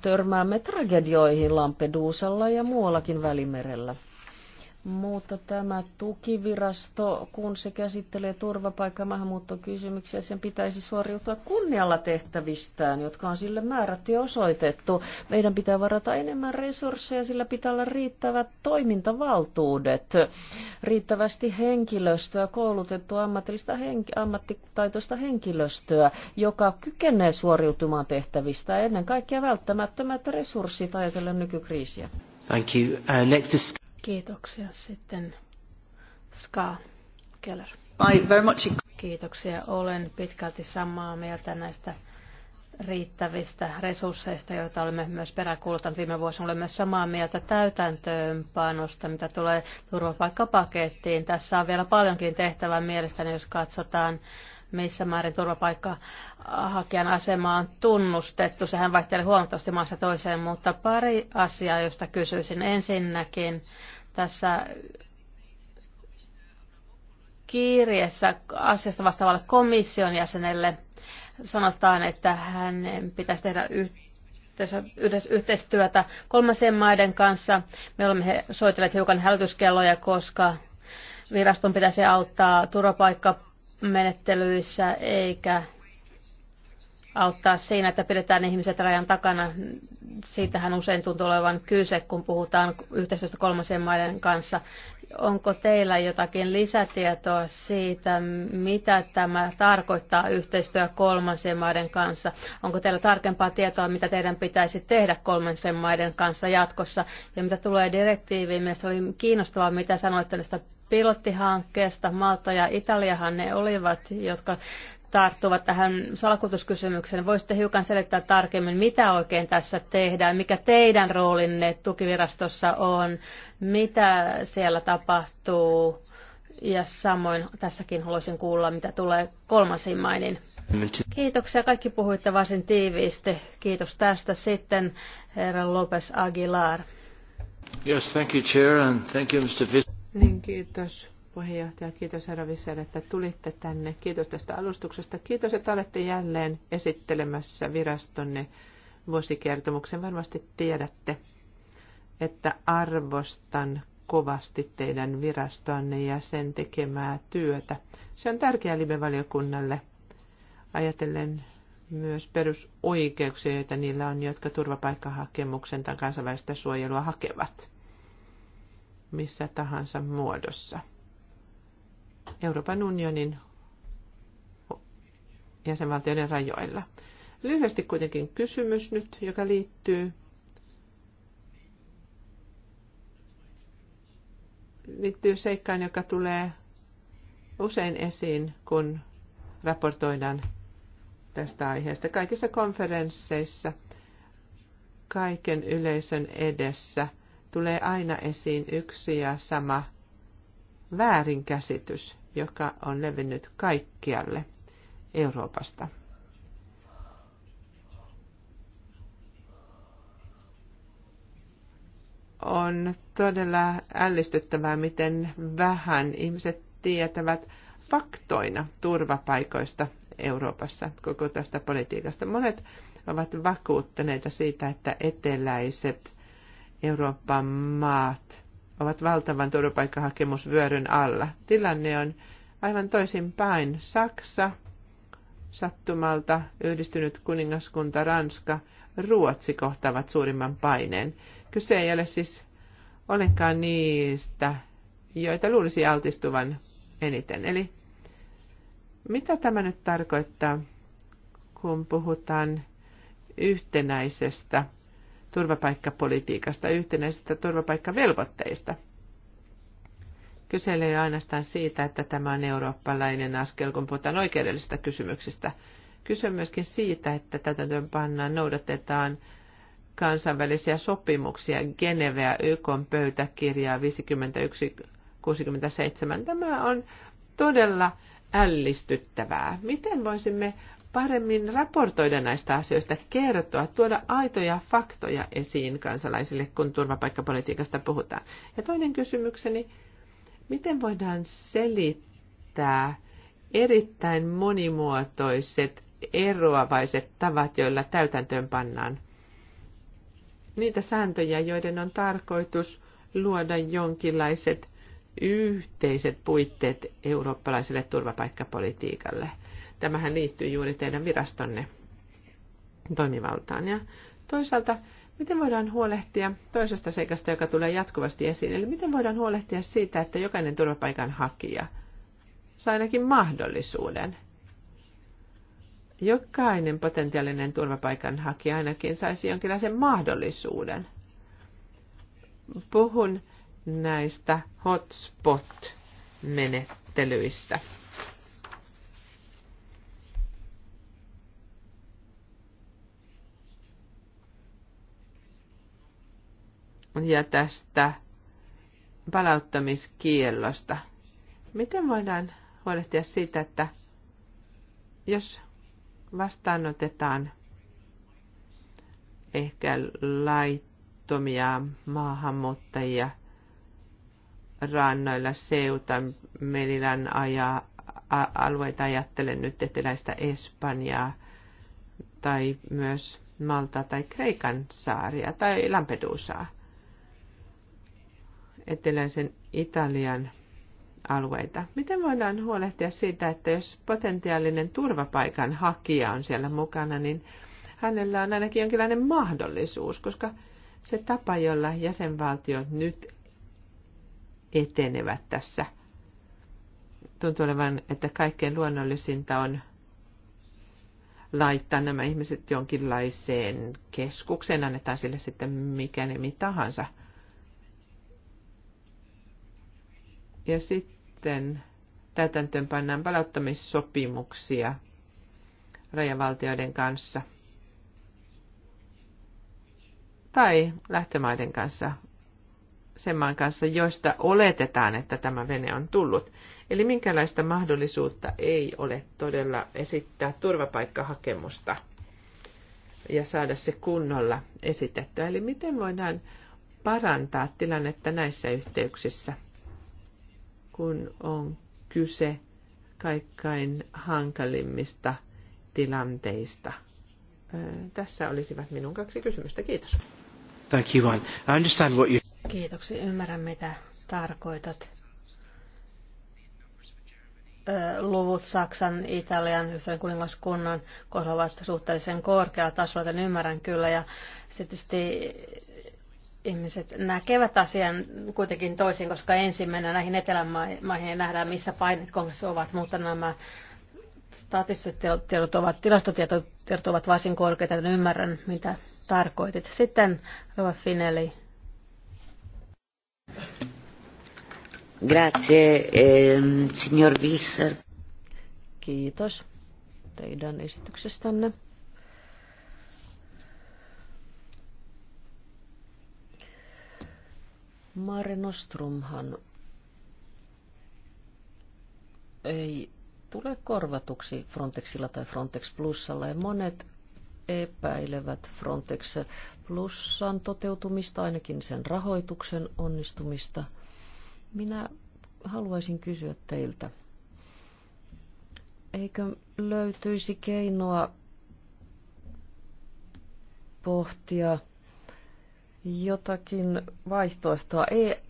törmäämme tragedioihin Lampedusalla ja muuallakin Välimerellä. Mutta tämä tukivirasto, kun se käsittelee turvapaikka- ja maahanmuuttokysymyksiä, sen pitäisi suoriutua kunnialla tehtävistään, jotka on sille määrätty ja osoitettu. Meidän pitää varata enemmän resursseja, sillä pitää olla riittävät toimintavaltuudet, riittävästi henkilöstöä, koulutettua ammatillista henk- ammattitaitoista henkilöstöä, joka kykenee suoriutumaan tehtävistä ennen kaikkea välttämättömät resurssit ajatellen nykykriisiä. Thank you. Uh, next is... Kiitoksia sitten Ska Keller. I very much... Kiitoksia. Olen pitkälti samaa mieltä näistä riittävistä resursseista, joita olemme myös peräkuulutan viime vuosina. Olemme myös samaa mieltä täytäntöönpanosta, mitä tulee turvapaikkapakettiin. Tässä on vielä paljonkin tehtävää mielestäni, jos katsotaan missä määrin turvapaikkahakijan asema on tunnustettu. Sehän vaihtelee huomattavasti maassa toiseen, mutta pari asiaa, josta kysyisin. Ensinnäkin tässä kirjeessä asiasta vastaavalle komission jäsenelle sanotaan, että hänen pitäisi tehdä yhdessä yhteistyötä kolmansien maiden kanssa. Me olemme soitelleet hiukan hälytyskelloja, koska viraston pitäisi auttaa turvapaikka menettelyissä eikä auttaa siinä, että pidetään ihmiset rajan takana. Siitähän usein tuntuu olevan kyse, kun puhutaan yhteistyöstä kolmansien maiden kanssa. Onko teillä jotakin lisätietoa siitä, mitä tämä tarkoittaa yhteistyö kolmansien maiden kanssa? Onko teillä tarkempaa tietoa, mitä teidän pitäisi tehdä kolmansien maiden kanssa jatkossa? Ja mitä tulee direktiiviin, mielestäni oli kiinnostavaa, mitä sanoitte näistä pilottihankkeesta. Malta ja Italiahan ne olivat, jotka tarttuvat tähän salkutuskysymykseen. Voisitte hiukan selittää tarkemmin, mitä oikein tässä tehdään, mikä teidän roolinne tukivirastossa on, mitä siellä tapahtuu, ja samoin tässäkin haluaisin kuulla, mitä tulee kolmasin mainin. Kiitoksia. Kaikki puhuitte varsin tiiviisti. Kiitos tästä sitten, herra Lopes Aguilar. Yes, thank you, Chair, and thank you, Mr. Vis- niin kiitos puheenjohtaja, kiitos herra Visser, että tulitte tänne. Kiitos tästä alustuksesta. Kiitos, että olette jälleen esittelemässä virastonne vuosikertomuksen. Varmasti tiedätte, että arvostan kovasti teidän virastoanne ja sen tekemää työtä. Se on tärkeää live-valiokunnalle. Ajatellen myös perusoikeuksia, joita niillä on, jotka turvapaikkahakemuksen tai kansainvälistä suojelua hakevat missä tahansa muodossa. Euroopan unionin jäsenvaltioiden rajoilla. Lyhyesti kuitenkin kysymys nyt, joka liittyy liittyy seikkaan, joka tulee usein esiin, kun raportoidaan tästä aiheesta kaikissa konferensseissa, kaiken yleisön edessä tulee aina esiin yksi ja sama väärinkäsitys, joka on levinnyt kaikkialle Euroopasta. On todella ällistyttävää, miten vähän ihmiset tietävät faktoina turvapaikoista Euroopassa, koko tästä politiikasta. Monet ovat vakuuttaneita siitä, että eteläiset Euroopan maat ovat valtavan turvapaikkahakemusvyöryn alla. Tilanne on aivan toisinpäin. Saksa sattumalta, yhdistynyt kuningaskunta Ranska, Ruotsi kohtaavat suurimman paineen. Kyse ei ole siis olekaan niistä, joita luulisi altistuvan eniten. Eli mitä tämä nyt tarkoittaa, kun puhutaan yhtenäisestä turvapaikkapolitiikasta, yhtenäisistä turvapaikkavelvoitteista. Kyselee ainoastaan siitä, että tämä on eurooppalainen askel, kun puhutaan oikeudellisista kysymyksistä. Kyse myöskin siitä, että tätä pannaan, noudatetaan kansainvälisiä sopimuksia, Geneveä, YK pöytäkirjaa 51-67. Tämä on todella ällistyttävää. Miten voisimme paremmin raportoida näistä asioista, kertoa, tuoda aitoja faktoja esiin kansalaisille, kun turvapaikkapolitiikasta puhutaan. Ja toinen kysymykseni, miten voidaan selittää erittäin monimuotoiset eroavaiset tavat, joilla täytäntöön pannaan niitä sääntöjä, joiden on tarkoitus luoda jonkinlaiset yhteiset puitteet eurooppalaiselle turvapaikkapolitiikalle – Tämähän liittyy juuri teidän virastonne toimivaltaan. Ja toisaalta, miten voidaan huolehtia toisesta seikasta, joka tulee jatkuvasti esiin, eli miten voidaan huolehtia siitä, että jokainen turvapaikan hakija saa ainakin mahdollisuuden. Jokainen potentiaalinen turvapaikanhakija ainakin saisi jonkinlaisen mahdollisuuden. Puhun näistä hotspot-menettelyistä ja tästä palauttamiskiellosta. Miten voidaan huolehtia siitä, että jos vastaanotetaan ehkä laittomia maahanmuuttajia rannoilla seuta, Melilän ajaa, alueita ajattelen nyt eteläistä Espanjaa tai myös Malta tai Kreikan saaria tai Lampedusaa eteläisen Italian alueita. Miten voidaan huolehtia siitä, että jos potentiaalinen turvapaikan hakija on siellä mukana, niin hänellä on ainakin jonkinlainen mahdollisuus, koska se tapa, jolla jäsenvaltiot nyt etenevät tässä, tuntuu olevan, että kaikkein luonnollisinta on laittaa nämä ihmiset jonkinlaiseen keskukseen, annetaan sille sitten mikä nimi tahansa – Ja sitten täytäntöönpannaan palauttamissopimuksia rajavaltioiden kanssa tai lähtömaiden kanssa, sen maan kanssa, joista oletetaan, että tämä vene on tullut. Eli minkälaista mahdollisuutta ei ole todella esittää turvapaikkahakemusta ja saada se kunnolla esitettyä. Eli miten voidaan parantaa tilannetta näissä yhteyksissä – kun on kyse kaikkain hankalimmista tilanteista. Tässä olisivat minun kaksi kysymystä. Kiitos. Thank you, Juan. I understand what you... Kiitoksia. Ymmärrän, mitä tarkoitat. Luvut Saksan, Italian, yhteen kuningaskunnan kohdalla ovat suhteellisen korkealla tasolla, joten ymmärrän kyllä. Ja sitten ihmiset näkevät asian kuitenkin toisin, koska ensin mennään näihin etelämaihin ja nähdään, missä painet kongressissa ovat, mutta nämä statistiset tiedot ovat, tilastotiedot ovat varsin korkeita, joten ymmärrän, mitä tarkoitit. Sitten Rova Finelli. Grazie, eh, signor Visser. Kiitos teidän esityksestänne. Mare Nostrumhan ei tule korvatuksi Frontexilla tai Frontex Plusalla ja monet epäilevät Frontex Plusan toteutumista, ainakin sen rahoituksen onnistumista. Minä haluaisin kysyä teiltä, eikö löytyisi keinoa pohtia jotakin vaihtoehtoa.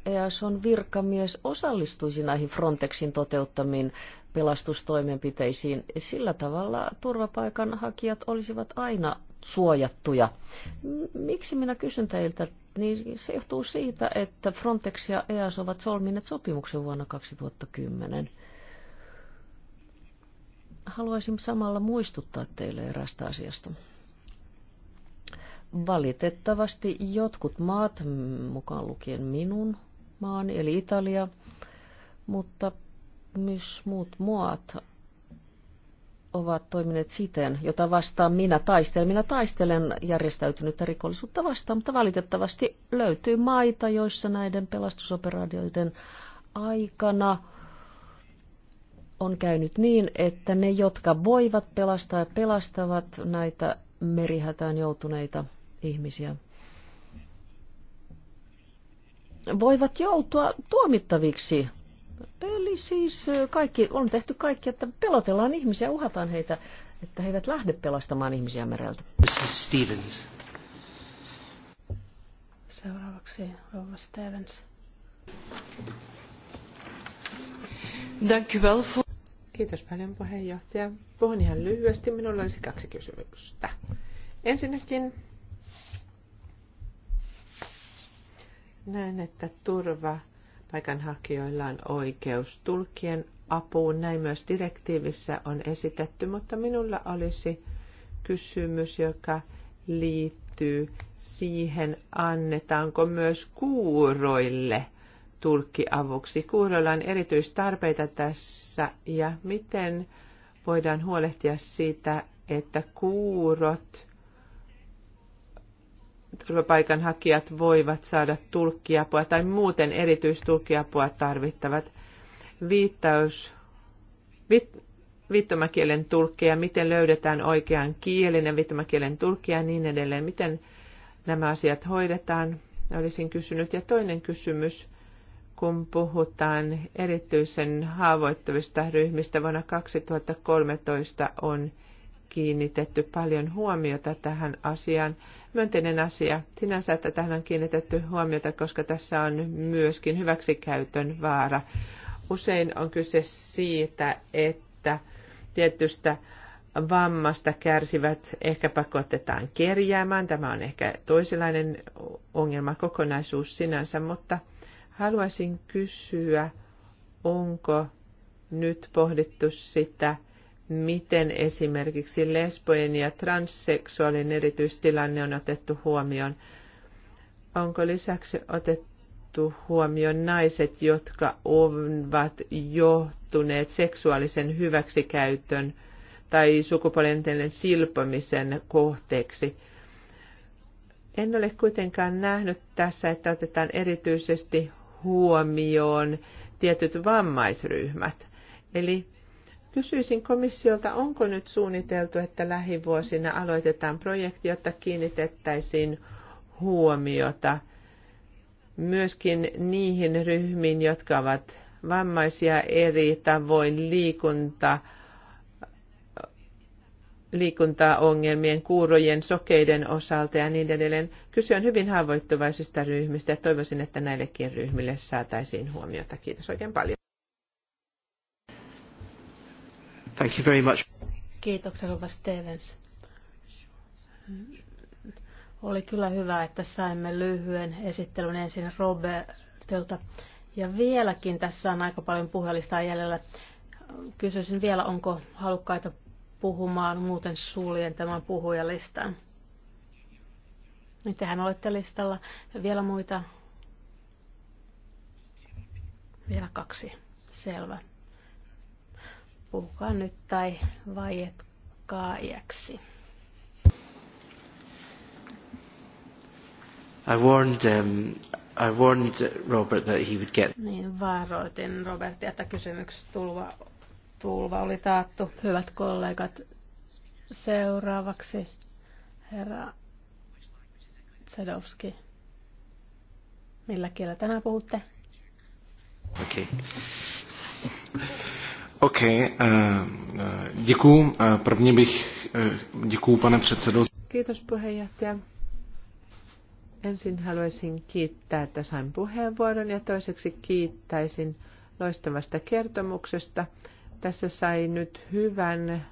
EAS e on virkamies osallistuisi näihin Frontexin toteuttamiin pelastustoimenpiteisiin. Sillä tavalla turvapaikanhakijat olisivat aina suojattuja. Miksi minä kysyn teiltä, niin se johtuu siitä, että Frontex ja EAS ovat solmineet sopimuksen vuonna 2010. Haluaisin samalla muistuttaa teille erästä asiasta. Valitettavasti jotkut maat, mukaan lukien minun maani, eli Italia, mutta myös muut maat ovat toimineet siten, jota vastaan minä taistelen. Minä taistelen järjestäytynyttä rikollisuutta vastaan, mutta valitettavasti löytyy maita, joissa näiden pelastusoperaatioiden aikana on käynyt niin, että ne, jotka voivat pelastaa ja pelastavat näitä merihätään joutuneita – ihmisiä voivat joutua tuomittaviksi. Eli siis kaikki, on tehty kaikki, että pelotellaan ihmisiä, uhataan heitä, että he eivät lähde pelastamaan ihmisiä mereltä. Mrs. Stevens. Seuraavaksi Rova Stevens. Kiitos paljon puheenjohtaja. Puhun ihan lyhyesti. Minulla olisi kaksi kysymystä. Ensinnäkin Näen, että turva paikanhakijoilla on oikeus tulkien apuun. Näin myös direktiivissä on esitetty, mutta minulla olisi kysymys, joka liittyy siihen, annetaanko myös kuuroille tulkkiavuksi. Kuuroilla on erityistarpeita tässä ja miten voidaan huolehtia siitä, että kuurot turvapaikanhakijat voivat saada tulkkiapua tai muuten erityistulkkiapua tarvittavat. Viittaus, vi, viittomakielen tulkkeja, miten löydetään oikean kielinen viittomakielen tulkkeja ja niin edelleen. Miten nämä asiat hoidetaan, olisin kysynyt. Ja toinen kysymys, kun puhutaan erityisen haavoittuvista ryhmistä, vuonna 2013 on kiinnitetty paljon huomiota tähän asiaan myönteinen asia sinänsä, että tähän on kiinnitetty huomiota, koska tässä on myöskin hyväksikäytön vaara. Usein on kyse siitä, että tietystä vammasta kärsivät ehkä pakotetaan kerjäämään. Tämä on ehkä toisenlainen kokonaisuus sinänsä, mutta haluaisin kysyä, onko nyt pohdittu sitä, miten esimerkiksi lesbojen ja transseksuaalin erityistilanne on otettu huomioon. Onko lisäksi otettu huomioon naiset, jotka ovat johtuneet seksuaalisen hyväksikäytön tai sukupuolenten silpomisen kohteeksi? En ole kuitenkaan nähnyt tässä, että otetaan erityisesti huomioon tietyt vammaisryhmät. Eli Kysyisin komissiolta, onko nyt suunniteltu, että lähivuosina aloitetaan projekti, jotta kiinnitettäisiin huomiota myöskin niihin ryhmiin, jotka ovat vammaisia eri tavoin liikunta, liikuntaongelmien, kuurojen, sokeiden osalta ja niin edelleen. Kyse on hyvin haavoittuvaisista ryhmistä ja toivoisin, että näillekin ryhmille saataisiin huomiota. Kiitos oikein paljon. Thank you very much. Kiitoksia, Rova Stevens. Oli kyllä hyvä, että saimme lyhyen esittelyn ensin Robertilta. Ja vieläkin tässä on aika paljon puhelista jäljellä. Kysyisin vielä, onko halukkaita puhumaan, muuten suljen tämän puhujalistan. Tehän olette listalla. Vielä muita? Vielä kaksi. Selvä puhukaa nyt tai vaietkaa iäksi. I warned, um, I warned Robert that he would get... Niin varoitin Robertia, että kysymyks tulva, tulva oli taattu. Hyvät kollegat, seuraavaksi herra Tsadowski. Millä kielellä tänään puhutte? Okei. Okay. OK, eh, eh, děkuju. Eh, bych děkuju, pane předsedo. Kiitos puheenjohtaja. Ensin haluaisin kiittää, että sain puheenvuoron ja toiseksi kiittäisin loistavasta kertomuksesta. Tässä sai nyt hyvän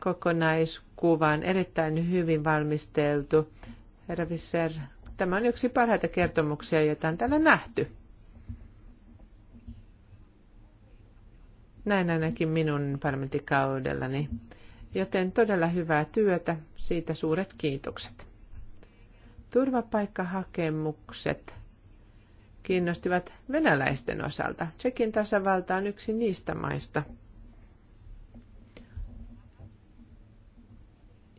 kokonaiskuvan, erittäin hyvin valmisteltu. Herra Visser, tämä on yksi parhaita kertomuksia, joita on täällä nähty. Näin ainakin minun parlamenttikaudellani. Joten todella hyvää työtä, siitä suuret kiitokset. Turvapaikkahakemukset kiinnostivat venäläisten osalta. Tsekin tasavalta on yksi niistä maista,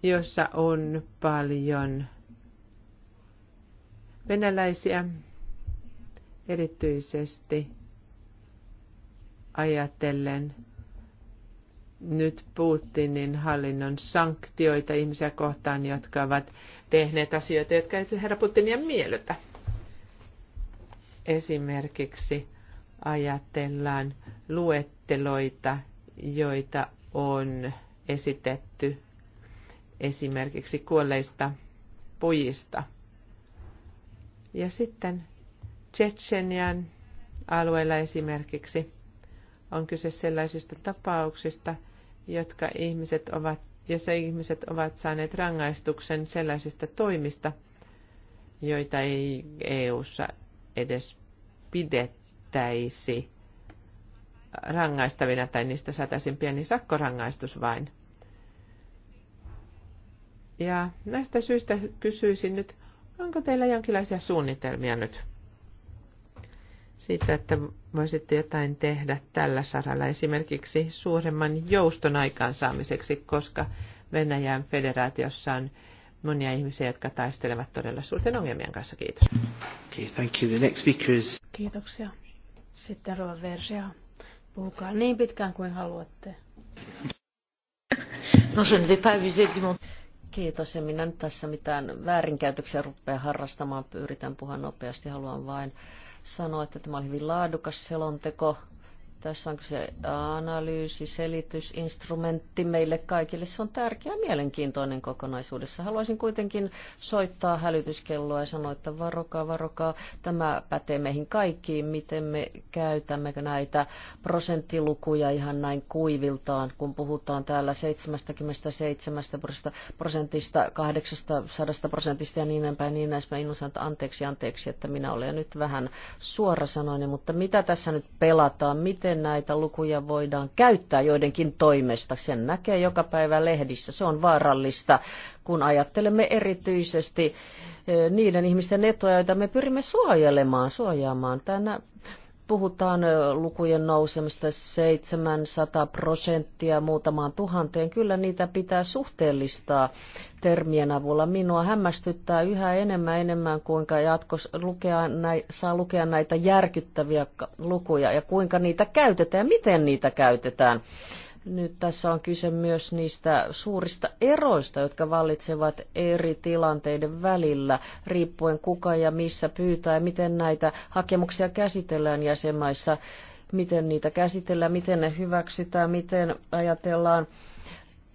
jossa on paljon venäläisiä, erityisesti ajatellen nyt Putinin hallinnon sanktioita ihmisiä kohtaan, jotka ovat tehneet asioita, jotka eivät herra Putinia miellytä. Esimerkiksi ajatellaan luetteloita, joita on esitetty esimerkiksi kuolleista pojista. Ja sitten Tsetsenian alueella esimerkiksi – on kyse sellaisista tapauksista, jotka ihmiset ovat, ja se ihmiset ovat saaneet rangaistuksen sellaisista toimista, joita ei EU:ssa edes pidettäisi rangaistavina tai niistä saataisiin pieni sakkorangaistus vain. Ja näistä syistä kysyisin nyt, onko teillä jonkinlaisia suunnitelmia nyt? siitä, että voisitte jotain tehdä tällä saralla, esimerkiksi suuremman jouston aikaansaamiseksi, koska Venäjän federaatiossa on monia ihmisiä, jotka taistelevat todella suurten ongelmien kanssa. Kiitos. Okay, thank you. The next speaker is... Kiitoksia. Sitten Rova Versia. Puhukaa niin pitkään kuin haluatte. No, je ne vais pas du monde. Kiitos. Ja minä nyt tässä mitään väärinkäytöksiä rupeaa harrastamaan. Yritän puhua nopeasti. Haluan vain sanoi, että tämä oli hyvin laadukas selonteko tässä on se analyysi, selitys, instrumentti meille kaikille. Se on tärkeä ja mielenkiintoinen kokonaisuudessa. Haluaisin kuitenkin soittaa hälytyskelloa ja sanoa, että varokaa, varokaa. Tämä pätee meihin kaikkiin, miten me käytämme näitä prosenttilukuja ihan näin kuiviltaan, kun puhutaan täällä 77 prosentista, 800 prosentista ja niin päin, niin näin. Mä innosan, että anteeksi, anteeksi, että minä olen nyt vähän suorasanoinen, mutta mitä tässä nyt pelataan, miten miten näitä lukuja voidaan käyttää joidenkin toimesta. Sen näkee joka päivä lehdissä. Se on vaarallista, kun ajattelemme erityisesti eh, niiden ihmisten etuja, joita me pyrimme suojelemaan, suojaamaan tänä puhutaan lukujen nousemista 700 prosenttia muutamaan tuhanteen. Kyllä niitä pitää suhteellistaa termien avulla. Minua hämmästyttää yhä enemmän enemmän, kuinka jatkossa lukea, saa lukea näitä järkyttäviä lukuja ja kuinka niitä käytetään ja miten niitä käytetään. Nyt tässä on kyse myös niistä suurista eroista, jotka vallitsevat eri tilanteiden välillä, riippuen kuka ja missä pyytää ja miten näitä hakemuksia käsitellään jäsenmaissa, miten niitä käsitellään, miten ne hyväksytään, miten ajatellaan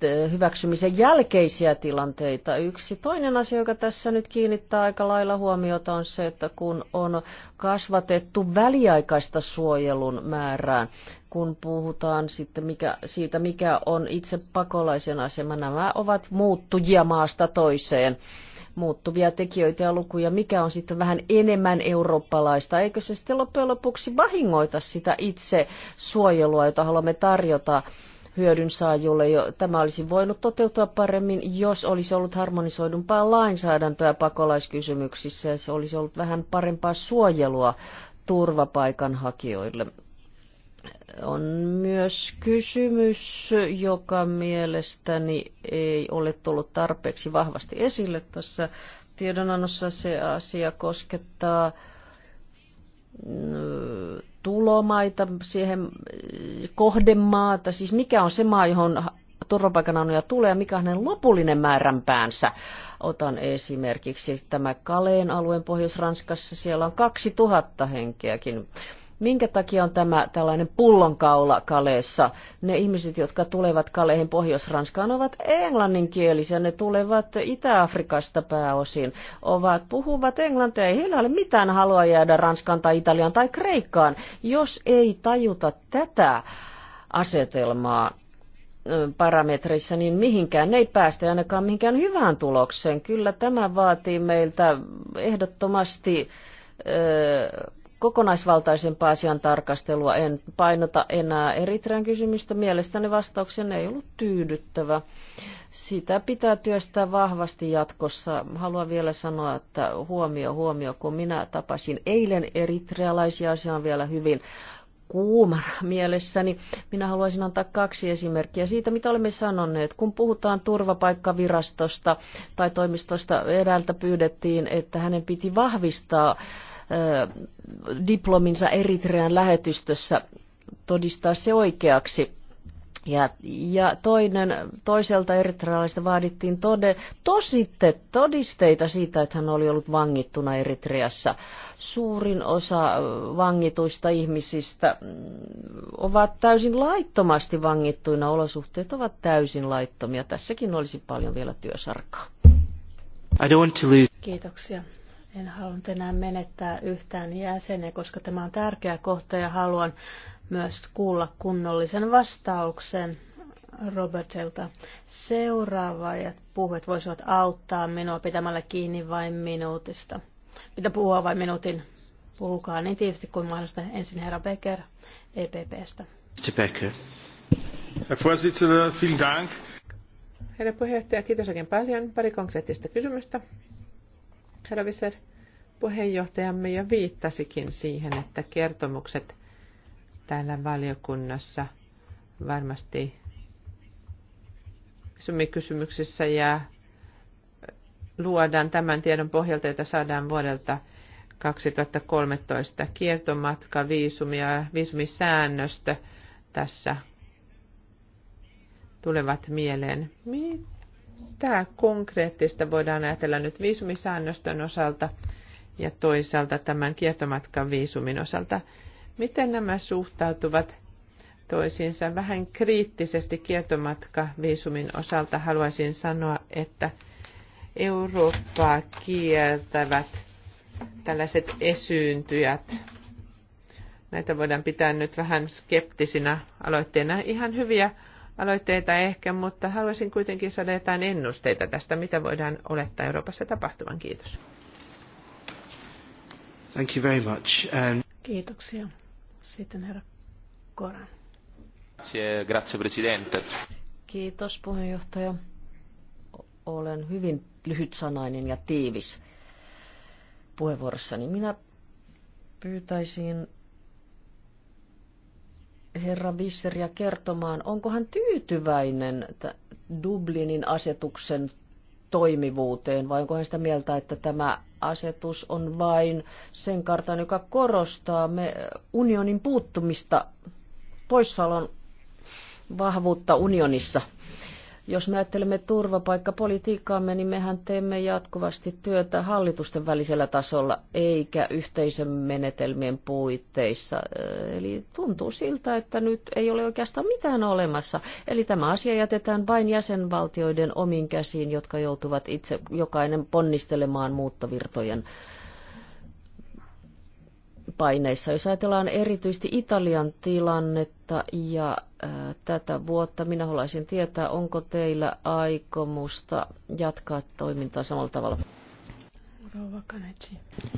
Eh, hyväksymisen jälkeisiä tilanteita. Yksi toinen asia, joka tässä nyt kiinnittää aika lailla huomiota, on se, että kun on kasvatettu väliaikaista suojelun määrää, kun puhutaan sitten mikä, siitä, mikä on itse pakolaisen asema, nämä ovat muuttujia maasta toiseen muuttuvia tekijöitä ja lukuja, mikä on sitten vähän enemmän eurooppalaista. Eikö se sitten loppujen lopuksi vahingoita sitä itse suojelua, jota haluamme tarjota hyödyn saajille. Tämä olisi voinut toteutua paremmin, jos olisi ollut harmonisoidumpaa lainsäädäntöä pakolaiskysymyksissä ja se olisi ollut vähän parempaa suojelua turvapaikanhakijoille. On myös kysymys, joka mielestäni ei ole tullut tarpeeksi vahvasti esille tässä tiedonannossa. Se asia koskettaa tulomaita, siihen eh, kohdemaata, siis mikä on se maa, johon turvapaikananoja tulee ja mikä on hänen lopullinen määränpäänsä. Otan esimerkiksi tämä Kaleen alueen Pohjois-Ranskassa, siellä on 2000 henkeäkin Minkä takia on tämä tällainen pullonkaula Kaleessa? Ne ihmiset, jotka tulevat Kaleihin Pohjois-Ranskaan, ovat englanninkielisiä. Ne tulevat Itä-Afrikasta pääosin. Ovat, puhuvat englantia. Ei heillä ole mitään halua jäädä Ranskaan tai Italiaan tai Kreikkaan, jos ei tajuta tätä asetelmaa parametreissa, niin mihinkään ne ei päästä ainakaan mihinkään hyvään tulokseen. Kyllä tämä vaatii meiltä ehdottomasti kokonaisvaltaisempaa asian tarkastelua. En painota enää Eritrean kysymystä. Mielestäni vastauksen ei ollut tyydyttävä. Sitä pitää työstää vahvasti jatkossa. Haluan vielä sanoa, että huomio, huomio, kun minä tapasin eilen eritrealaisia, se on vielä hyvin kuumana mielessäni. Minä haluaisin antaa kaksi esimerkkiä siitä, mitä olemme sanoneet. Kun puhutaan turvapaikkavirastosta tai toimistosta, edeltä pyydettiin, että hänen piti vahvistaa diplominsa Eritrean lähetystössä todistaa se oikeaksi. Ja, ja toinen, toiselta eritrealaista vaadittiin tode, tositte, todisteita siitä, että hän oli ollut vangittuna Eritreassa. Suurin osa vangituista ihmisistä mm, ovat täysin laittomasti vangittuina, olosuhteet ovat täysin laittomia. Tässäkin olisi paljon vielä työsarkaa. I don't want to lose. Kiitoksia. En halunnut enää menettää yhtään jäseniä, koska tämä on tärkeä kohta ja haluan myös kuulla kunnollisen vastauksen Robertilta. ja puhujat voisivat auttaa minua pitämällä kiinni vain minuutista. Mitä puhua vain minuutin? Puhukaa niin tiivisti kuin mahdollista. Ensin herra Becker EPPstä. Mr. Becker. Herra puheenjohtaja, kiitos oikein paljon. Pari konkreettista kysymystä. Herra Visser, puheenjohtajamme jo viittasikin siihen, että kertomukset täällä valiokunnassa varmasti kysymyksissä ja luodaan tämän tiedon pohjalta, jota saadaan vuodelta 2013 kiertomatka, viisumia, viisumisäännöstö tässä tulevat mieleen. Mitä? Tämä konkreettista voidaan ajatella nyt viisumisäännöstön osalta ja toisaalta tämän kiertomatkan viisumin osalta. Miten nämä suhtautuvat toisiinsa? Vähän kriittisesti kiertomatka viisumin osalta haluaisin sanoa, että Eurooppaa kiertävät tällaiset esyyntyjät. Näitä voidaan pitää nyt vähän skeptisinä aloitteena. Ihan hyviä aloitteita ehkä, mutta haluaisin kuitenkin saada jotain ennusteita tästä, mitä voidaan olettaa Euroopassa tapahtuvan. Kiitos. Thank you very much. Um... Kiitoksia. Sitten herra Koran. Grazie, presidente. Kiitos puheenjohtaja. Olen hyvin lyhytsanainen ja tiivis puheenvuorossani. Minä pyytäisin herra Visseria kertomaan, onko hän tyytyväinen Dublinin asetuksen toimivuuteen, vai onko hän sitä mieltä, että tämä asetus on vain sen kartan, joka korostaa me unionin puuttumista, poissaolon vahvuutta unionissa. Jos me ajattelemme turvapaikkapolitiikkaamme, niin mehän teemme jatkuvasti työtä hallitusten välisellä tasolla, eikä yhteisön menetelmien puitteissa. Eli tuntuu siltä, että nyt ei ole oikeastaan mitään olemassa. Eli tämä asia jätetään vain jäsenvaltioiden omiin käsiin, jotka joutuvat itse jokainen ponnistelemaan muuttovirtojen paineissa. Jos ajatellaan erityisesti Italian tilannetta ja ää, äh, tätä vuotta, minä haluaisin tietää, onko teillä aikomusta jatkaa toimintaa samalla tavalla.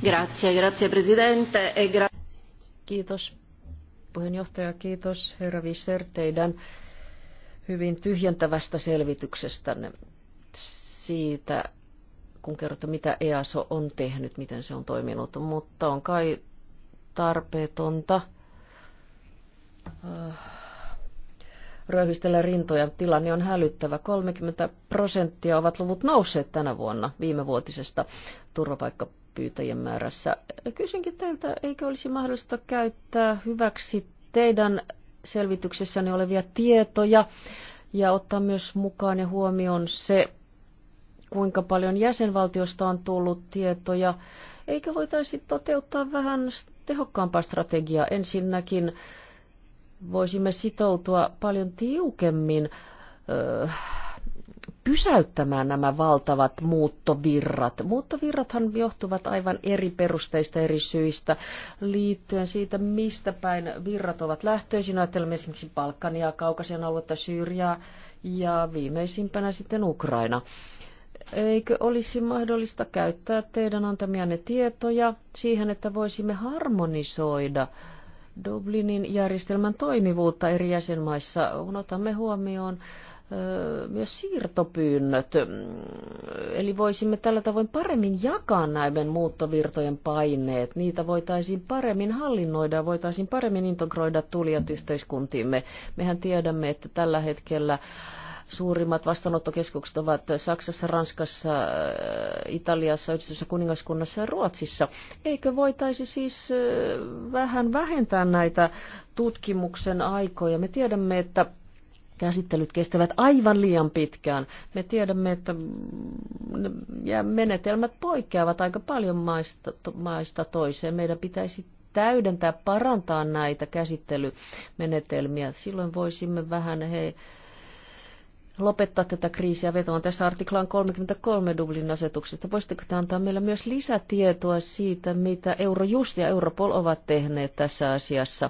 Grazie, grazie presidente. E gra- kiitos puheenjohtaja, kiitos herra Visser teidän hyvin tyhjentävästä selvityksestänne siitä, kun kerrotte, mitä EASO on tehnyt, miten se on toiminut, mutta on kai tarpeetonta äh, röyhistellä rintoja. Tilanne on hälyttävä. 30 prosenttia ovat luvut nousseet tänä vuonna viimevuotisesta turvapaikkapyytäjien määrässä. Kysynkin teiltä, eikö olisi mahdollista käyttää hyväksi teidän selvityksessäni olevia tietoja ja ottaa myös mukaan ja huomioon se, kuinka paljon jäsenvaltiosta on tullut tietoja Eikö voitaisi toteuttaa vähän tehokkaampaa strategiaa? Ensinnäkin voisimme sitoutua paljon tiukemmin pysäyttämään nämä valtavat muuttovirrat. Muuttovirrathan johtuvat aivan eri perusteista, eri syistä, liittyen siitä, mistä päin virrat ovat lähtöisin. Ajattelemme esimerkiksi Balkania, Kaukasian aluetta, Syyriaa ja viimeisimpänä sitten Ukraina eikö olisi mahdollista käyttää teidän antamianne tietoja siihen, että voisimme harmonisoida Dublinin järjestelmän toimivuutta eri jäsenmaissa, kun otamme huomioon myös siirtopyynnöt. Eli voisimme tällä tavoin paremmin jakaa näiden muuttovirtojen paineet. Niitä voitaisiin paremmin hallinnoida ja voitaisiin paremmin integroida tulijat yhteiskuntiimme. Mehän tiedämme, että tällä hetkellä äh, Suurimmat vastaanottokeskukset ovat Saksassa, Ranskassa, äh, Italiassa, Yhdistyssä kuningaskunnassa ja Ruotsissa. Eikö voitaisi siis äh, vähän vähentää näitä tutkimuksen aikoja? Me tiedämme, että käsittelyt kestävät aivan liian pitkään. Me tiedämme, että mm, ja menetelmät poikkeavat aika paljon maista, maista toiseen. Meidän pitäisi täydentää, parantaa näitä käsittelymenetelmiä. Silloin voisimme vähän he, lopettaa tätä kriisiä vetoan tässä artiklaan 33 Dublin asetuksesta. Voisitteko te antaa meillä myös lisätietoa siitä, mitä Eurojust ja Europol ovat tehneet tässä asiassa,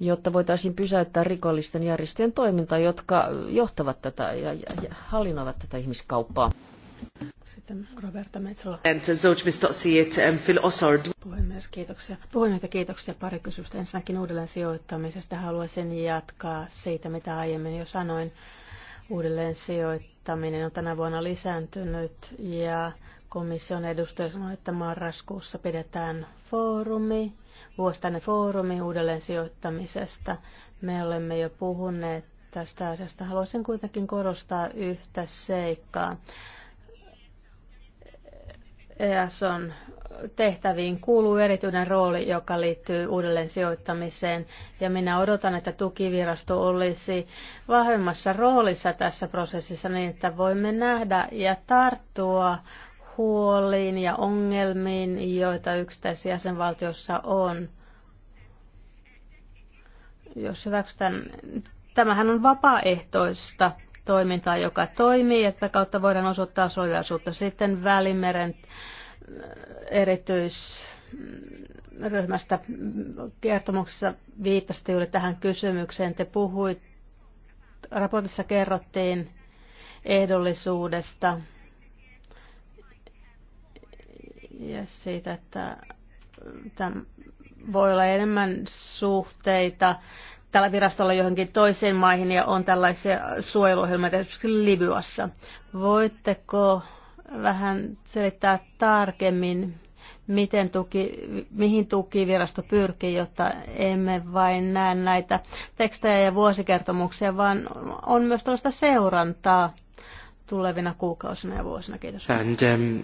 jotta voitaisiin pysäyttää rikollisten järjestöjen toimintaa, jotka johtavat tätä ja, ja, ja hallinnoivat tätä ihmiskauppaa? Sitten Roberta Metsola. Um, Puhemies, kiitoksia. Puhemies, kiitoksia. Pari kysymystä. Ensinnäkin uudelleen sijoittamisesta haluaisin jatkaa siitä, mitä aiemmin jo sanoin. Uudelleen sijoittaminen on tänä vuonna lisääntynyt ja komission edustaja sanoi, että marraskuussa pidetään foorumi, vuostainen foorumi uudelleen sijoittamisesta. Me olemme jo puhuneet tästä asiasta. Haluaisin kuitenkin korostaa yhtä seikkaa. EAS on tehtäviin kuuluu erityinen rooli, joka liittyy uudelleen sijoittamiseen, ja minä odotan, että tukivirasto olisi vahvemmassa roolissa tässä prosessissa niin, että voimme nähdä ja tarttua huoliin ja ongelmiin, joita yksittäisessä jäsenvaltiossa on. Jos hyväksytään, tämähän on vapaaehtoista toimintaa, joka toimii, että kautta voidaan osoittaa solidaisuutta sitten Välimeren erityisryhmästä kertomuksessa viittasitte juuri tähän kysymykseen. Te puhuit, raportissa kerrottiin ehdollisuudesta ja siitä, että tämän voi olla enemmän suhteita tällä virastolla johonkin toiseen maihin ja on tällaisia suojeluohjelmia esimerkiksi Libyassa. Voitteko vähän selittää tarkemmin, miten tuki, mihin tukivirasto pyrkii, jotta emme vain näe näitä tekstejä ja vuosikertomuksia, vaan on myös tällaista seurantaa tulevina kuukausina ja vuosina. Kiitos. And, um...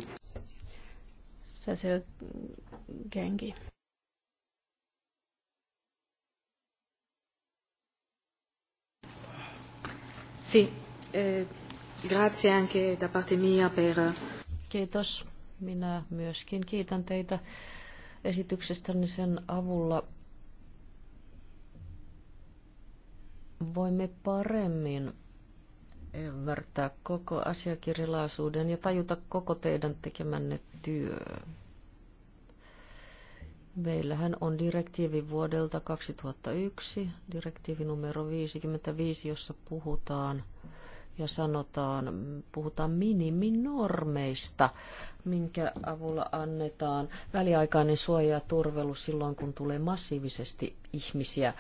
Cecil Genki. Sì, si, eh, Grazie anche da parte mia per... Eh, Kiitos. Minä myöskin kiitän teitä esityksestäni sen avulla. Voimme paremmin ymmärtää koko asiakirjalaisuuden ja tajuta koko teidän tekemänne työ. Meillähän on direktiivi vuodelta 2001, direktiivi numero 55, jossa puhutaan ja sanotaan, puhutaan miniminormeista, minkä avulla annetaan väliaikainen suoja ja turvelu silloin, kun tulee massiivisesti ihmisiä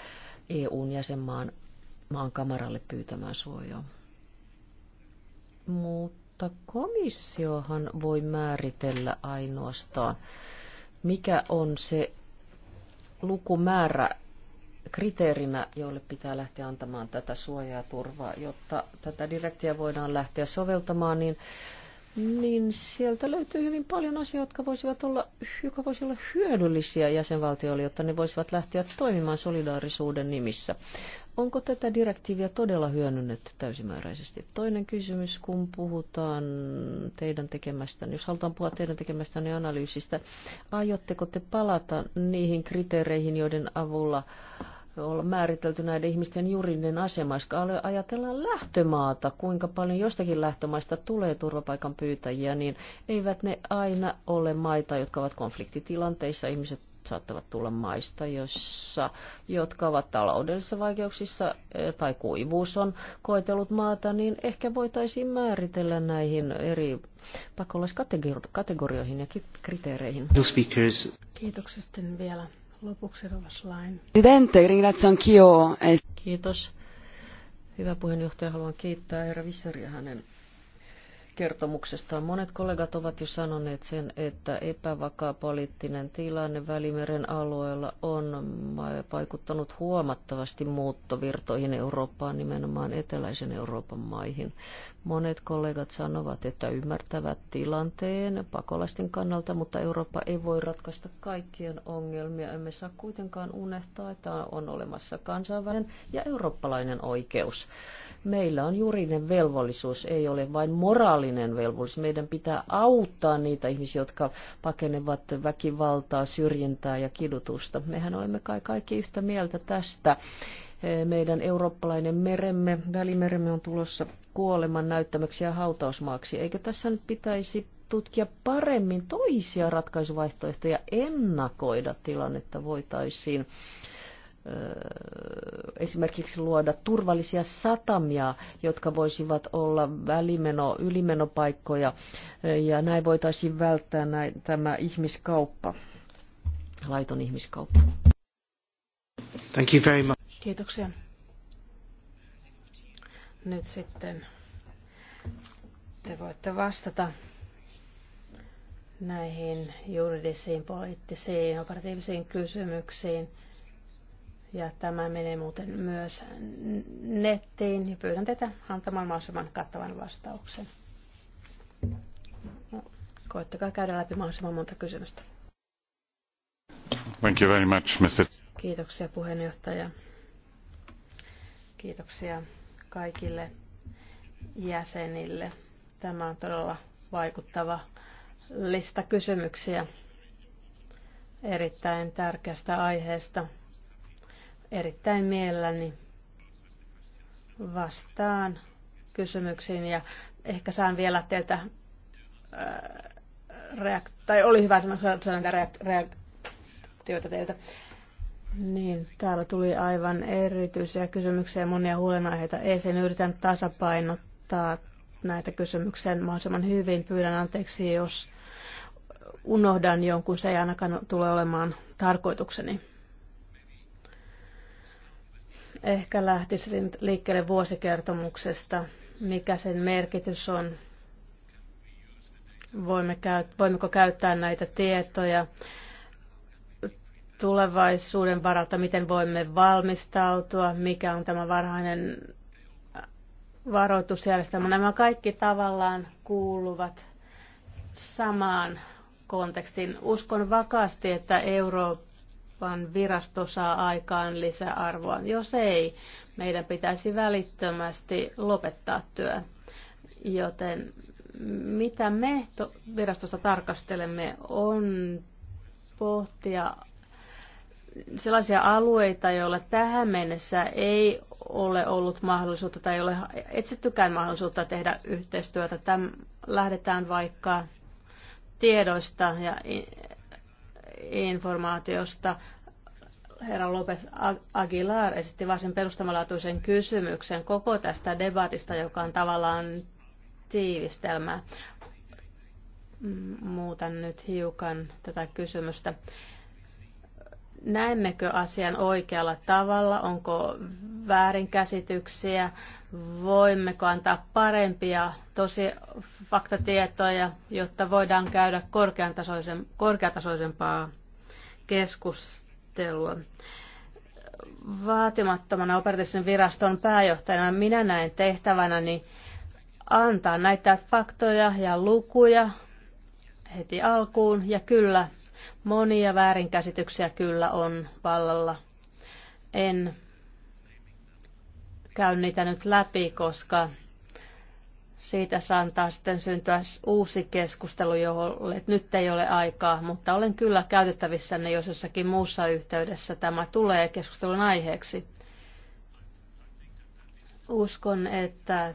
EUn jäsenmaan maan kamaralle pyytämään suojaa. Mutta komissiohan voi määritellä ainoastaan, mikä on se lukumäärä, kriteerinä, jolle pitää lähteä antamaan tätä suojaa ja turvaa, jotta tätä direktiä voidaan lähteä soveltamaan, niin, niin sieltä löytyy hyvin paljon asioita, jotka voisivat olla, joka voisi olla hyödyllisiä jäsenvaltioille, jotta ne voisivat lähteä toimimaan solidaarisuuden nimissä. Onko tätä direktiiviä todella hyödynnetty täysimääräisesti? Toinen kysymys, kun puhutaan teidän tekemästä, jos halutaan puhua teidän niin analyysistä, aiotteko te palata niihin kriteereihin, joiden avulla olla määritelty näiden ihmisten juridinen asema, koska ajatellaan lähtömaata, kuinka paljon jostakin lähtömaista tulee turvapaikan pyytäjiä, niin eivät ne aina ole maita, jotka ovat konfliktitilanteissa. Ihmiset saattavat tulla maista, jossa, jotka ovat taloudellisissa vaikeuksissa eh, tai kuivuus on koetellut maata, niin ehkä voitaisiin määritellä näihin eri pakolaiskategorioihin ja kriteereihin. Kiitoksia sitten vielä lopuksi Rovaslain. Presidente, eh. Kiitos. Hyvä puheenjohtaja, haluan kiittää herra Vissaria hänen kertomuksestaan. Monet kollegat ovat jo sanoneet sen, että epävakaa poliittinen tilanne Välimeren alueella on vaikuttanut huomattavasti muuttovirtoihin Eurooppaan, nimenomaan eteläisen Euroopan maihin. Monet kollegat sanovat, että ymmärtävät tilanteen pakolaisten kannalta, mutta Eurooppa ei voi ratkaista kaikkien ongelmia. Emme saa kuitenkaan unehtaa, että on olemassa kansainvälinen ja eurooppalainen oikeus. Meillä on juridinen velvollisuus, ei ole vain moraalinen velvollisuus. Meidän pitää auttaa niitä ihmisiä, jotka pakenevat väkivaltaa, syrjintää ja kidutusta. Mehän olemme kai kaikki yhtä mieltä tästä eh, meidän eurooppalainen meremme, välimeremme on tulossa kuoleman näyttämöksi ja hautausmaaksi. Eikö tässä nyt pitäisi tutkia paremmin toisia ratkaisuvaihtoehtoja, ennakoida tilannetta voitaisiin esimerkiksi luoda turvallisia satamia, jotka voisivat olla välimeno, ylimenopaikkoja, ja näin voitaisiin välttää näin, tämä ihmiskauppa, laiton ihmiskauppa. Thank you very much. Kiitoksia. Nyt sitten te voitte vastata näihin juridisiin, poliittisiin, operatiivisiin kysymyksiin – ja tämä menee muuten myös nettiin ja pyydän teitä antamaan mahdollisimman kattavan vastauksen. No, koettakaa käydä läpi mahdollisimman monta kysymystä. Thank you very much, Mr. Kiitoksia puheenjohtaja. Kiitoksia kaikille jäsenille. Tämä on todella vaikuttava lista kysymyksiä erittäin tärkeästä aiheesta erittäin mielelläni vastaan kysymyksiin ja ehkä saan vielä teiltä äh, reakt- tai oli hyvä, että mä reakt- reaktioita teiltä. Niin, täällä tuli aivan erityisiä kysymyksiä ja monia huolenaiheita esiin. Yritän tasapainottaa näitä kysymyksiä mahdollisimman hyvin. Pyydän anteeksi, jos unohdan jonkun, se ei ainakaan tule olemaan tarkoitukseni. Ehkä lähtisin liikkeelle vuosikertomuksesta, mikä sen merkitys on. Voimme käyt- voimmeko käyttää näitä tietoja tulevaisuuden varalta, miten voimme valmistautua, mikä on tämä varhainen varoitusjärjestelmä. Nämä kaikki tavallaan kuuluvat samaan kontekstiin. Uskon vakaasti, että Eurooppa vaan virasto saa aikaan lisäarvoa. Jos ei, meidän pitäisi välittömästi lopettaa työ. Joten mitä me virastossa tarkastelemme on pohtia sellaisia alueita, joilla tähän mennessä ei ole ollut mahdollisuutta tai ei ole etsittykään mahdollisuutta tehdä yhteistyötä. Tämän lähdetään vaikka tiedoista ja informaatiosta. Herra Lopez Aguilar esitti varsin perustamalaatuisen kysymyksen koko tästä debatista, joka on tavallaan tiivistelmä. Muutan nyt hiukan tätä kysymystä. Näemmekö asian oikealla tavalla? Onko väärinkäsityksiä? Voimmeko antaa parempia tosi faktatietoja, jotta voidaan käydä korkeatasoisen, korkeatasoisempaa keskustelua? Vaatimattomana operatiivisen viraston pääjohtajana minä näen tehtävänäni antaa näitä faktoja ja lukuja heti alkuun. Ja kyllä, Monia väärinkäsityksiä kyllä on vallalla. En käy niitä nyt läpi, koska siitä saattaa sitten syntyä uusi keskustelu, jolle nyt ei ole aikaa, mutta olen kyllä käytettävissänne, jos jossakin muussa yhteydessä tämä tulee keskustelun aiheeksi. Uskon, että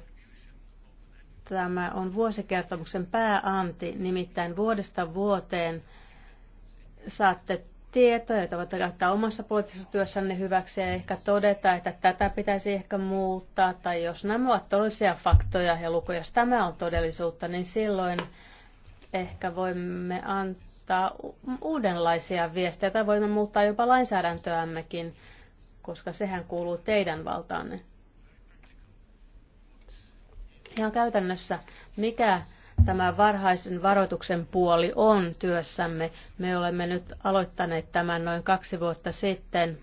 tämä on vuosikertomuksen pääanti, nimittäin vuodesta vuoteen – saatte tietoja, joita voitte käyttää omassa poliittisessa työssänne hyväksi ja ehkä todeta, että tätä pitäisi ehkä muuttaa. Tai jos nämä ovat todellisia faktoja ja lukuja, jos tämä on todellisuutta, niin silloin ehkä voimme antaa uudenlaisia viestejä tai voimme muuttaa jopa lainsäädäntöämmekin, koska sehän kuuluu teidän valtaanne. Ihan käytännössä, mikä tämä varhaisen varoituksen puoli on työssämme. Me olemme nyt aloittaneet tämän noin kaksi vuotta sitten.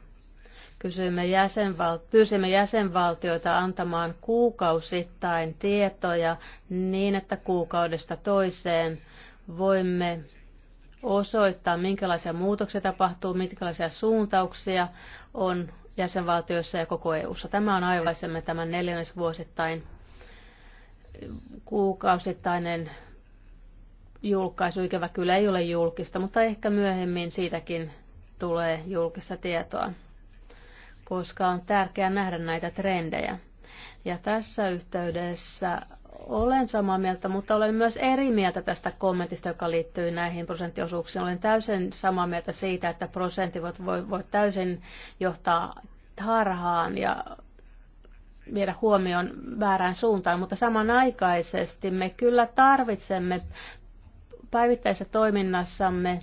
Kysyimme jäsenval- pyysimme jäsenvaltioita antamaan kuukausittain tietoja niin, että kuukaudesta toiseen voimme osoittaa, minkälaisia muutoksia tapahtuu, minkälaisia suuntauksia on jäsenvaltioissa ja koko EU-ssa. Tämä on aivaisemme tämän neljännesvuosittain kuukausittainen julkaisu ikävä kyllä ei ole julkista, mutta ehkä myöhemmin siitäkin tulee julkista tietoa, koska on tärkeää nähdä näitä trendejä. Ja tässä yhteydessä olen samaa mieltä, mutta olen myös eri mieltä tästä kommentista, joka liittyy näihin prosenttiosuuksiin. Olen täysin samaa mieltä siitä, että prosentit voivat voi, voi täysin johtaa harhaan ja viedä huomioon väärään suuntaan, mutta samanaikaisesti me kyllä tarvitsemme päivittäisessä toiminnassamme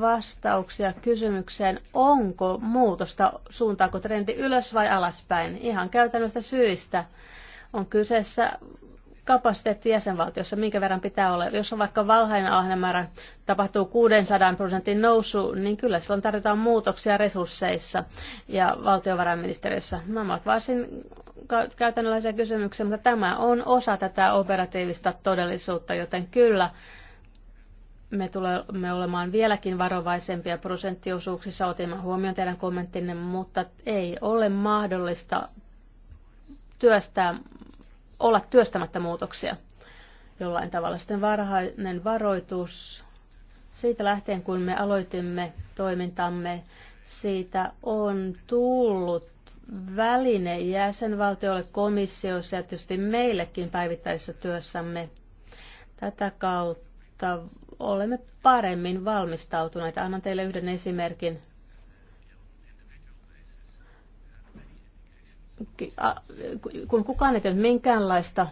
vastauksia kysymykseen, onko muutosta, suuntaako trendi ylös vai alaspäin, ihan käytännöstä syistä. On kyseessä kapasiteetti jäsenvaltiossa, minkä verran pitää olla. Jos on vaikka valhainen ahnemäärä, tapahtuu 600 prosentin nousu, niin kyllä silloin tarvitaan muutoksia resursseissa ja valtiovarainministeriössä. Nämä ovat varsin käytännönlaisia kysymyksiä, mutta tämä on osa tätä operatiivista todellisuutta, joten kyllä me tulemme olemaan vieläkin varovaisempia prosenttiosuuksissa. Otimme huomioon teidän kommenttinne, mutta ei ole mahdollista työstää olla työstämättä muutoksia jollain tavalla. Sitten varhainen varoitus siitä lähtien, kun me aloitimme toimintamme, siitä on tullut väline jäsenvaltioille, komissiossa ja tietysti meillekin päivittäisessä työssämme. Tätä kautta olemme paremmin valmistautuneita. Annan teille yhden esimerkin kun kukaan ei tehnyt minkäänlaista,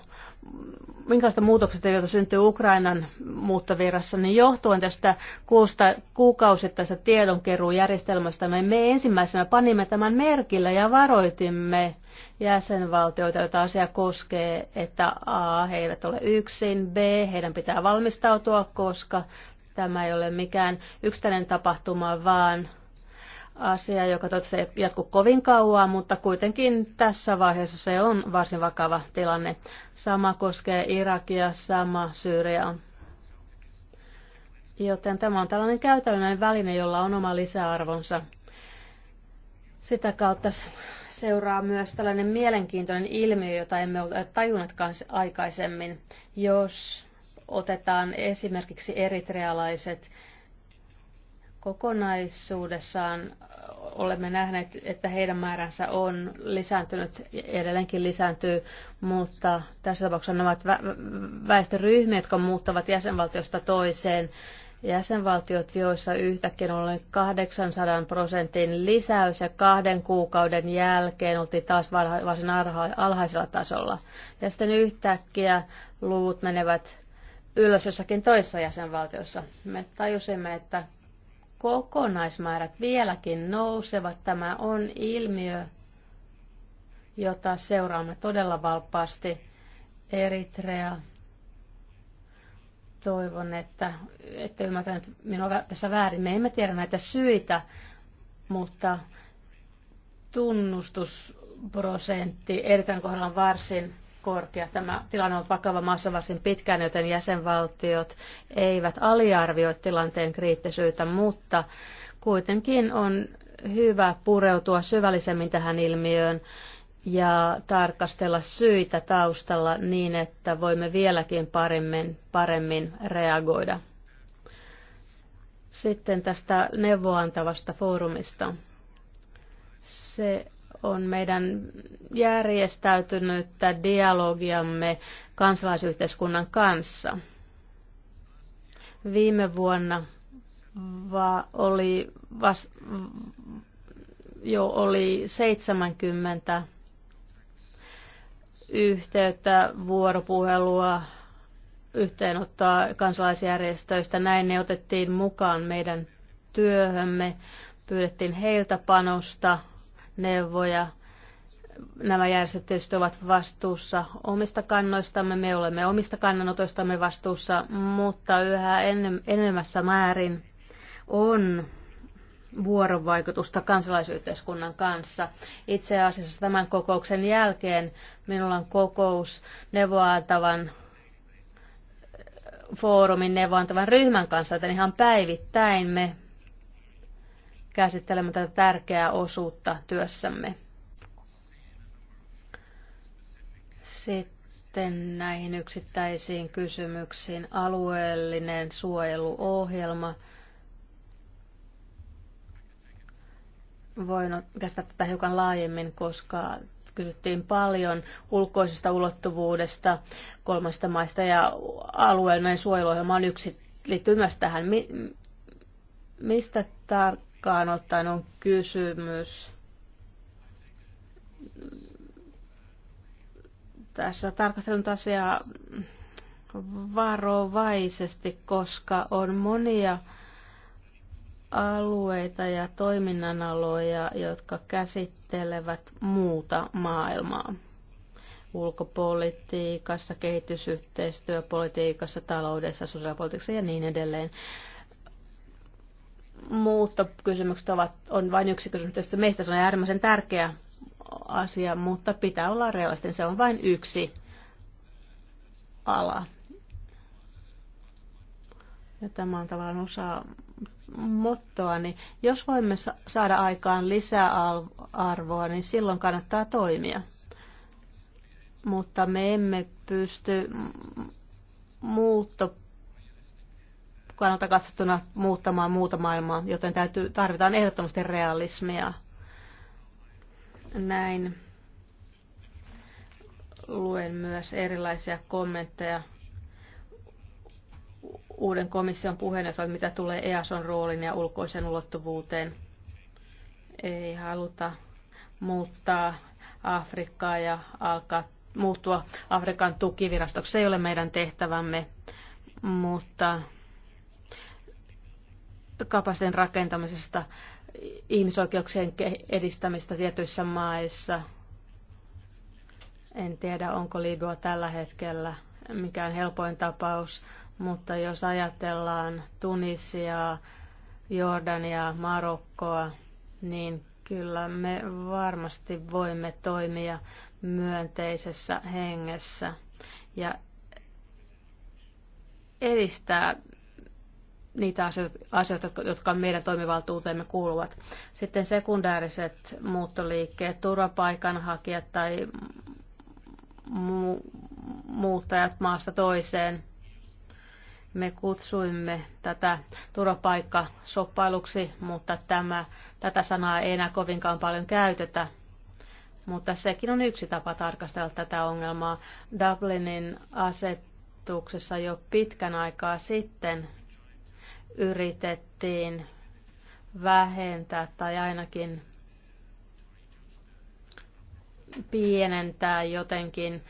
minkäänlaista muutoksesta, joita syntyy Ukrainan muuttovirassa, niin johtuen tästä kuusta, kuukausittaisesta tiedonkeruujärjestelmästä me, me ensimmäisenä panimme tämän merkille ja varoitimme jäsenvaltioita, joita asia koskee, että A, he eivät ole yksin, B, heidän pitää valmistautua, koska tämä ei ole mikään yksittäinen tapahtuma, vaan asia, joka totta ei jatku kovin kauan, mutta kuitenkin tässä vaiheessa se on varsin vakava tilanne. Sama koskee Irakia, sama Syyriaa. Joten tämä on tällainen käytännön väline, jolla on oma lisäarvonsa. Sitä kautta seuraa myös tällainen mielenkiintoinen ilmiö, jota emme ole tajunneetkaan aikaisemmin. Jos otetaan esimerkiksi eritrealaiset, kokonaisuudessaan olemme nähneet, että heidän määränsä on lisääntynyt ja edelleenkin lisääntyy, mutta tässä tapauksessa nämä ovat väestöryhmiä, jotka muuttavat jäsenvaltiosta toiseen. Jäsenvaltiot, joissa yhtäkkiä oli 800 prosentin lisäys ja kahden kuukauden jälkeen oltiin taas varsin alhaisella tasolla. Ja sitten yhtäkkiä luvut menevät ylös jossakin toisessa jäsenvaltiossa. Me tajusimme, että kokonaismäärät vieläkin nousevat. Tämä on ilmiö, jota seuraamme todella valppaasti. Eritrea. Toivon, että ette ymmärtänyt minua tässä väärin. Me emme tiedä näitä syitä, mutta tunnustusprosentti Eritrean kohdalla on varsin korkea. Tämä tilanne on ollut vakava maassa varsin pitkään, joten jäsenvaltiot eivät aliarvioi tilanteen kriittisyyttä, mutta kuitenkin on hyvä pureutua syvällisemmin tähän ilmiöön ja tarkastella syitä taustalla niin, että voimme vieläkin paremmin, paremmin reagoida. Sitten tästä neuvoantavasta foorumista. Se on meidän järjestäytynyttä dialogiamme kansalaisyhteiskunnan kanssa. Viime vuonna va- oli vas- jo oli 70 yhteyttä, vuoropuhelua, yhteenottoa kansalaisjärjestöistä. Näin ne otettiin mukaan meidän työhömme, pyydettiin heiltä panosta neuvoja. Nämä järjestöt tietysti ovat vastuussa omista kannoistamme, me olemme omista kannanotoistamme vastuussa, mutta yhä enemmässä määrin on vuorovaikutusta kansalaisyhteiskunnan kanssa. Itse asiassa tämän kokouksen jälkeen minulla on kokous neuvoantavan foorumin neuvoantavan ryhmän kanssa, että ihan päivittäin me käsittelemme tätä tärkeää osuutta työssämme. Sitten näihin yksittäisiin kysymyksiin. Alueellinen suojeluohjelma. Voin käsittää tätä hiukan laajemmin, koska kysyttiin paljon ulkoisesta ulottuvuudesta kolmasta maista ja alueellinen suojeluohjelma on yksi, liittyy myös tähän. mistä tar- tarkkaan ottaen on kysymys. Tässä tarkastelun asiaa varovaisesti, koska on monia alueita ja toiminnanaloja, jotka käsittelevät muuta maailmaa. Ulkopolitiikassa, kehitysyhteistyöpolitiikassa, taloudessa, sosiaalipolitiikassa ja niin edelleen muuttokysymykset ovat, on vain yksi kysymys. Tietysti meistä se on äärimmäisen tärkeä asia, mutta pitää olla realistinen. Se on vain yksi ala. Ja tämä on tavallaan osa mottoa, niin jos voimme saada aikaan lisää arvoa, niin silloin kannattaa toimia. Mutta me emme pysty muutto kannalta katsottuna muuttamaan muuta maailmaa, joten täytyy, tarvitaan ehdottomasti realismia. Näin luen myös erilaisia kommentteja uuden komission puheenjohtajalta, mitä tulee EASOn roolin ja ulkoisen ulottuvuuteen. Ei haluta muuttaa Afrikkaa ja alkaa muuttua Afrikan tukivirastoksi. Se ei ole meidän tehtävämme, mutta kapasiteetin rakentamisesta, ihmisoikeuksien edistämistä tietyissä maissa. En tiedä, onko Libya tällä hetkellä mikään helpoin tapaus, mutta jos ajatellaan Tunisiaa, Jordania, Marokkoa, niin kyllä me varmasti voimme toimia myönteisessä hengessä ja edistää niitä asioita, jotka meidän toimivaltuuteemme kuuluvat. Sitten sekundääriset muuttoliikkeet, turvapaikanhakijat tai muuttajat maasta toiseen. Me kutsuimme tätä turvapaikkasoppailuksi, mutta tämä, tätä sanaa ei enää kovinkaan paljon käytetä. Mutta sekin on yksi tapa tarkastella tätä ongelmaa. Dublinin asetuksessa jo pitkän aikaa sitten yritettiin vähentää tai ainakin pienentää jotenkin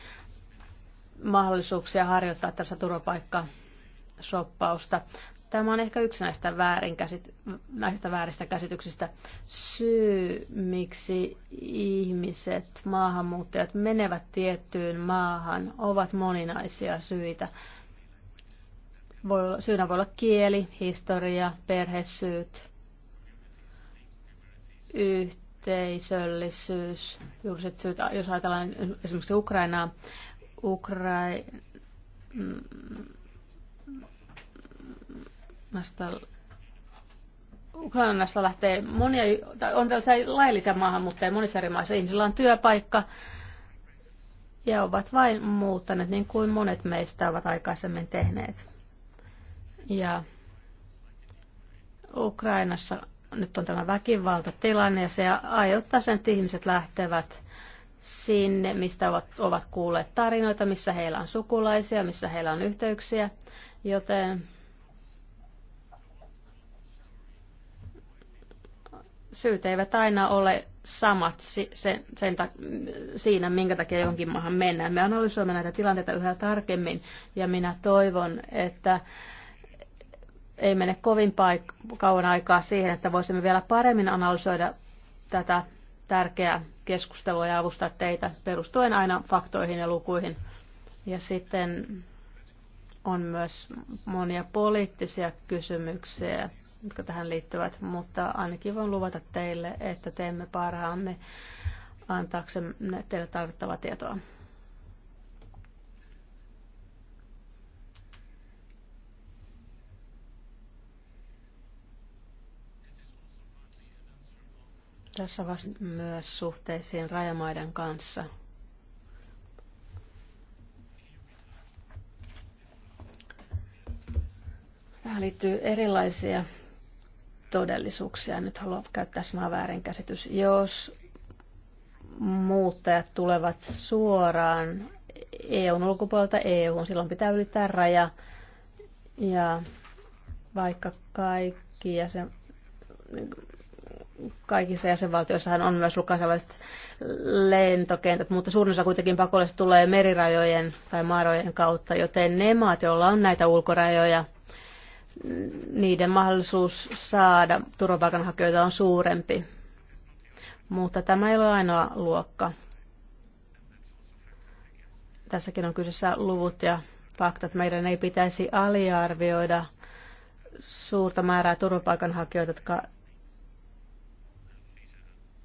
mahdollisuuksia harjoittaa tässä turvapaikkasoppausta. Tämä on ehkä yksi näistä, väärinkäsit- näistä vääristä käsityksistä. Syy, miksi ihmiset, maahanmuuttajat menevät tiettyyn maahan, ovat moninaisia syitä. Voi olla, syynä voi olla kieli, historia, perhesyyt, yhteisöllisyys, juuriset syyt. Jos ajatellaan esimerkiksi Ukrainaa, Ukrainasta Ukrainasta lähtee monia, on tällaisia laillisia maahanmuuttajia monissa eri maissa. Ihmisillä on työpaikka ja ovat vain muuttaneet niin kuin monet meistä ovat aikaisemmin tehneet. Ja Ukrainassa nyt on tämä väkivaltatilanne ja se aiheuttaa sen, että ihmiset lähtevät sinne, mistä ovat, ovat kuulleet tarinoita, missä heillä on sukulaisia, missä heillä on yhteyksiä, joten syyt eivät aina ole samat sen, sen ta, siinä, minkä takia johonkin maahan mennään. Me analysoimme näitä tilanteita yhä tarkemmin ja minä toivon, että ei mene kovin paik- kauan aikaa siihen, että voisimme vielä paremmin analysoida tätä tärkeää keskustelua ja avustaa teitä perustuen aina faktoihin ja lukuihin. Ja sitten on myös monia poliittisia kysymyksiä, jotka tähän liittyvät, mutta ainakin voin luvata teille, että teemme parhaamme antaaksemme teille tarvittavaa tietoa. Tässä vasta myös suhteisiin rajamaiden kanssa. Tähän liittyy erilaisia todellisuuksia. Nyt haluan käyttää sanaa väärinkäsitys. Jos muuttajat tulevat suoraan EUn ulkopuolelta EUhun, silloin pitää ylittää raja. Ja vaikka kaikki ja se kaikissa jäsenvaltioissahan on myös lukaisalaiset lentokentät, mutta suurin osa kuitenkin pakolaiset tulee merirajojen tai maarojen kautta, joten ne maat, joilla on näitä ulkorajoja, niiden mahdollisuus saada turvapaikanhakijoita on suurempi. Mutta tämä ei ole ainoa luokka. Tässäkin on kyseessä luvut ja faktat. Meidän ei pitäisi aliarvioida suurta määrää turvapaikanhakijoita, jotka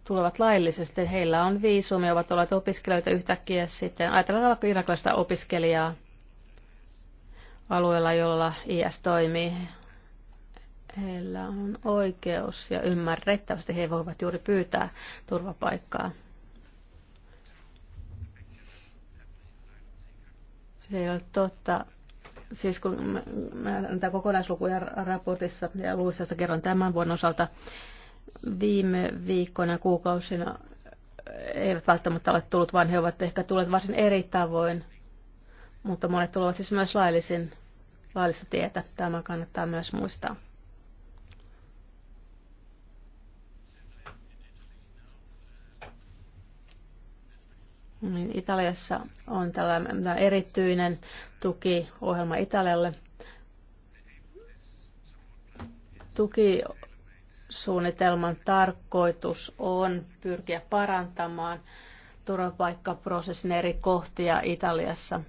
tulevat laillisesti. Heillä on viisumi, ovat olleet opiskelijoita yhtäkkiä sitten. Ajatellaan vaikka irakilaista opiskelijaa alueella, jolla IS toimii. Heillä on oikeus ja ymmärrettävästi he voivat juuri pyytää turvapaikkaa. Se ei ole totta. Siis kun mä, mä kokonaislukuja raportissa ja luvuissa kerron tämän vuoden osalta, viime viikkoina kuukausina eivät välttämättä ole tullut, vaan he ovat ehkä tulleet varsin eri tavoin, mutta monet tulevat siis myös laillisin, laillista tietä. Tämä kannattaa myös muistaa. Niin Italiassa on tällainen erityinen tukiohjelma Italialle. Tuki suunnitelman tarkoitus on pyrkiä parantamaan turvapaikkaprosessin eri kohtia Italiassa.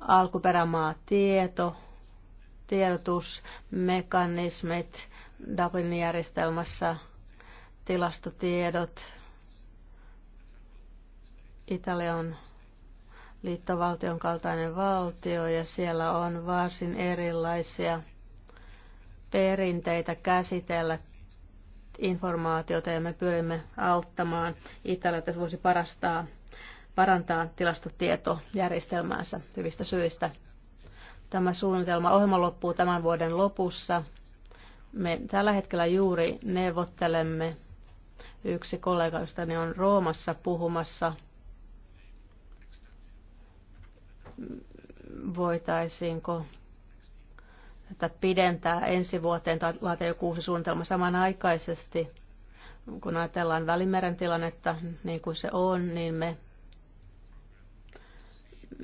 Alkuperämaa tieto, tiedotusmekanismit Dublinin järjestelmässä, tilastotiedot. Italian on liittovaltion kaltainen valtio ja siellä on varsin erilaisia perinteitä käsitellä informaatiota ja me pyrimme auttamaan Italia, että se voisi parastaa, parantaa tilastotietojärjestelmäänsä hyvistä syistä. Tämä suunnitelma ohjelma loppuu tämän vuoden lopussa. Me tällä hetkellä juuri neuvottelemme. Yksi kollegoistani on Roomassa puhumassa voitaisiinko tätä pidentää ensi vuoteen tai laatia joku uusi suunnitelma samanaikaisesti. Kun ajatellaan Välimeren tilannetta niin kuin se on, niin me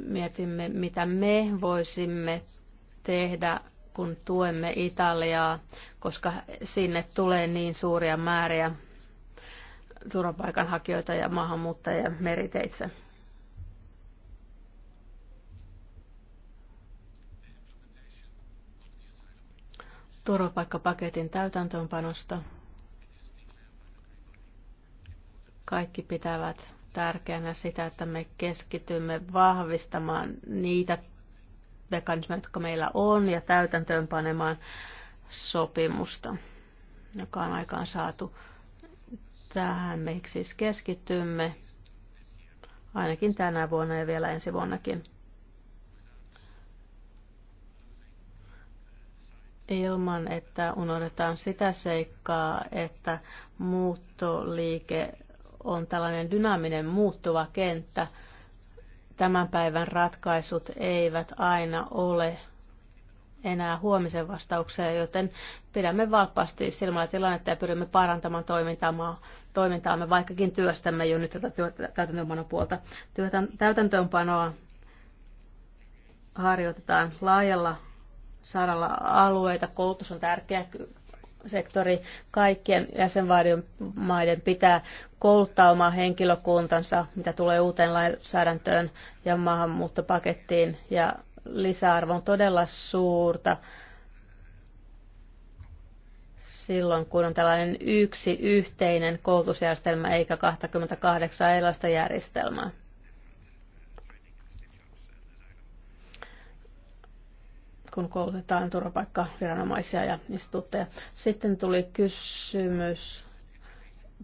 mietimme, mitä me voisimme tehdä, kun tuemme Italiaa, koska sinne tulee niin suuria määriä turvapaikanhakijoita ja maahanmuuttajia meriteitse. turvapaikkapaketin täytäntöönpanosta. Kaikki pitävät tärkeänä sitä, että me keskitymme vahvistamaan niitä mekanismeja, jotka meillä on, ja täytäntöönpanemaan sopimusta, joka on aikaan saatu. Tähän me siis keskitymme ainakin tänä vuonna ja vielä ensi vuonnakin. ilman, että unohdetaan sitä seikkaa, että muuttoliike on tällainen dynaaminen muuttuva kenttä. Tämän päivän ratkaisut eivät aina ole enää huomisen vastauksia, joten pidämme vapaasti silmällä tilannetta ja pyrimme parantamaan toimintaamme, vaikkakin työstämme jo nyt tätä puolta. Täytäntöönpanoa harjoitetaan laajalla saralla alueita. Koulutus on tärkeä sektori. Kaikkien maiden pitää kouluttaa omaa henkilökuntansa, mitä tulee uuteen lainsäädäntöön ja maahanmuuttopakettiin. Ja lisäarvo on todella suurta silloin, kun on tällainen yksi yhteinen koulutusjärjestelmä eikä 28 erilaista järjestelmää. kun koulutetaan turvapaikkaviranomaisia ja instituutteja. Sitten tuli kysymys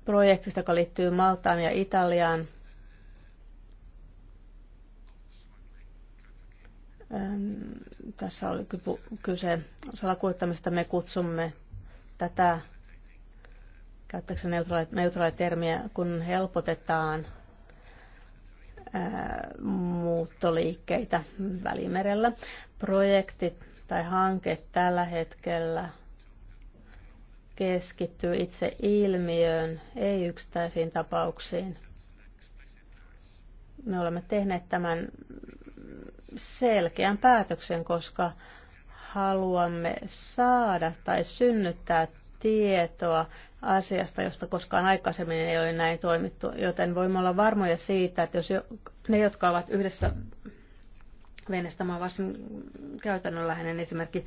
projektista, joka liittyy Maltaan ja Italiaan. Tässä oli kyse salakuljettamista. Me kutsumme tätä, käyttääkö neutraali, neutraali termiä, kun helpotetaan – muuttoliikkeitä Välimerellä. Projektit tai hanke tällä hetkellä keskittyy itse ilmiöön, ei yksittäisiin tapauksiin. Me olemme tehneet tämän selkeän päätöksen, koska haluamme saada tai synnyttää tietoa asiasta, josta koskaan aikaisemmin ei ole näin toimittu, joten voimme olla varmoja siitä, että jos ne, jotka ovat yhdessä veneestä, tämä on varsin käytännönläheinen esimerkki,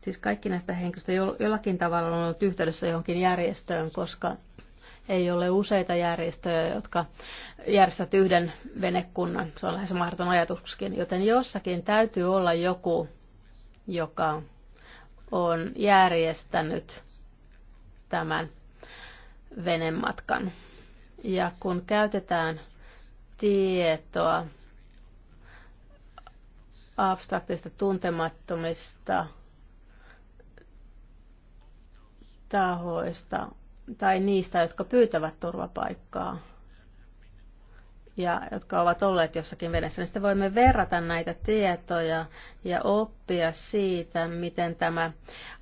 siis kaikki näistä henkilöistä jollakin tavalla on ollut yhteydessä johonkin järjestöön, koska ei ole useita järjestöjä, jotka järjestävät yhden venekunnan. Se on lähes mahdoton ajatuskin. Joten jossakin täytyy olla joku, joka on järjestänyt tämän venematkan. Ja kun käytetään tietoa abstraktista tuntemattomista tahoista tai niistä, jotka pyytävät turvapaikkaa, ja jotka ovat olleet jossakin vedessä, niin sitten voimme verrata näitä tietoja ja oppia siitä, miten tämä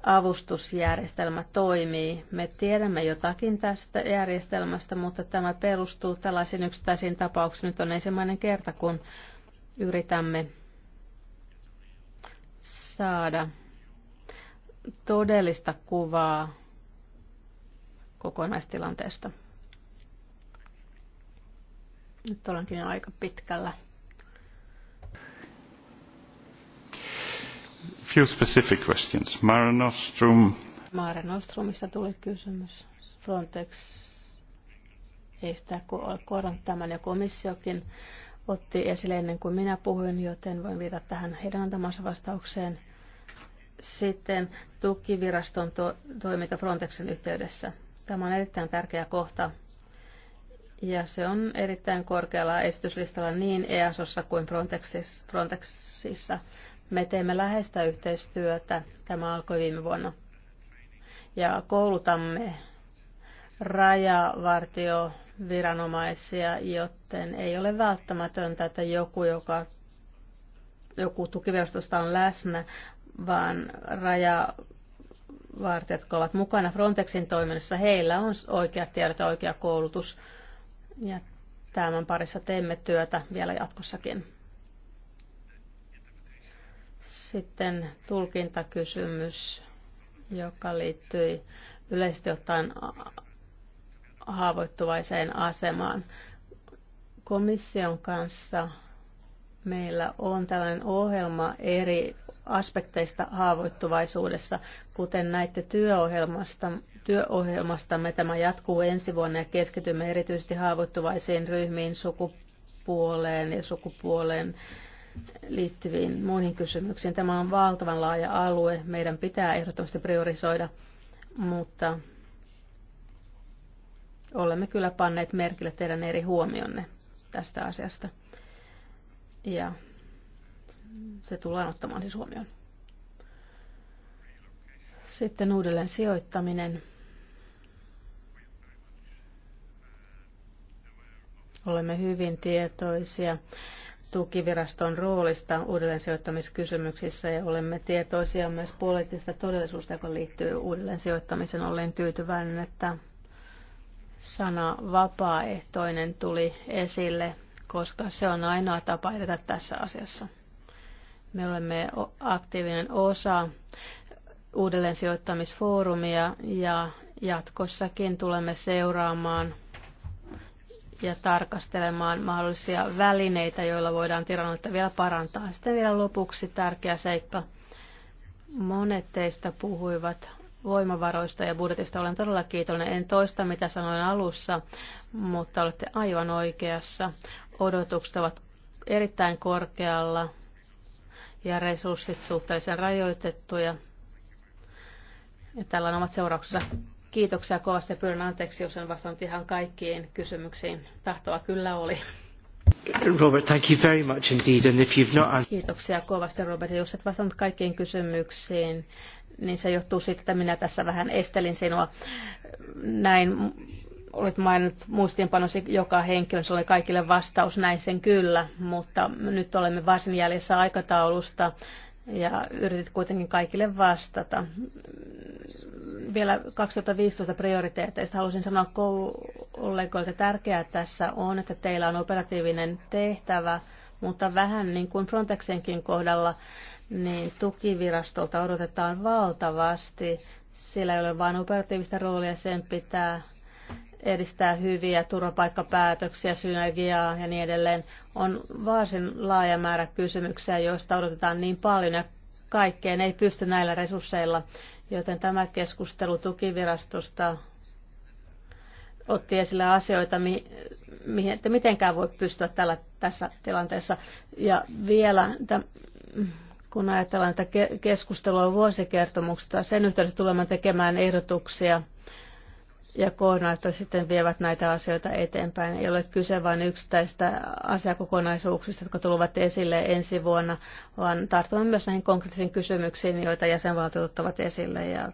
avustusjärjestelmä toimii. Me tiedämme jotakin tästä järjestelmästä, mutta tämä perustuu tällaisiin yksittäisiin tapauksiin. Nyt on ensimmäinen kerta, kun yritämme saada todellista kuvaa kokonaistilanteesta. Nyt olenkin aika pitkällä. Few specific questions. Mare Nostrum. Mare Nostrumista tuli kysymys. Frontex ei sitä ole korannut tämän ja komissiokin otti esille ennen kuin minä puhuin, joten voin viitata tähän heidän antamansa vastaukseen. Sitten tukiviraston to- toiminta Frontexin yhteydessä. Tämä on erittäin tärkeä kohta ja se on erittäin korkealla esityslistalla niin EASossa kuin Frontexissa. Frontexissa. Me teemme läheistä yhteistyötä. Tämä alkoi viime vuonna. Ja koulutamme rajavartioviranomaisia, joten ei ole välttämätöntä, että joku, joka, joku tukivirastosta on läsnä, vaan rajavartijat, jotka ovat mukana Frontexin toiminnassa, heillä on oikea tiedot ja oikea koulutus ja tämän parissa teemme työtä vielä jatkossakin. Sitten tulkintakysymys, joka liittyi yleisesti ottaen haavoittuvaiseen asemaan. Komission kanssa meillä on tällainen ohjelma eri aspekteista haavoittuvaisuudessa, kuten näitte työohjelmasta, työohjelmastamme. Tämä jatkuu ensi vuonna ja keskitymme erityisesti haavoittuvaisiin ryhmiin, sukupuoleen ja sukupuoleen liittyviin muihin kysymyksiin. Tämä on valtavan laaja alue. Meidän pitää ehdottomasti priorisoida, mutta olemme kyllä panneet merkille teidän eri huomionne tästä asiasta. Ja se tullaan ottamaan siis huomioon. Sitten uudelleen sijoittaminen. Olemme hyvin tietoisia tukiviraston roolista uudelleen sijoittamiskysymyksissä ja olemme tietoisia myös poliittisesta todellisuudesta, joka liittyy uudelleen sijoittamiseen. Olen tyytyväinen, että sana vapaaehtoinen tuli esille, koska se on ainoa tapa edetä tässä asiassa. Me olemme aktiivinen osa uudelleen sijoittamisfoorumia ja jatkossakin tulemme seuraamaan ja tarkastelemaan mahdollisia välineitä, joilla voidaan tilannetta vielä parantaa. Sitten vielä lopuksi tärkeä seikka. Monet teistä puhuivat voimavaroista ja budjetista. Olen todella kiitollinen. En toista, mitä sanoin alussa, mutta olette aivan oikeassa. Odotukset ovat erittäin korkealla ja resurssit suhteellisen rajoitettuja. Ja tällä on omat seurauksensa. Kiitoksia kovasti ja pyydän anteeksi, jos en vastannut ihan kaikkiin kysymyksiin. Tahtoa kyllä oli. Robert, thank you very much indeed. And if you've not... Kiitoksia kovasti Robert. Jos et vastannut kaikkiin kysymyksiin, niin se johtuu siitä, että minä tässä vähän estelin sinua. Näin olet maininnut muistiinpanosi joka henkilön, se oli kaikille vastaus, näin sen kyllä, mutta nyt olemme varsin jäljessä aikataulusta ja yritit kuitenkin kaikille vastata. Vielä 2015 prioriteeteista halusin sanoa kollegoilta tärkeää tässä on, että teillä on operatiivinen tehtävä, mutta vähän niin kuin Frontexenkin kohdalla, niin tukivirastolta odotetaan valtavasti. Sillä ei ole vain operatiivista roolia, sen pitää edistää hyviä turvapaikkapäätöksiä, synergiaa ja niin edelleen. On varsin laaja määrä kysymyksiä, joista odotetaan niin paljon ja kaikkeen ei pysty näillä resursseilla, joten tämä keskustelu tukivirastosta otti esille asioita, mi, mi, että mitenkään voi pystyä tällä, tässä tilanteessa. Ja vielä, kun ajatellaan että keskustelua vuosikertomuksesta, sen yhteydessä tulemme tekemään ehdotuksia – ja koordinaattorit sitten vievät näitä asioita eteenpäin. Ei ole kyse vain yksittäistä asiakokonaisuuksista, jotka tulevat esille ensi vuonna, vaan tartumme myös näihin konkreettisiin kysymyksiin, joita jäsenvaltiot ottavat esille ja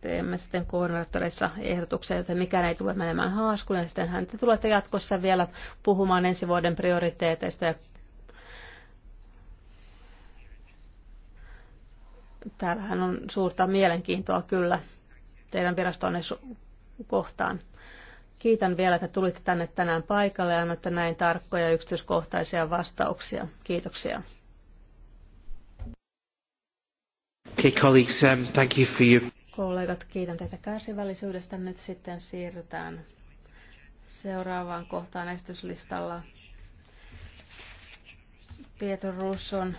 teemme sitten koordinaattoreissa ehdotuksia, joten mikään ei tule menemään haaskuun. Ja sittenhän te tulette jatkossa vielä puhumaan ensi vuoden prioriteeteista ja Täällähän on suurta mielenkiintoa kyllä teidän virastonne kohtaan. Kiitän vielä, että tulitte tänne tänään paikalle ja annatte näin tarkkoja yksityiskohtaisia vastauksia. Kiitoksia. Okay, colleagues, um, thank you for your... Kollegat, kiitän teitä kärsivällisyydestä. Nyt sitten siirrytään seuraavaan kohtaan esityslistalla. Pietro Russon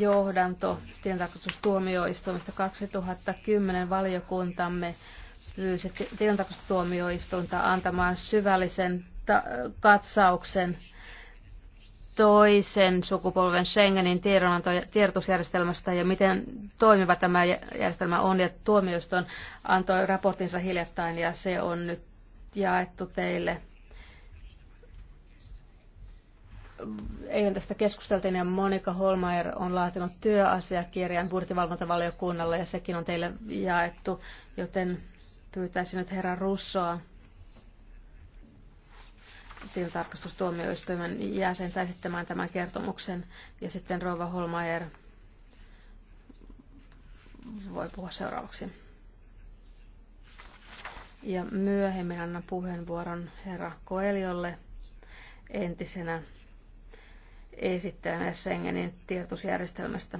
johdanto tilintarkastustuomioistuimesta 2010 valiokuntamme pyysi tilintarkastustuomioistuinta antamaan syvällisen katsauksen toisen sukupolven Schengenin tiedotusjärjestelmästä ja miten toimiva tämä järjestelmä on. Ja tuomioistuin antoi raportinsa hiljattain ja se on nyt jaettu teille eilen tästä keskusteltiin ja Monika Holmaier on laatinut työasiakirjan budjettivalvontavaliokunnalle ja sekin on teille jaettu, joten pyytäisin nyt herra Russoa tilintarkastustuomioistuimen jäsentä esittämään tämän kertomuksen ja sitten Rova Holmaier voi puhua seuraavaksi. Ja myöhemmin annan puheenvuoron herra Koeliolle entisenä esittäjänä Schengenin tiedotusjärjestelmästä.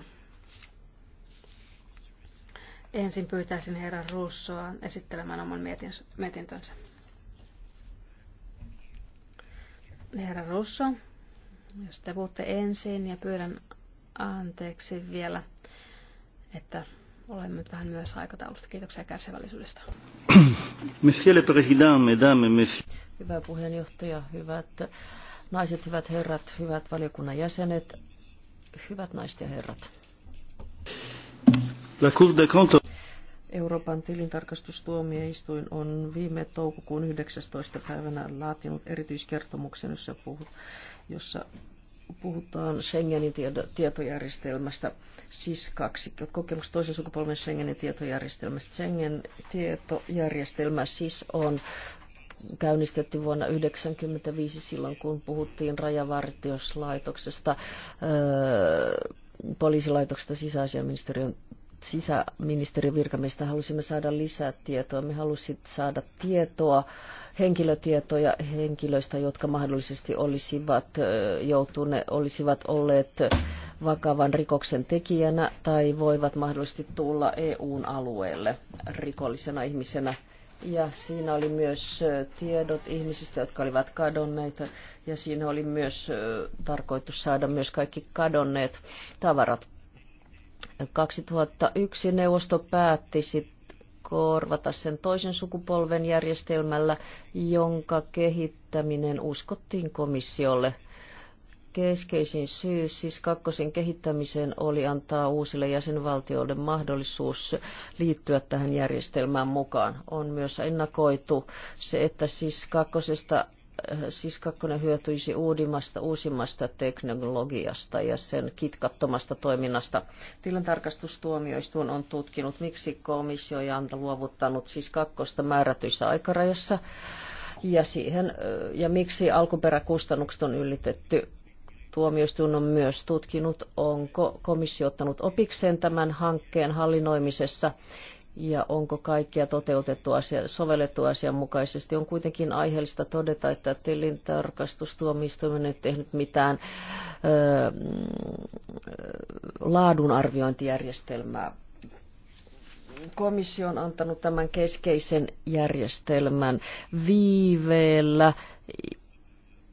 Ensin pyytäisin herran Russoa esittelemään oman mietintönsä. Herra Russo, jos te puhutte ensin ja pyydän anteeksi vielä, että olemme nyt vähän myös aikataulusta. Kiitoksia kärsivällisyydestä. Monsieur le Président, Mesdames et Messieurs. Hyvä puheenjohtaja, hyvät Naiset, hyvät herrat, hyvät valiokunnan jäsenet, hyvät naiset ja herrat. La Cour de Euroopan tilintarkastustuomioistuin on viime toukokuun 19. päivänä laatinut erityiskertomuksen, jossa, puhut, jossa puhutaan Schengenin tietojärjestelmästä, siis kaksi kokemus toisen sukupolven Schengenin tietojärjestelmästä. Schengen tietojärjestelmä siis on käynnistetty vuonna 1995 silloin, kun puhuttiin rajavartioslaitoksesta, öö, poliisilaitoksesta sisäasiaministeriön sisäministeriön virkamiestä halusimme saada lisää tietoa. Me halusimme saada tietoa, henkilötietoja henkilöistä, jotka mahdollisesti olisivat öö, joutuneet, olisivat olleet vakavan rikoksen tekijänä tai voivat mahdollisesti tulla EUn alueelle rikollisena ihmisenä ja siinä oli myös tiedot ihmisistä, jotka olivat kadonneita ja siinä oli myös tarkoitus saada myös kaikki kadonneet tavarat. 2001 neuvosto päätti sitten korvata sen toisen sukupolven järjestelmällä, jonka kehittäminen uskottiin komissiolle – Keskeisin syy siis kakkosen kehittämiseen oli antaa uusille jäsenvaltioille mahdollisuus liittyä tähän järjestelmään mukaan. On myös ennakoitu se, että siis kakkosesta äh, siis kakkonen hyötyisi uudimmasta, uusimmasta teknologiasta ja sen kitkattomasta toiminnasta. Tilantarkastustuomioistuin on tutkinut, miksi komissio ei anta luovuttanut siis kakkosta määrätyissä aikarajassa ja, siihen, äh, ja miksi alkuperäkustannukset on ylitetty Tuomioistuin on myös tutkinut, onko komissio ottanut opikseen tämän hankkeen hallinnoimisessa ja onko kaikkia toteutettu asia, sovellettu asianmukaisesti. On kuitenkin aiheellista todeta, että tilintarkastustuomioistuin ei tehnyt mitään ö, laadunarviointijärjestelmää. Komissio on antanut tämän keskeisen järjestelmän viiveellä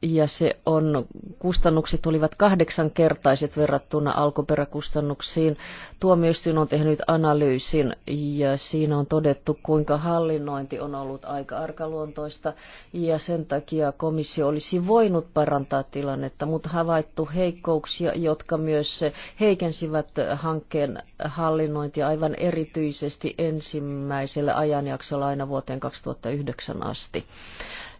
ja se on, kustannukset olivat kahdeksankertaiset verrattuna alkuperäkustannuksiin. Tuomioistuin on tehnyt analyysin ja siinä on todettu, kuinka hallinnointi on ollut aika arkaluontoista ja sen takia komissio olisi voinut parantaa tilannetta, mutta havaittu heikkouksia, jotka myös heikensivät hankkeen hallinnointia aivan erityisesti ensimmäisellä ajanjaksolla aina vuoteen 2009 asti.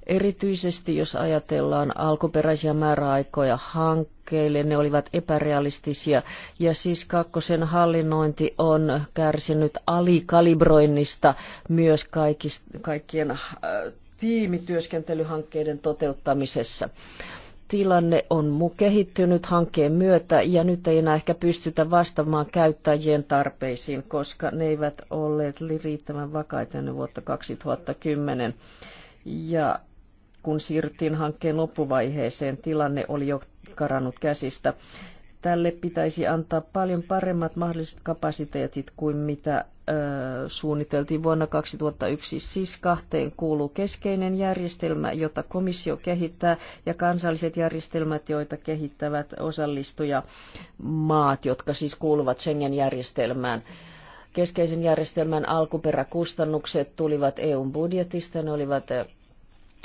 Erityisesti jos ajatellaan alkuperäisiä määräaikoja hankkeille, ne olivat epärealistisia ja siis kakkosen hallinnointi on kärsinyt alikalibroinnista myös kaikist, kaikkien äh, tiimityöskentelyhankkeiden toteuttamisessa tilanne on kehittynyt hankkeen myötä ja nyt ei enää ehkä pystytä vastaamaan käyttäjien tarpeisiin, koska ne eivät olleet riittävän vakaita ennen vuotta 2010. Ja kun siirryttiin hankkeen loppuvaiheeseen, tilanne oli jo karannut käsistä. Tälle pitäisi antaa paljon paremmat mahdolliset kapasiteetit kuin mitä ö, suunniteltiin vuonna 2001. Siis kahteen kuuluu keskeinen järjestelmä, jota komissio kehittää, ja kansalliset järjestelmät, joita kehittävät osallistujamaat, jotka siis kuuluvat Schengen-järjestelmään. Keskeisen järjestelmän alkuperäkustannukset tulivat EUn budjetista, ne olivat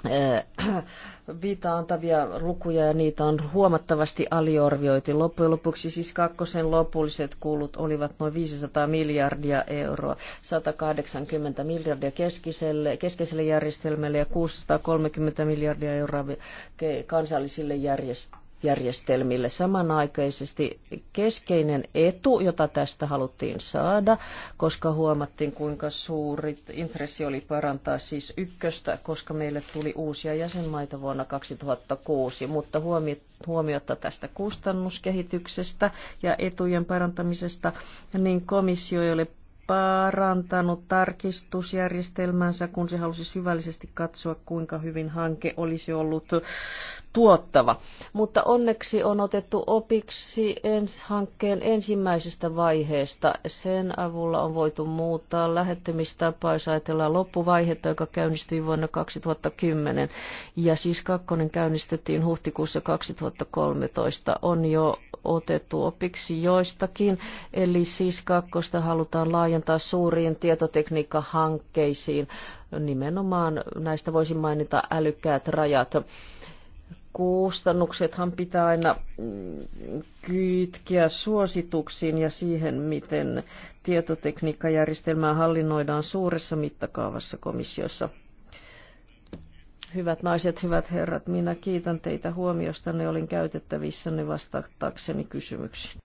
[clears throat] viitaa antavia lukuja ja niitä on huomattavasti aliorvioitu. Loppujen lopuksi siis kakkosen lopulliset kulut olivat noin 500 miljardia euroa, 180 miljardia keskiselle, keskiselle järjestelmälle ja 630 miljardia euroa kansallisille järjestelmille järjestelmille. Samanaikaisesti keskeinen etu, jota tästä haluttiin saada, koska huomattiin kuinka suuri intressi oli parantaa siis ykköstä, koska meille tuli uusia jäsenmaita vuonna 2006, mutta huomiota tästä kustannuskehityksestä ja etujen parantamisesta, niin komissio ei ole parantanut tarkistusjärjestelmänsä, kun se halusi syvällisesti katsoa, kuinka hyvin hanke olisi ollut tuottava. Mutta onneksi on otettu opiksi ens, hankkeen ensimmäisestä vaiheesta. Sen avulla on voitu muuttaa lähettymistapaa, jos ajatellaan loppuvaihetta, joka käynnistyi vuonna 2010. Ja siis kakkonen käynnistettiin huhtikuussa 2013. On jo otettu opiksi joistakin, eli siis kakkosta halutaan laajentaa suuriin tietotekniikkahankkeisiin. Nimenomaan näistä voisi mainita älykkäät rajat kustannuksethan pitää aina kytkeä suosituksiin ja siihen, miten tietotekniikkajärjestelmää hallinnoidaan suuressa mittakaavassa komissiossa. Hyvät naiset, hyvät herrat, minä kiitän teitä huomiosta. Ne olin ne vastatakseni kysymyksiin.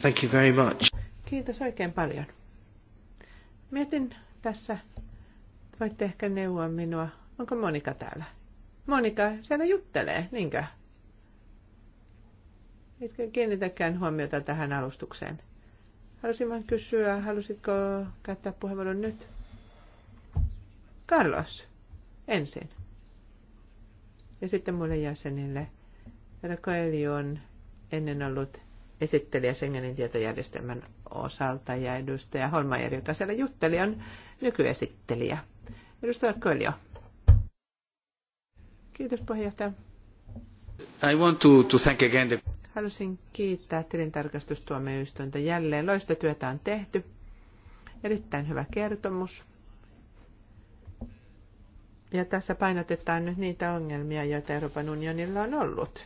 Thank you very much. Kiitos oikein paljon. Mietin tässä, voitte ehkä neuvoa minua, onko Monika täällä? Monika siellä juttelee, niinkö? Etkö kiinnitäkään huomiota tähän alustukseen? Halusin vain kysyä, halusitko käyttää puheenvuoron nyt? Carlos ensin. Ja sitten muille jäsenille. Rakaeli on ennen ollut esittelijä Schengenin tietojärjestelmän osalta ja edustaja Holmajer, joka siellä jutteli, on nykyesittelijä. Edustaja Köljo. Kiitos puheenjohtaja. I want to, to thank again the... Halusin kiittää tilintarkastustuomioistuinta jälleen. Loista työtä on tehty. Erittäin hyvä kertomus. Ja tässä painotetaan nyt niitä ongelmia, joita Euroopan unionilla on ollut.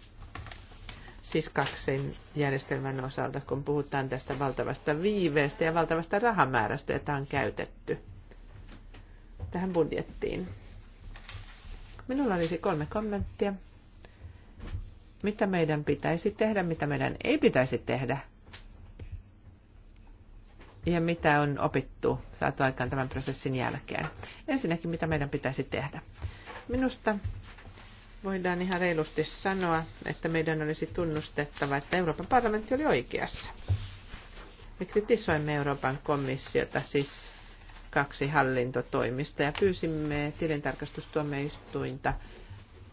Siis kaksin järjestelmän osalta, kun puhutaan tästä valtavasta viiveestä ja valtavasta rahamäärästä, jota on käytetty tähän budjettiin. Minulla olisi kolme kommenttia. Mitä meidän pitäisi tehdä, mitä meidän ei pitäisi tehdä – ja mitä on opittu saatu aikaan tämän prosessin jälkeen. Ensinnäkin, mitä meidän pitäisi tehdä. Minusta voidaan ihan reilusti sanoa, että meidän olisi tunnustettava, että Euroopan parlamentti oli oikeassa. Me kritisoimme Euroopan komissiota siis kaksi hallintotoimista ja pyysimme tilintarkastustuomioistuinta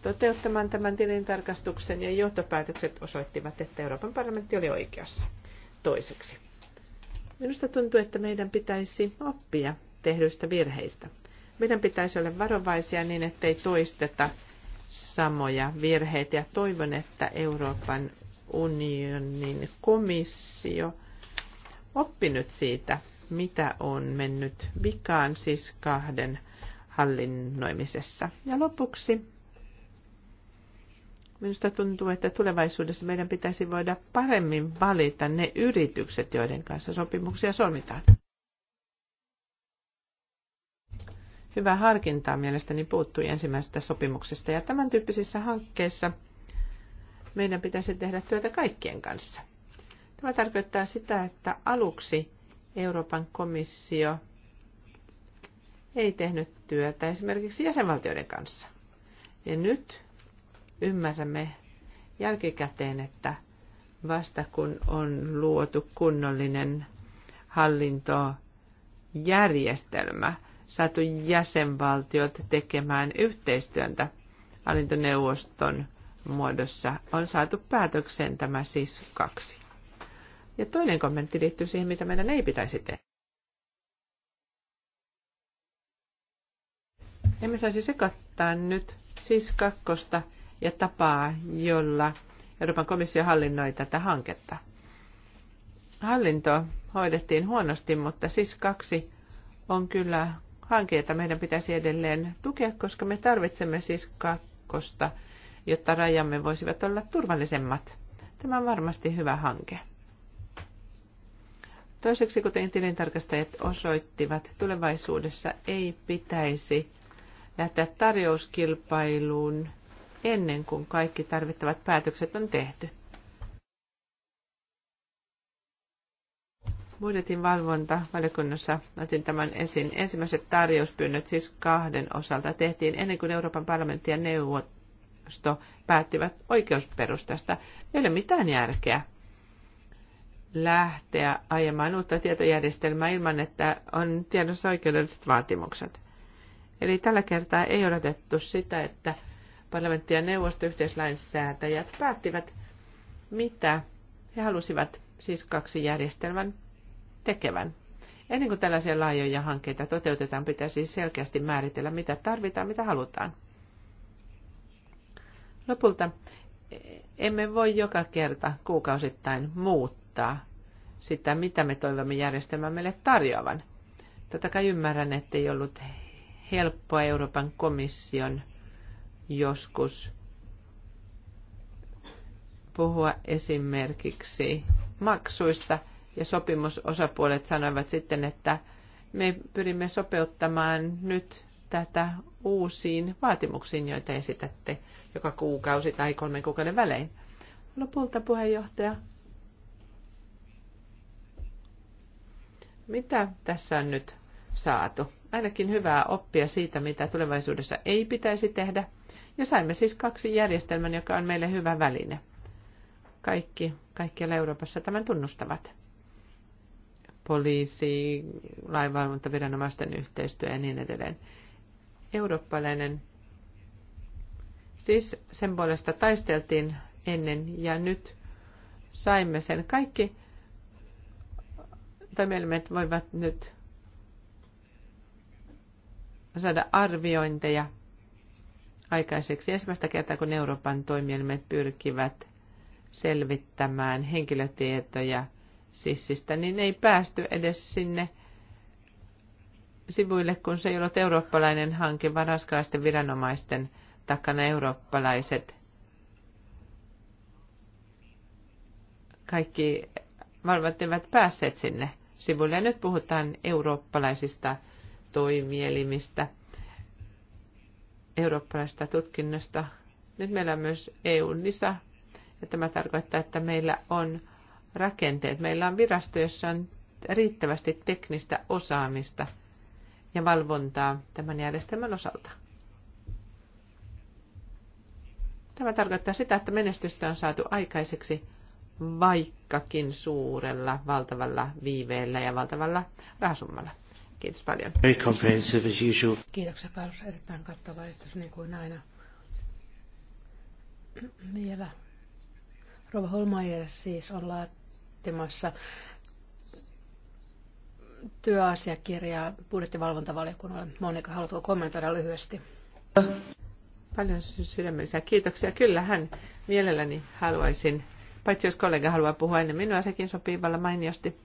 toteuttamaan tämän tilintarkastuksen ja johtopäätökset osoittivat, että Euroopan parlamentti oli oikeassa. Toiseksi. Minusta tuntuu, että meidän pitäisi oppia tehdyistä virheistä. Meidän pitäisi olla varovaisia niin, ettei toisteta samoja virheitä. Ja toivon, että Euroopan unionin komissio oppinut siitä, mitä on mennyt vikaan siis kahden hallinnoimisessa. Ja lopuksi Minusta tuntuu, että tulevaisuudessa meidän pitäisi voida paremmin valita ne yritykset, joiden kanssa sopimuksia solmitaan. Hyvää harkintaa mielestäni puuttui ensimmäisestä sopimuksesta ja tämän tyyppisissä hankkeissa meidän pitäisi tehdä työtä kaikkien kanssa. Tämä tarkoittaa sitä, että aluksi Euroopan komissio ei tehnyt työtä esimerkiksi jäsenvaltioiden kanssa. Ja nyt ymmärrämme jälkikäteen, että vasta kun on luotu kunnollinen hallintojärjestelmä, saatu jäsenvaltiot tekemään yhteistyöntä hallintoneuvoston muodossa, on saatu päätökseen tämä siis kaksi. Ja toinen kommentti liittyy siihen, mitä meidän ei pitäisi tehdä. Emme saisi sekoittaa nyt siis kakkosta ja tapaa, jolla Euroopan komissio hallinnoi tätä hanketta. Hallinto hoidettiin huonosti, mutta siis kaksi on kyllä hanke, jota meidän pitäisi edelleen tukea, koska me tarvitsemme siis kakkosta, jotta rajamme voisivat olla turvallisemmat. Tämä on varmasti hyvä hanke. Toiseksi, kuten tilintarkastajat osoittivat, tulevaisuudessa ei pitäisi lähteä tarjouskilpailuun ennen kuin kaikki tarvittavat päätökset on tehty. Budjetin valvonta valiokunnassa otin tämän esiin. Ensimmäiset tarjouspyynnöt siis kahden osalta tehtiin ennen kuin Euroopan parlamentti ja neuvosto päättivät oikeusperustasta. Ei ole mitään järkeä lähteä ajamaan uutta tietojärjestelmää ilman, että on tiedossa oikeudelliset vaatimukset. Eli tällä kertaa ei odotettu sitä, että parlamentti ja neuvosto, yhteislainsäätäjät, päättivät, mitä he halusivat siis kaksi järjestelmän tekevän. Ennen kuin tällaisia laajoja hankkeita toteutetaan, pitäisi selkeästi määritellä, mitä tarvitaan, mitä halutaan. Lopulta e, emme voi joka kerta kuukausittain muuttaa sitä, mitä me toivomme järjestelmän meille tarjoavan. Totta kai ymmärrän, että ei ollut helppoa Euroopan komission joskus puhua esimerkiksi maksuista ja sopimusosapuolet sanoivat sitten, että me pyrimme sopeuttamaan nyt tätä uusiin vaatimuksiin, joita esitätte joka kuukausi tai kolmen kuukauden välein. Lopulta puheenjohtaja. Mitä tässä on nyt saatu? Ainakin hyvää oppia siitä, mitä tulevaisuudessa ei pitäisi tehdä – ja saimme siis kaksi järjestelmän, joka on meille hyvä väline. Kaikki, kaikkialla Euroopassa tämän tunnustavat. Poliisi, lainvalvontaviranomaisten yhteistyö ja niin edelleen. Eurooppalainen, siis sen puolesta taisteltiin ennen ja nyt saimme sen. Kaikki toimielimet voivat nyt saada arviointeja – aikaiseksi. Ensimmäistä kertaa, kun Euroopan toimielimet pyrkivät selvittämään henkilötietoja sissistä, niin ei päästy edes sinne sivuille, kun se ei ollut eurooppalainen hanke, vaan ranskalaisten viranomaisten takana eurooppalaiset kaikki valvot eivät päässeet sinne sivuille. Ja nyt puhutaan eurooppalaisista toimielimistä – eurooppalaisesta tutkinnosta. Nyt meillä on myös EU-NISA, ja tämä tarkoittaa, että meillä on rakenteet. Meillä on virasto, jossa on riittävästi teknistä osaamista ja valvontaa tämän järjestelmän osalta. Tämä tarkoittaa sitä, että menestystä on saatu aikaiseksi vaikkakin suurella, valtavalla viiveellä ja valtavalla rahasummalla. Kiitos paljon. Very comprehensive as usual. Kiitoksia Paulus, erittäin kattava esitys niin kuin aina. Vielä Rova Holmaier siis on laatimassa työasiakirjaa budjettivalvontavaliokunnalle. Monika, haluatko kommentoida lyhyesti? Paljon sydämellisiä kiitoksia. Kyllähän mielelläni haluaisin, paitsi jos kollega haluaa puhua ennen minua, sekin sopii vallan mainiosti.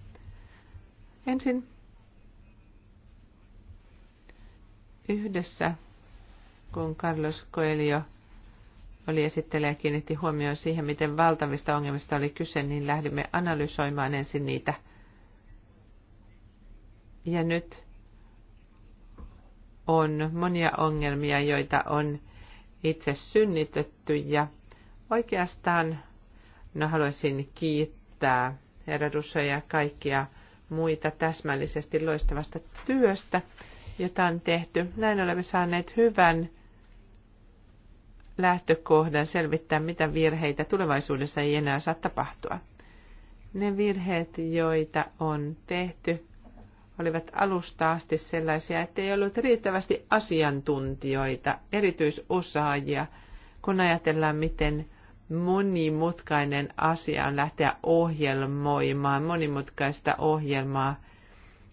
Ensin yhdessä, kun Carlos Coelho oli esittelijä kiinnitti huomioon siihen, miten valtavista ongelmista oli kyse, niin lähdimme analysoimaan ensin niitä. Ja nyt on monia ongelmia, joita on itse synnytetty ja oikeastaan no, haluaisin kiittää herra Russo ja kaikkia muita täsmällisesti loistavasta työstä jota on tehty. Näin olemme saaneet hyvän lähtökohdan selvittää, mitä virheitä tulevaisuudessa ei enää saa tapahtua. Ne virheet, joita on tehty, olivat alusta asti sellaisia, että ei ollut riittävästi asiantuntijoita, erityisosaajia, kun ajatellaan, miten monimutkainen asia on lähteä ohjelmoimaan monimutkaista ohjelmaa,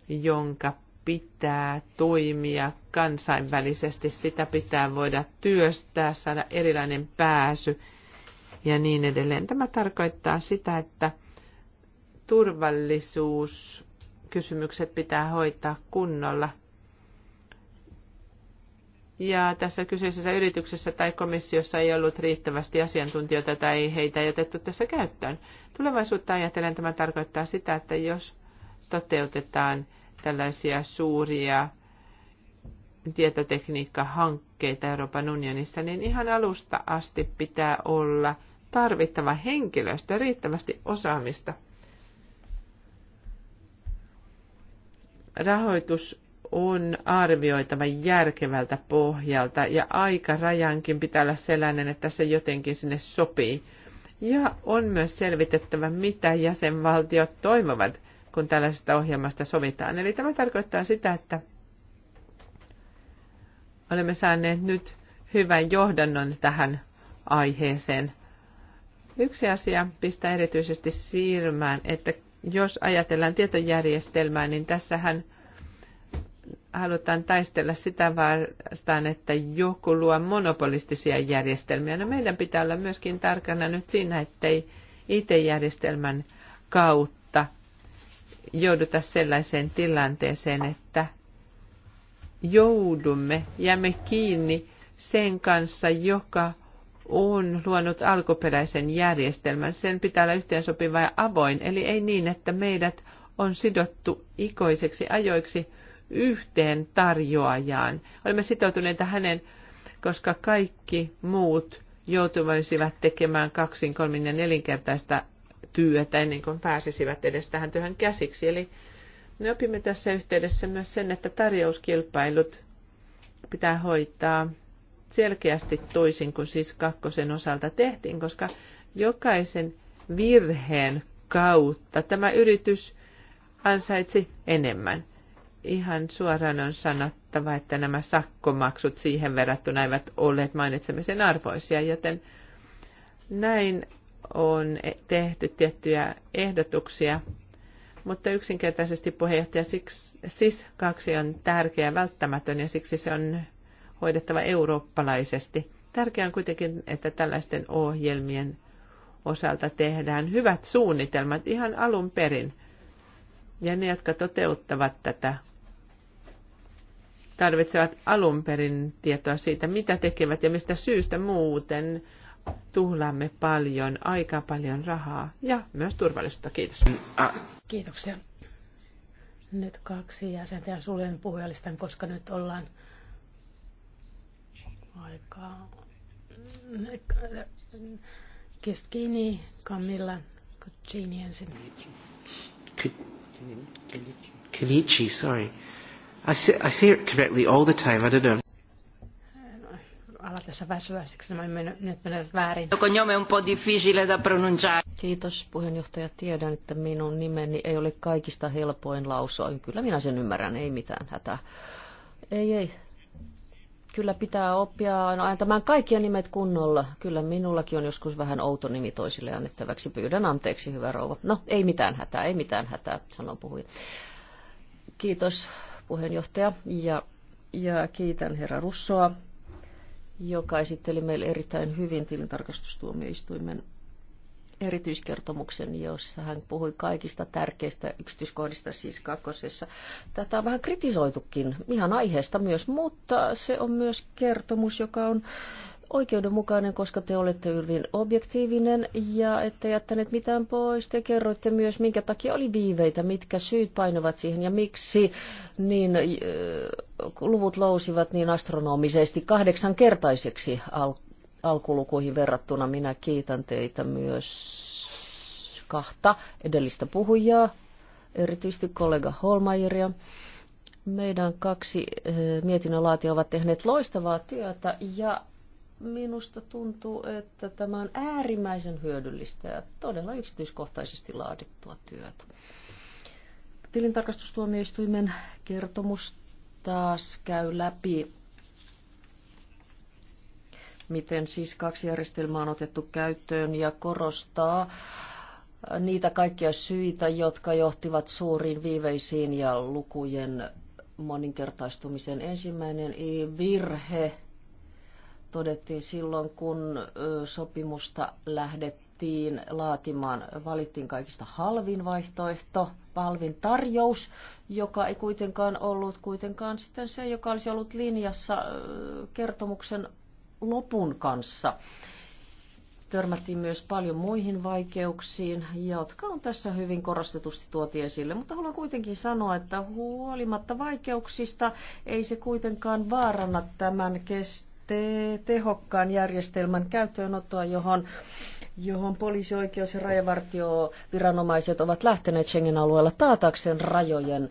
jonka pitää toimia kansainvälisesti, sitä pitää voida työstää, saada erilainen pääsy ja niin edelleen. Tämä tarkoittaa sitä, että turvallisuuskysymykset pitää hoitaa kunnolla. Ja tässä kyseisessä yrityksessä tai komissiossa ei ollut riittävästi asiantuntijoita tai heitä ei otettu tässä käyttöön. Tulevaisuutta ajatellen tämä tarkoittaa sitä, että jos toteutetaan – tällaisia suuria tietotekniikkahankkeita Euroopan unionissa, niin ihan alusta asti pitää olla tarvittava henkilöstö, riittävästi osaamista. Rahoitus on arvioitava järkevältä pohjalta ja aika rajankin pitää olla sellainen, että se jotenkin sinne sopii. Ja on myös selvitettävä, mitä jäsenvaltiot toimivat kun tällaisesta ohjelmasta sovitaan. Eli tämä tarkoittaa sitä, että olemme saaneet nyt hyvän johdannon tähän aiheeseen. Yksi asia pistää erityisesti silmään, että jos ajatellaan tietojärjestelmää, niin tässähän halutaan taistella sitä vastaan, että joku luo monopolistisia järjestelmiä. No meidän pitää olla myöskin tarkana nyt siinä, ettei IT-järjestelmän kautta jouduta sellaiseen tilanteeseen, että joudumme, jäämme kiinni sen kanssa, joka on luonut alkuperäisen järjestelmän. Sen pitää olla yhteensopiva ja avoin, eli ei niin, että meidät on sidottu ikoiseksi ajoiksi yhteen tarjoajaan. Olemme sitoutuneita hänen, koska kaikki muut joutuvaisivat tekemään kaksin, kolmin ja nelinkertaista työtä ennen kuin pääsisivät edes tähän työhön käsiksi. Eli me opimme tässä yhteydessä myös sen, että tarjouskilpailut pitää hoitaa selkeästi toisin kuin siis kakkosen osalta tehtiin, koska jokaisen virheen kautta tämä yritys ansaitsi enemmän. Ihan suoraan on sanottava, että nämä sakkomaksut siihen verrattuna eivät olleet mainitsemisen arvoisia, joten näin on tehty tiettyjä ehdotuksia, mutta yksinkertaisesti puheenjohtaja siksi, SIS 2 on tärkeä ja välttämätön ja siksi se on hoidettava eurooppalaisesti. Tärkeää on kuitenkin, että tällaisten ohjelmien osalta tehdään hyvät suunnitelmat ihan alun perin. Ja ne, jotka toteuttavat tätä, tarvitsevat alun perin tietoa siitä, mitä tekevät ja mistä syystä muuten tuhlaamme paljon aika paljon rahaa ja myös turvallisuutta. Kiitos. Kiitoksia. Nyt kaksi jäsentä ja suljen puhujalistan, koska nyt ollaan aikaa. Keskini, Camilla, Cuccini ensin. Kenichi, sorry. I say, I say it correctly all the time, I don't know tässä väsyä, siksi nämä nyt menevät väärin. Kiitos puheenjohtaja. Tiedän, että minun nimeni ei ole kaikista helpoin lausua. Kyllä minä sen ymmärrän, ei mitään hätää. Ei, ei. Kyllä pitää oppia aina antamaan kaikkia nimet kunnolla. Kyllä minullakin on joskus vähän outo nimi toisille annettavaksi. Pyydän anteeksi, hyvä rouva. No, ei mitään hätää, ei mitään hätää, sanoo puhuja. Kiitos puheenjohtaja ja, ja kiitän herra Russoa joka esitteli meille erittäin hyvin tilintarkastustuomioistuimen erityiskertomuksen, jossa hän puhui kaikista tärkeistä yksityiskohdista siis kakkosessa. Tätä on vähän kritisoitukin ihan aiheesta myös, mutta se on myös kertomus, joka on oikeudenmukainen, koska te olette hyvin objektiivinen ja ette jättäneet mitään pois. Te kerroitte myös, minkä takia oli viiveitä, mitkä syyt painovat siihen ja miksi niin, äh, luvut lousivat niin astronomisesti kahdeksankertaiseksi al- alkulukuihin verrattuna. Minä kiitän teitä myös kahta edellistä puhujaa, erityisesti kollega Holmairia meidän kaksi äh, mietinnönlaatia ovat tehneet loistavaa työtä ja Minusta tuntuu, että tämä on äärimmäisen hyödyllistä ja todella yksityiskohtaisesti laadittua työtä. Tilintarkastustuomioistuimen kertomus taas käy läpi miten siis kaksi järjestelmää on otettu käyttöön ja korostaa niitä kaikkia syitä, jotka johtivat suuriin viiveisiin ja lukujen moninkertaistumisen Ensimmäinen virhe todettiin silloin, kun sopimusta lähdettiin laatimaan, valittiin kaikista halvin vaihtoehto, halvin tarjous, joka ei kuitenkaan ollut kuitenkaan sitten se, joka olisi ollut linjassa kertomuksen lopun kanssa. Törmättiin myös paljon muihin vaikeuksiin, jotka on tässä hyvin korostetusti tuoti esille. Mutta haluan kuitenkin sanoa, että huolimatta vaikeuksista ei se kuitenkaan vaaranna tämän kestävyyden te- tehokkaan järjestelmän käyttöönottoa, johon, johon poliisioikeus- ja rajavartioviranomaiset ovat lähteneet Schengen-alueella taatakseen rajojen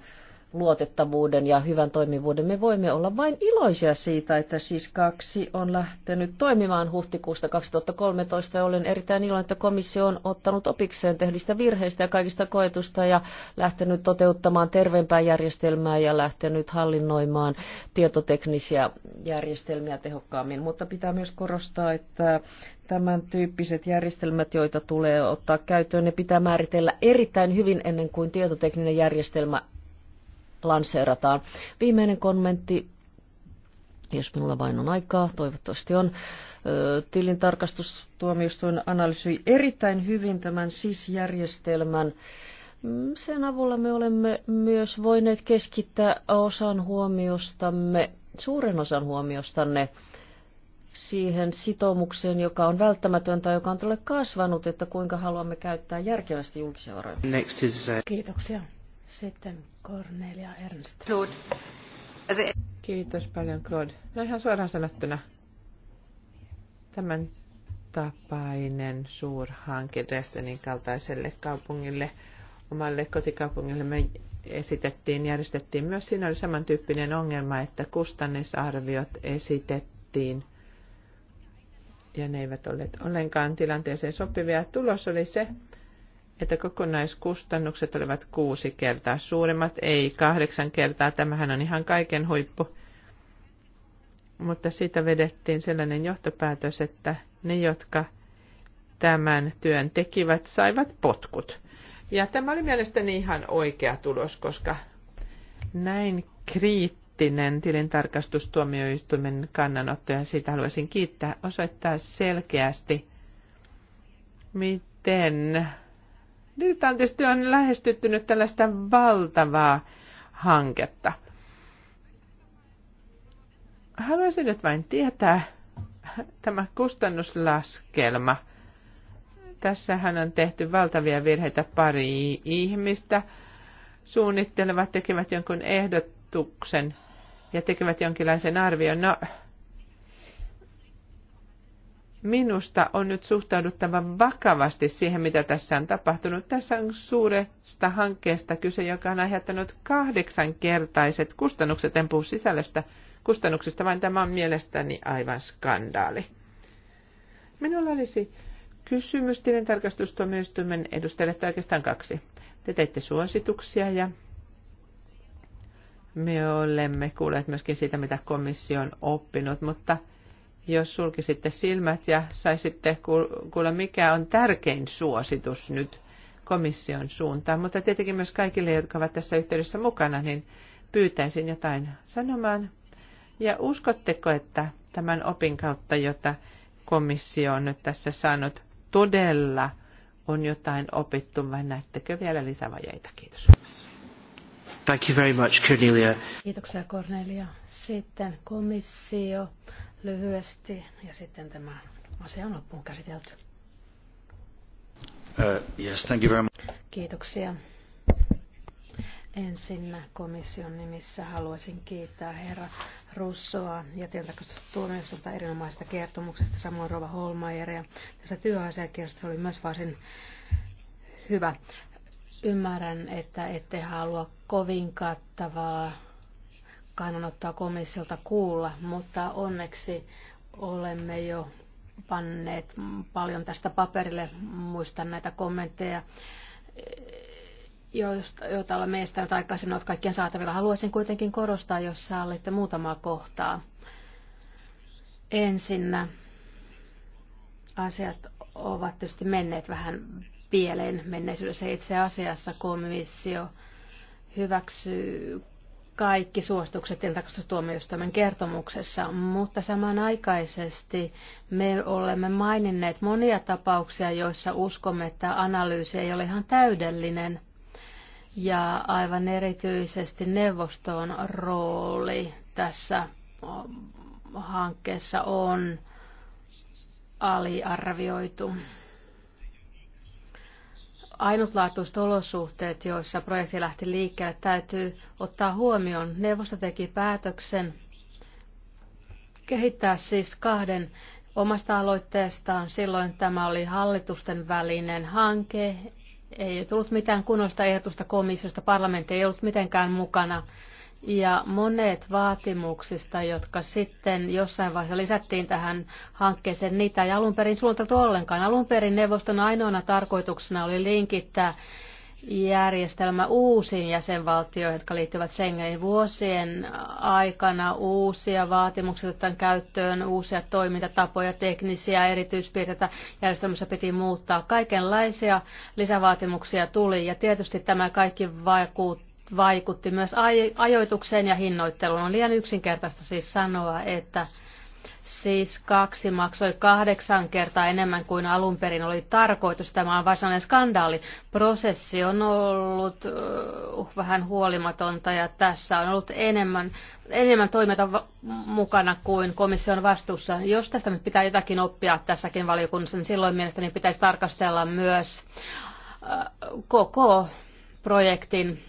luotettavuuden ja hyvän toimivuuden. Me voimme olla vain iloisia siitä, että siis kaksi on lähtenyt toimimaan huhtikuusta 2013 ja olen erittäin iloinen, että komissio on ottanut opikseen tehdistä virheistä ja kaikista koetusta ja lähtenyt toteuttamaan terveempää järjestelmää ja lähtenyt hallinnoimaan tietoteknisiä järjestelmiä tehokkaammin. Mutta pitää myös korostaa, että tämän tyyppiset järjestelmät, joita tulee ottaa käyttöön, ne pitää määritellä erittäin hyvin ennen kuin tietotekninen järjestelmä lanseerataan. Viimeinen kommentti, jos minulla vain on aikaa, toivottavasti on. tarkastustuomioistuin analysoi erittäin hyvin tämän SIS-järjestelmän mm, sen avulla me olemme myös voineet keskittää osan huomiostamme, suuren osan huomiostanne siihen sitoumukseen, joka on välttämätöntä, joka on tuolle kasvanut, että kuinka haluamme käyttää järkevästi julkisia varoja. Next is, uh, Kiitoksia. Sitten Cornelia Ernst. Claude. Kiitos paljon, Claude. No ihan suoraan sanottuna. Tämän tapainen suurhanke Dresdenin kaltaiselle kaupungille, omalle kotikaupungille me esitettiin, järjestettiin myös. Siinä oli samantyyppinen ongelma, että kustannusarviot esitettiin ja ne eivät olleet ollenkaan tilanteeseen sopivia. Tulos oli se, että kokonaiskustannukset olivat kuusi kertaa suuremmat, ei kahdeksan kertaa. Tämähän on ihan kaiken huippu. Mutta siitä vedettiin sellainen johtopäätös, että ne, jotka tämän työn tekivät, saivat potkut. Ja tämä oli mielestäni ihan oikea tulos, koska näin kriittinen tilintarkastustuomioistuimen kannanotto, ja siitä haluaisin kiittää, osoittaa selkeästi, miten Digitaalityö on lähestyttynyt tällaista valtavaa hanketta. Haluaisin nyt vain tietää tämä kustannuslaskelma. Tässähän on tehty valtavia virheitä pari ihmistä. Suunnittelevat tekevät jonkun ehdotuksen ja tekevät jonkinlaisen arvion. No, Minusta on nyt suhtauduttava vakavasti siihen, mitä tässä on tapahtunut. Tässä on suuresta hankkeesta kyse, joka on aiheuttanut kahdeksankertaiset kustannukset. En puhu sisällöstä kustannuksista, vaan tämä on mielestäni aivan skandaali. Minulla olisi kysymys tilintarkastustuomioistuimen edustajalle, tai oikeastaan kaksi. Te teitte suosituksia ja me olemme kuulleet myöskin siitä, mitä komissio on oppinut, mutta – jos sulkisitte silmät ja saisitte kuulla, mikä on tärkein suositus nyt komission suuntaan, mutta tietenkin myös kaikille, jotka ovat tässä yhteydessä mukana, niin pyytäisin jotain sanomaan. Ja uskotteko, että tämän opin kautta, jota komissio on nyt tässä saanut, todella on jotain opittu vai näettekö vielä lisävajeita? Kiitos. Thank you very much, Cornelia. Kiitoksia Cornelia. Sitten komissio lyhyesti ja sitten tämä asia on loppuun käsitelty. Uh, yes, thank you very much. Kiitoksia. Ensin komission nimissä haluaisin kiittää herra Russoa ja tilintarkastustuomioistuinta erinomaisesta kertomuksesta, samoin Rova Holmaieria. Tässä työasiakirjassa se oli myös varsin hyvä. Ymmärrän, että ette halua kovin kattavaa kannanottoa komissiolta kuulla, mutta onneksi olemme jo panneet paljon tästä paperille. Muistan näitä kommentteja, joita olemme estäneet aikaisemmin, ovat kaikkien saatavilla. Haluaisin kuitenkin korostaa, jos sallitte muutamaa kohtaa. Ensinnä asiat ovat tietysti menneet vähän pieleen menneisyydessä. Itse asiassa komissio hyväksyy kaikki suositukset iltakastustuomioistuimen kertomuksessa, mutta samanaikaisesti me olemme maininneet monia tapauksia, joissa uskomme, että analyysi ei ole ihan täydellinen ja aivan erityisesti neuvoston rooli tässä hankkeessa on aliarvioitu ainutlaatuiset olosuhteet, joissa projekti lähti liikkeelle, täytyy ottaa huomioon. Neuvosto teki päätöksen kehittää siis kahden omasta aloitteestaan. Silloin tämä oli hallitusten välinen hanke. Ei tullut mitään kunnollista ehdotusta komissiosta, parlamentti ei ollut mitenkään mukana ja monet vaatimuksista, jotka sitten jossain vaiheessa lisättiin tähän hankkeeseen, niitä ei alun perin suunniteltu ollenkaan. Alun perin neuvoston ainoana tarkoituksena oli linkittää järjestelmä uusiin jäsenvaltioihin, jotka liittyvät Schengenin vuosien aikana uusia vaatimuksia otetaan käyttöön, uusia toimintatapoja, teknisiä erityispiirteitä järjestelmässä piti muuttaa. Kaikenlaisia lisävaatimuksia tuli ja tietysti tämä kaikki vaikuttaa vaikutti myös ajoitukseen ja hinnoitteluun. On liian yksinkertaista siis sanoa, että siis kaksi maksoi kahdeksan kertaa enemmän kuin alun perin oli tarkoitus. Tämä on varsinainen skandaali. Prosessi on ollut uh, vähän huolimatonta ja tässä on ollut enemmän, enemmän toimita mukana kuin komission vastuussa. Jos tästä nyt pitää jotakin oppia tässäkin valiokunnassa, niin silloin mielestäni pitäisi tarkastella myös uh, koko projektin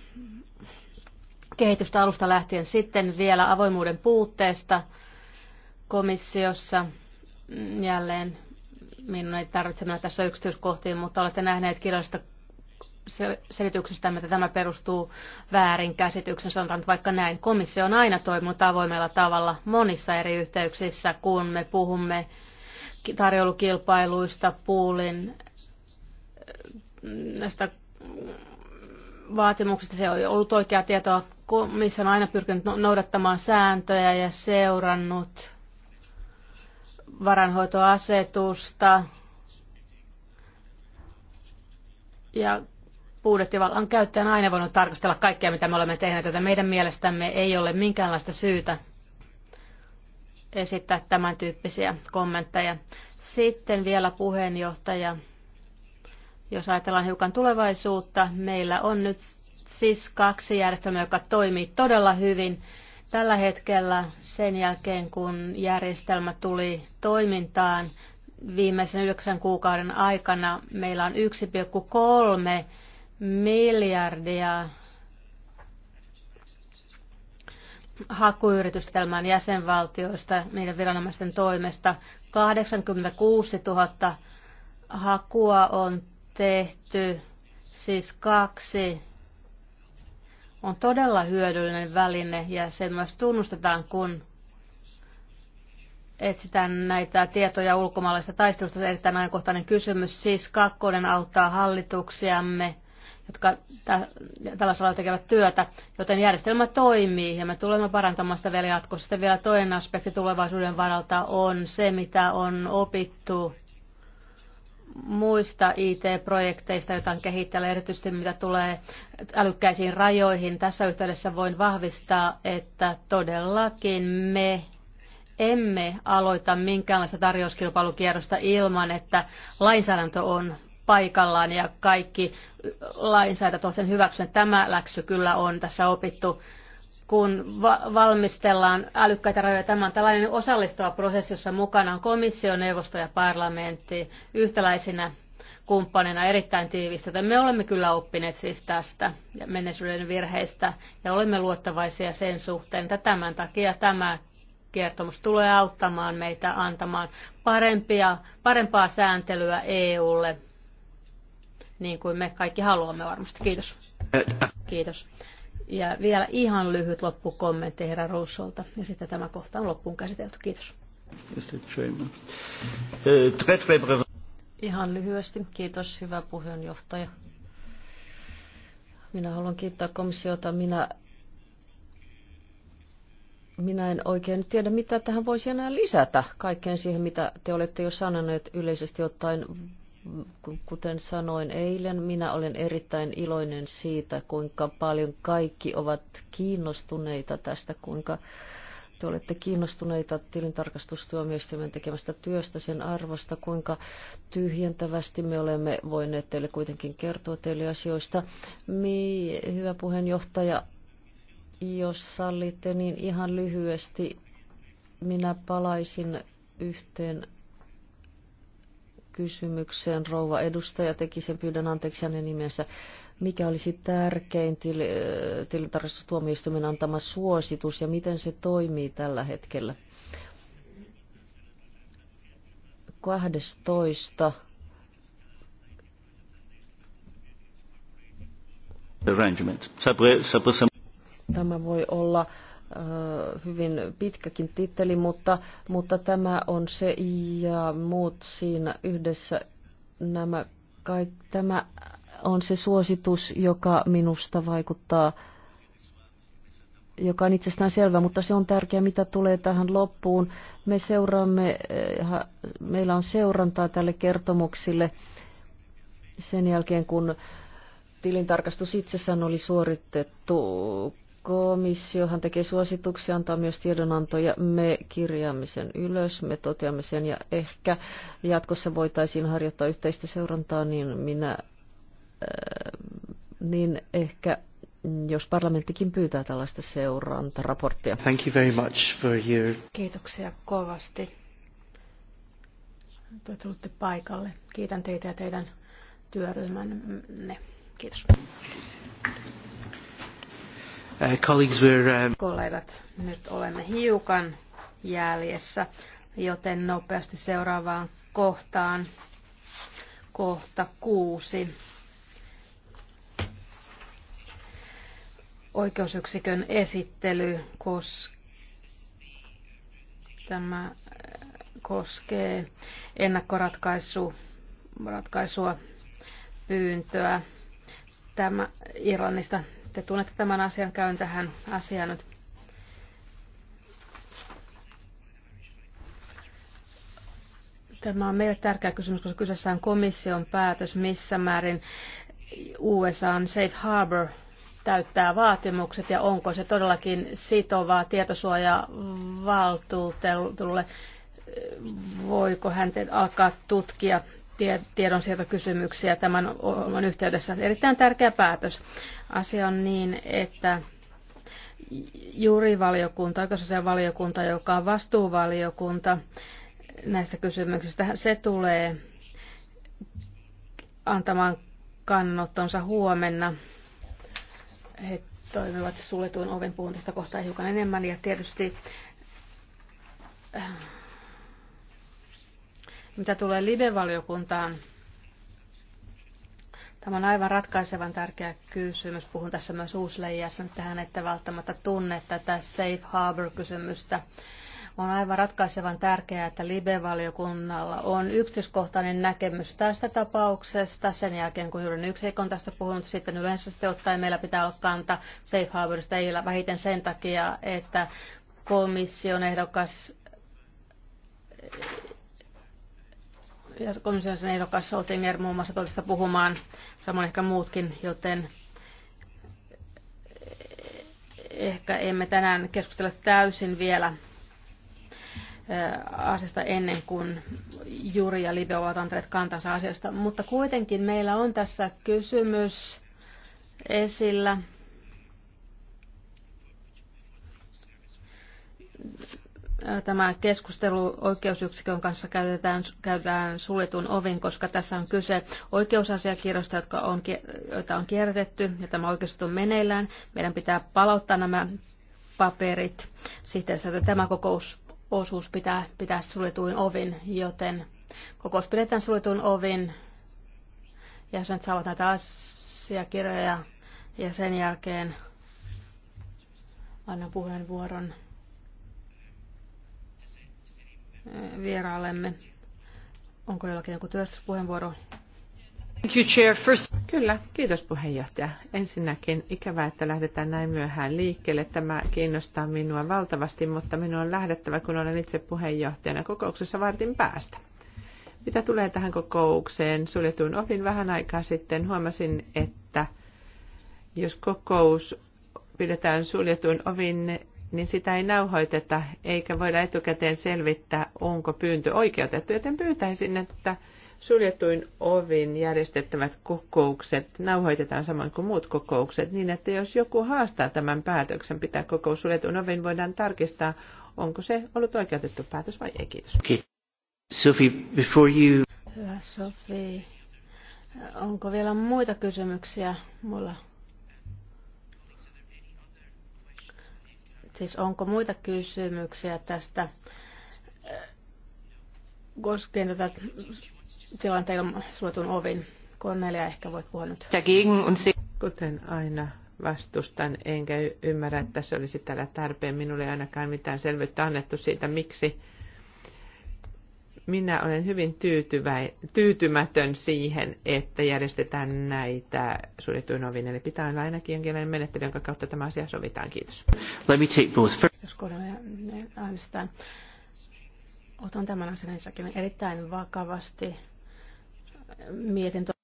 kehitystä alusta lähtien. Sitten vielä avoimuuden puutteesta komissiossa jälleen. Minun ei tarvitse mennä tässä yksityiskohtiin, mutta olette nähneet kirjallisesta selityksestä, että tämä perustuu väärinkäsityksen. Sanotaan nyt vaikka näin. Komissio on aina toiminut avoimella tavalla monissa eri yhteyksissä, kun me puhumme tarjoulukilpailuista, puulin näistä vaatimuksista. Se on ollut oikea tietoa missä on aina pyrkinyt no-, noudattamaan sääntöjä ja seurannut varanhoitoasetusta ja budjettivallan käyttäjä on aina voinut tarkastella kaikkea, mitä me olemme tehneet, joten meidän mielestämme ei ole minkäänlaista syytä esittää tämän tyyppisiä kommentteja. Sitten vielä puheenjohtaja, jos ajatellaan hiukan tulevaisuutta, meillä on nyt Siis kaksi järjestelmää, joka toimii todella hyvin. Tällä hetkellä sen jälkeen, kun järjestelmä tuli toimintaan viimeisen yhdeksän kuukauden aikana, meillä on 1,3 miljardia hakuyritystelmän jäsenvaltioista, niiden viranomaisten toimesta. 86 000 hakua on tehty, siis kaksi on todella hyödyllinen väline ja se myös tunnustetaan, kun etsitään näitä tietoja ulkomaalaisesta taistelusta. Se erittäin ajankohtainen kysymys. Siis kakkonen auttaa hallituksiamme, jotka tällaisella tekevät työtä, joten järjestelmä toimii ja me tulemme parantamaan sitä vielä jatkossa. Sitten vielä toinen aspekti tulevaisuuden varalta on se, mitä on opittu muista IT-projekteista, joita on kehitteillä, erityisesti mitä tulee älykkäisiin rajoihin. Tässä yhteydessä voin vahvistaa, että todellakin me emme aloita minkäänlaista tarjouskilpailukierrosta ilman, että lainsäädäntö on paikallaan ja kaikki lainsäädäntö on sen hyväksynyt. Tämä läksy kyllä on tässä opittu kun va- valmistellaan älykkäitä rajoja. Tämä on tällainen osallistava prosessi, jossa mukana on komissio, neuvosto ja parlamentti yhtäläisinä kumppanina erittäin tiivistä. Joten me olemme kyllä oppineet siis tästä ja menneisyyden virheistä ja olemme luottavaisia sen suhteen, että tämän takia tämä kertomus tulee auttamaan meitä antamaan parempia, parempaa sääntelyä EUlle, niin kuin me kaikki haluamme varmasti. Kiitos. Kiitos. Ja vielä ihan lyhyt loppukommentti herra Roussolta, ja sitten tämä kohta on loppuun käsitelty. Kiitos. Eh, ihan lyhyesti. Kiitos, hyvä puheenjohtaja. Minä haluan kiittää komissiota. Minä, minä en oikein tiedä, mitä tähän voisi enää lisätä kaikkeen siihen, mitä te olette jo sanoneet yleisesti ottaen Kuten sanoin eilen, minä olen erittäin iloinen siitä, kuinka paljon kaikki ovat kiinnostuneita tästä, kuinka te olette kiinnostuneita tilintarkastustuomioistuimen tekemästä työstä, sen arvosta, kuinka tyhjentävästi me olemme voineet teille kuitenkin kertoa teille asioista. Mi, hyvä puheenjohtaja, jos sallitte, niin ihan lyhyesti minä palaisin yhteen kysymykseen. Rouva edustaja teki sen, pyydän anteeksi hänen nimensä. Mikä olisi tärkein til, tilintarkastustuomioistuimen antama suositus ja miten se toimii tällä hetkellä? 12. Arrangement. Tämä voi olla Äh, hyvin pitkäkin titteli, mutta, mutta tämä on se ja muut siinä yhdessä nämä kaikki, tämä on se suositus, joka minusta vaikuttaa joka on itsestään selvä, mutta se on tärkeää, mitä tulee tähän loppuun. Me seuraamme, äh, meillä on seurantaa tälle kertomuksille sen jälkeen, kun tilintarkastus itsessään oli suoritettu Komissiohan tekee suosituksia, antaa myös tiedonantoja. Me kirjaamme sen ylös, me toteamme sen ja ehkä jatkossa voitaisiin harjoittaa yhteistä seurantaa, niin minä, äh, niin ehkä jos parlamenttikin pyytää tällaista seurantaraporttia. Thank you very much for your... Kiitoksia kovasti. Te tulitte paikalle. Kiitän teitä ja teidän työryhmänne. Kiitos. Uh, colleagues, we're, um... Kollegat, nyt olemme hiukan jäljessä, joten nopeasti seuraavaan kohtaan. Kohta kuusi. Oikeusyksikön esittely äh, koskee Tämä koskee ennakkoratkaisua pyyntöä tämä Irlannista. Te tunnette tämän asian, käyn tähän asiaan nyt. Tämä on meille tärkeä kysymys, koska kyseessä on komission päätös, missä määrin on Safe Harbor täyttää vaatimukset ja onko se todellakin sitovaa tietosuojavaltuutelulle. Voiko hän alkaa tutkia tiedonsiirtokysymyksiä tämän ohjelman yhteydessä. Erittäin tärkeä päätös. Asia on niin, että juurivaliokunta, valiokunta, joka on vastuuvaliokunta näistä kysymyksistä, se tulee antamaan kannanottonsa huomenna. He toimivat suljetun oven puhun tästä kohtaa hiukan enemmän ja tietysti äh, mitä tulee live-valiokuntaan, Tämä on aivan ratkaisevan tärkeä kysymys. Puhun tässä myös uusleijässä nyt tähän, että välttämättä tunne tätä safe harbor-kysymystä. On aivan ratkaisevan tärkeää, että Libe-valiokunnalla on yksityiskohtainen näkemys tästä tapauksesta. Sen jälkeen, kun juuri yksi on tästä puhunut, sitten yleensä sitten ottaen meillä pitää olla kanta safe harborista ei vähiten sen takia, että komission ehdokas ja komission ehdokas Soltinger muun muassa tuolta puhumaan, samoin ehkä muutkin, joten ehkä emme tänään keskustele täysin vielä asiasta ennen kuin Juri ja Libe ovat antaneet kantansa asiasta. Mutta kuitenkin meillä on tässä kysymys esillä tämä keskustelu oikeusyksikön kanssa käytetään, käytetään suljetun ovin, koska tässä on kyse oikeusasiakirjoista, jotka on, joita on kierrätetty, ja tämä oikeus on meneillään. Meidän pitää palauttaa nämä paperit. Sitten tämä kokousosuus pitää pitää suljetuin ovin, joten kokous pidetään suljetuin ovin. sen saavat näitä asiakirjoja ja sen jälkeen annan puheenvuoron vieraallemme. Onko jollakin joku työstyspuheenvuoro? Kyllä, kiitos puheenjohtaja. Ensinnäkin ikävää, että lähdetään näin myöhään liikkeelle. Tämä kiinnostaa minua valtavasti, mutta minun on lähdettävä, kun olen itse puheenjohtajana kokouksessa vartin päästä. Mitä tulee tähän kokoukseen, suljetuin ovin vähän aikaa sitten huomasin, että jos kokous pidetään suljetuin ovin, niin sitä ei nauhoiteta eikä voida etukäteen selvittää, onko pyyntö oikeutettu. Joten pyytäisin, että suljetuin ovin järjestettävät kokoukset nauhoitetaan samoin kuin muut kokoukset niin, että jos joku haastaa tämän päätöksen pitää kokous suljetun ovin, voidaan tarkistaa, onko se ollut oikeutettu päätös vai ei. Kiitos. Okay. Sophie, before you... Hyvä Sophie. Onko vielä muita kysymyksiä? Mulla Siis onko muita kysymyksiä tästä äh, koskien tätä tilanteen suotun ovin? Cornelia ehkä voit puhua nyt. Kuten aina vastustan, enkä ymmärrä, että se olisi tällä tarpeen. Minulle ei ainakaan mitään selvyyttä annettu siitä, miksi minä olen hyvin tyytyvä, tyytymätön siihen, että järjestetään näitä suljettuja noviin. Eli pitää olla ainakin jonkinlainen menettely, jonka kautta tämä asia sovitaan. Kiitos. Let me take both. Jos kohdalla niin Otan tämän asian ensinnäkin erittäin vakavasti. Mietin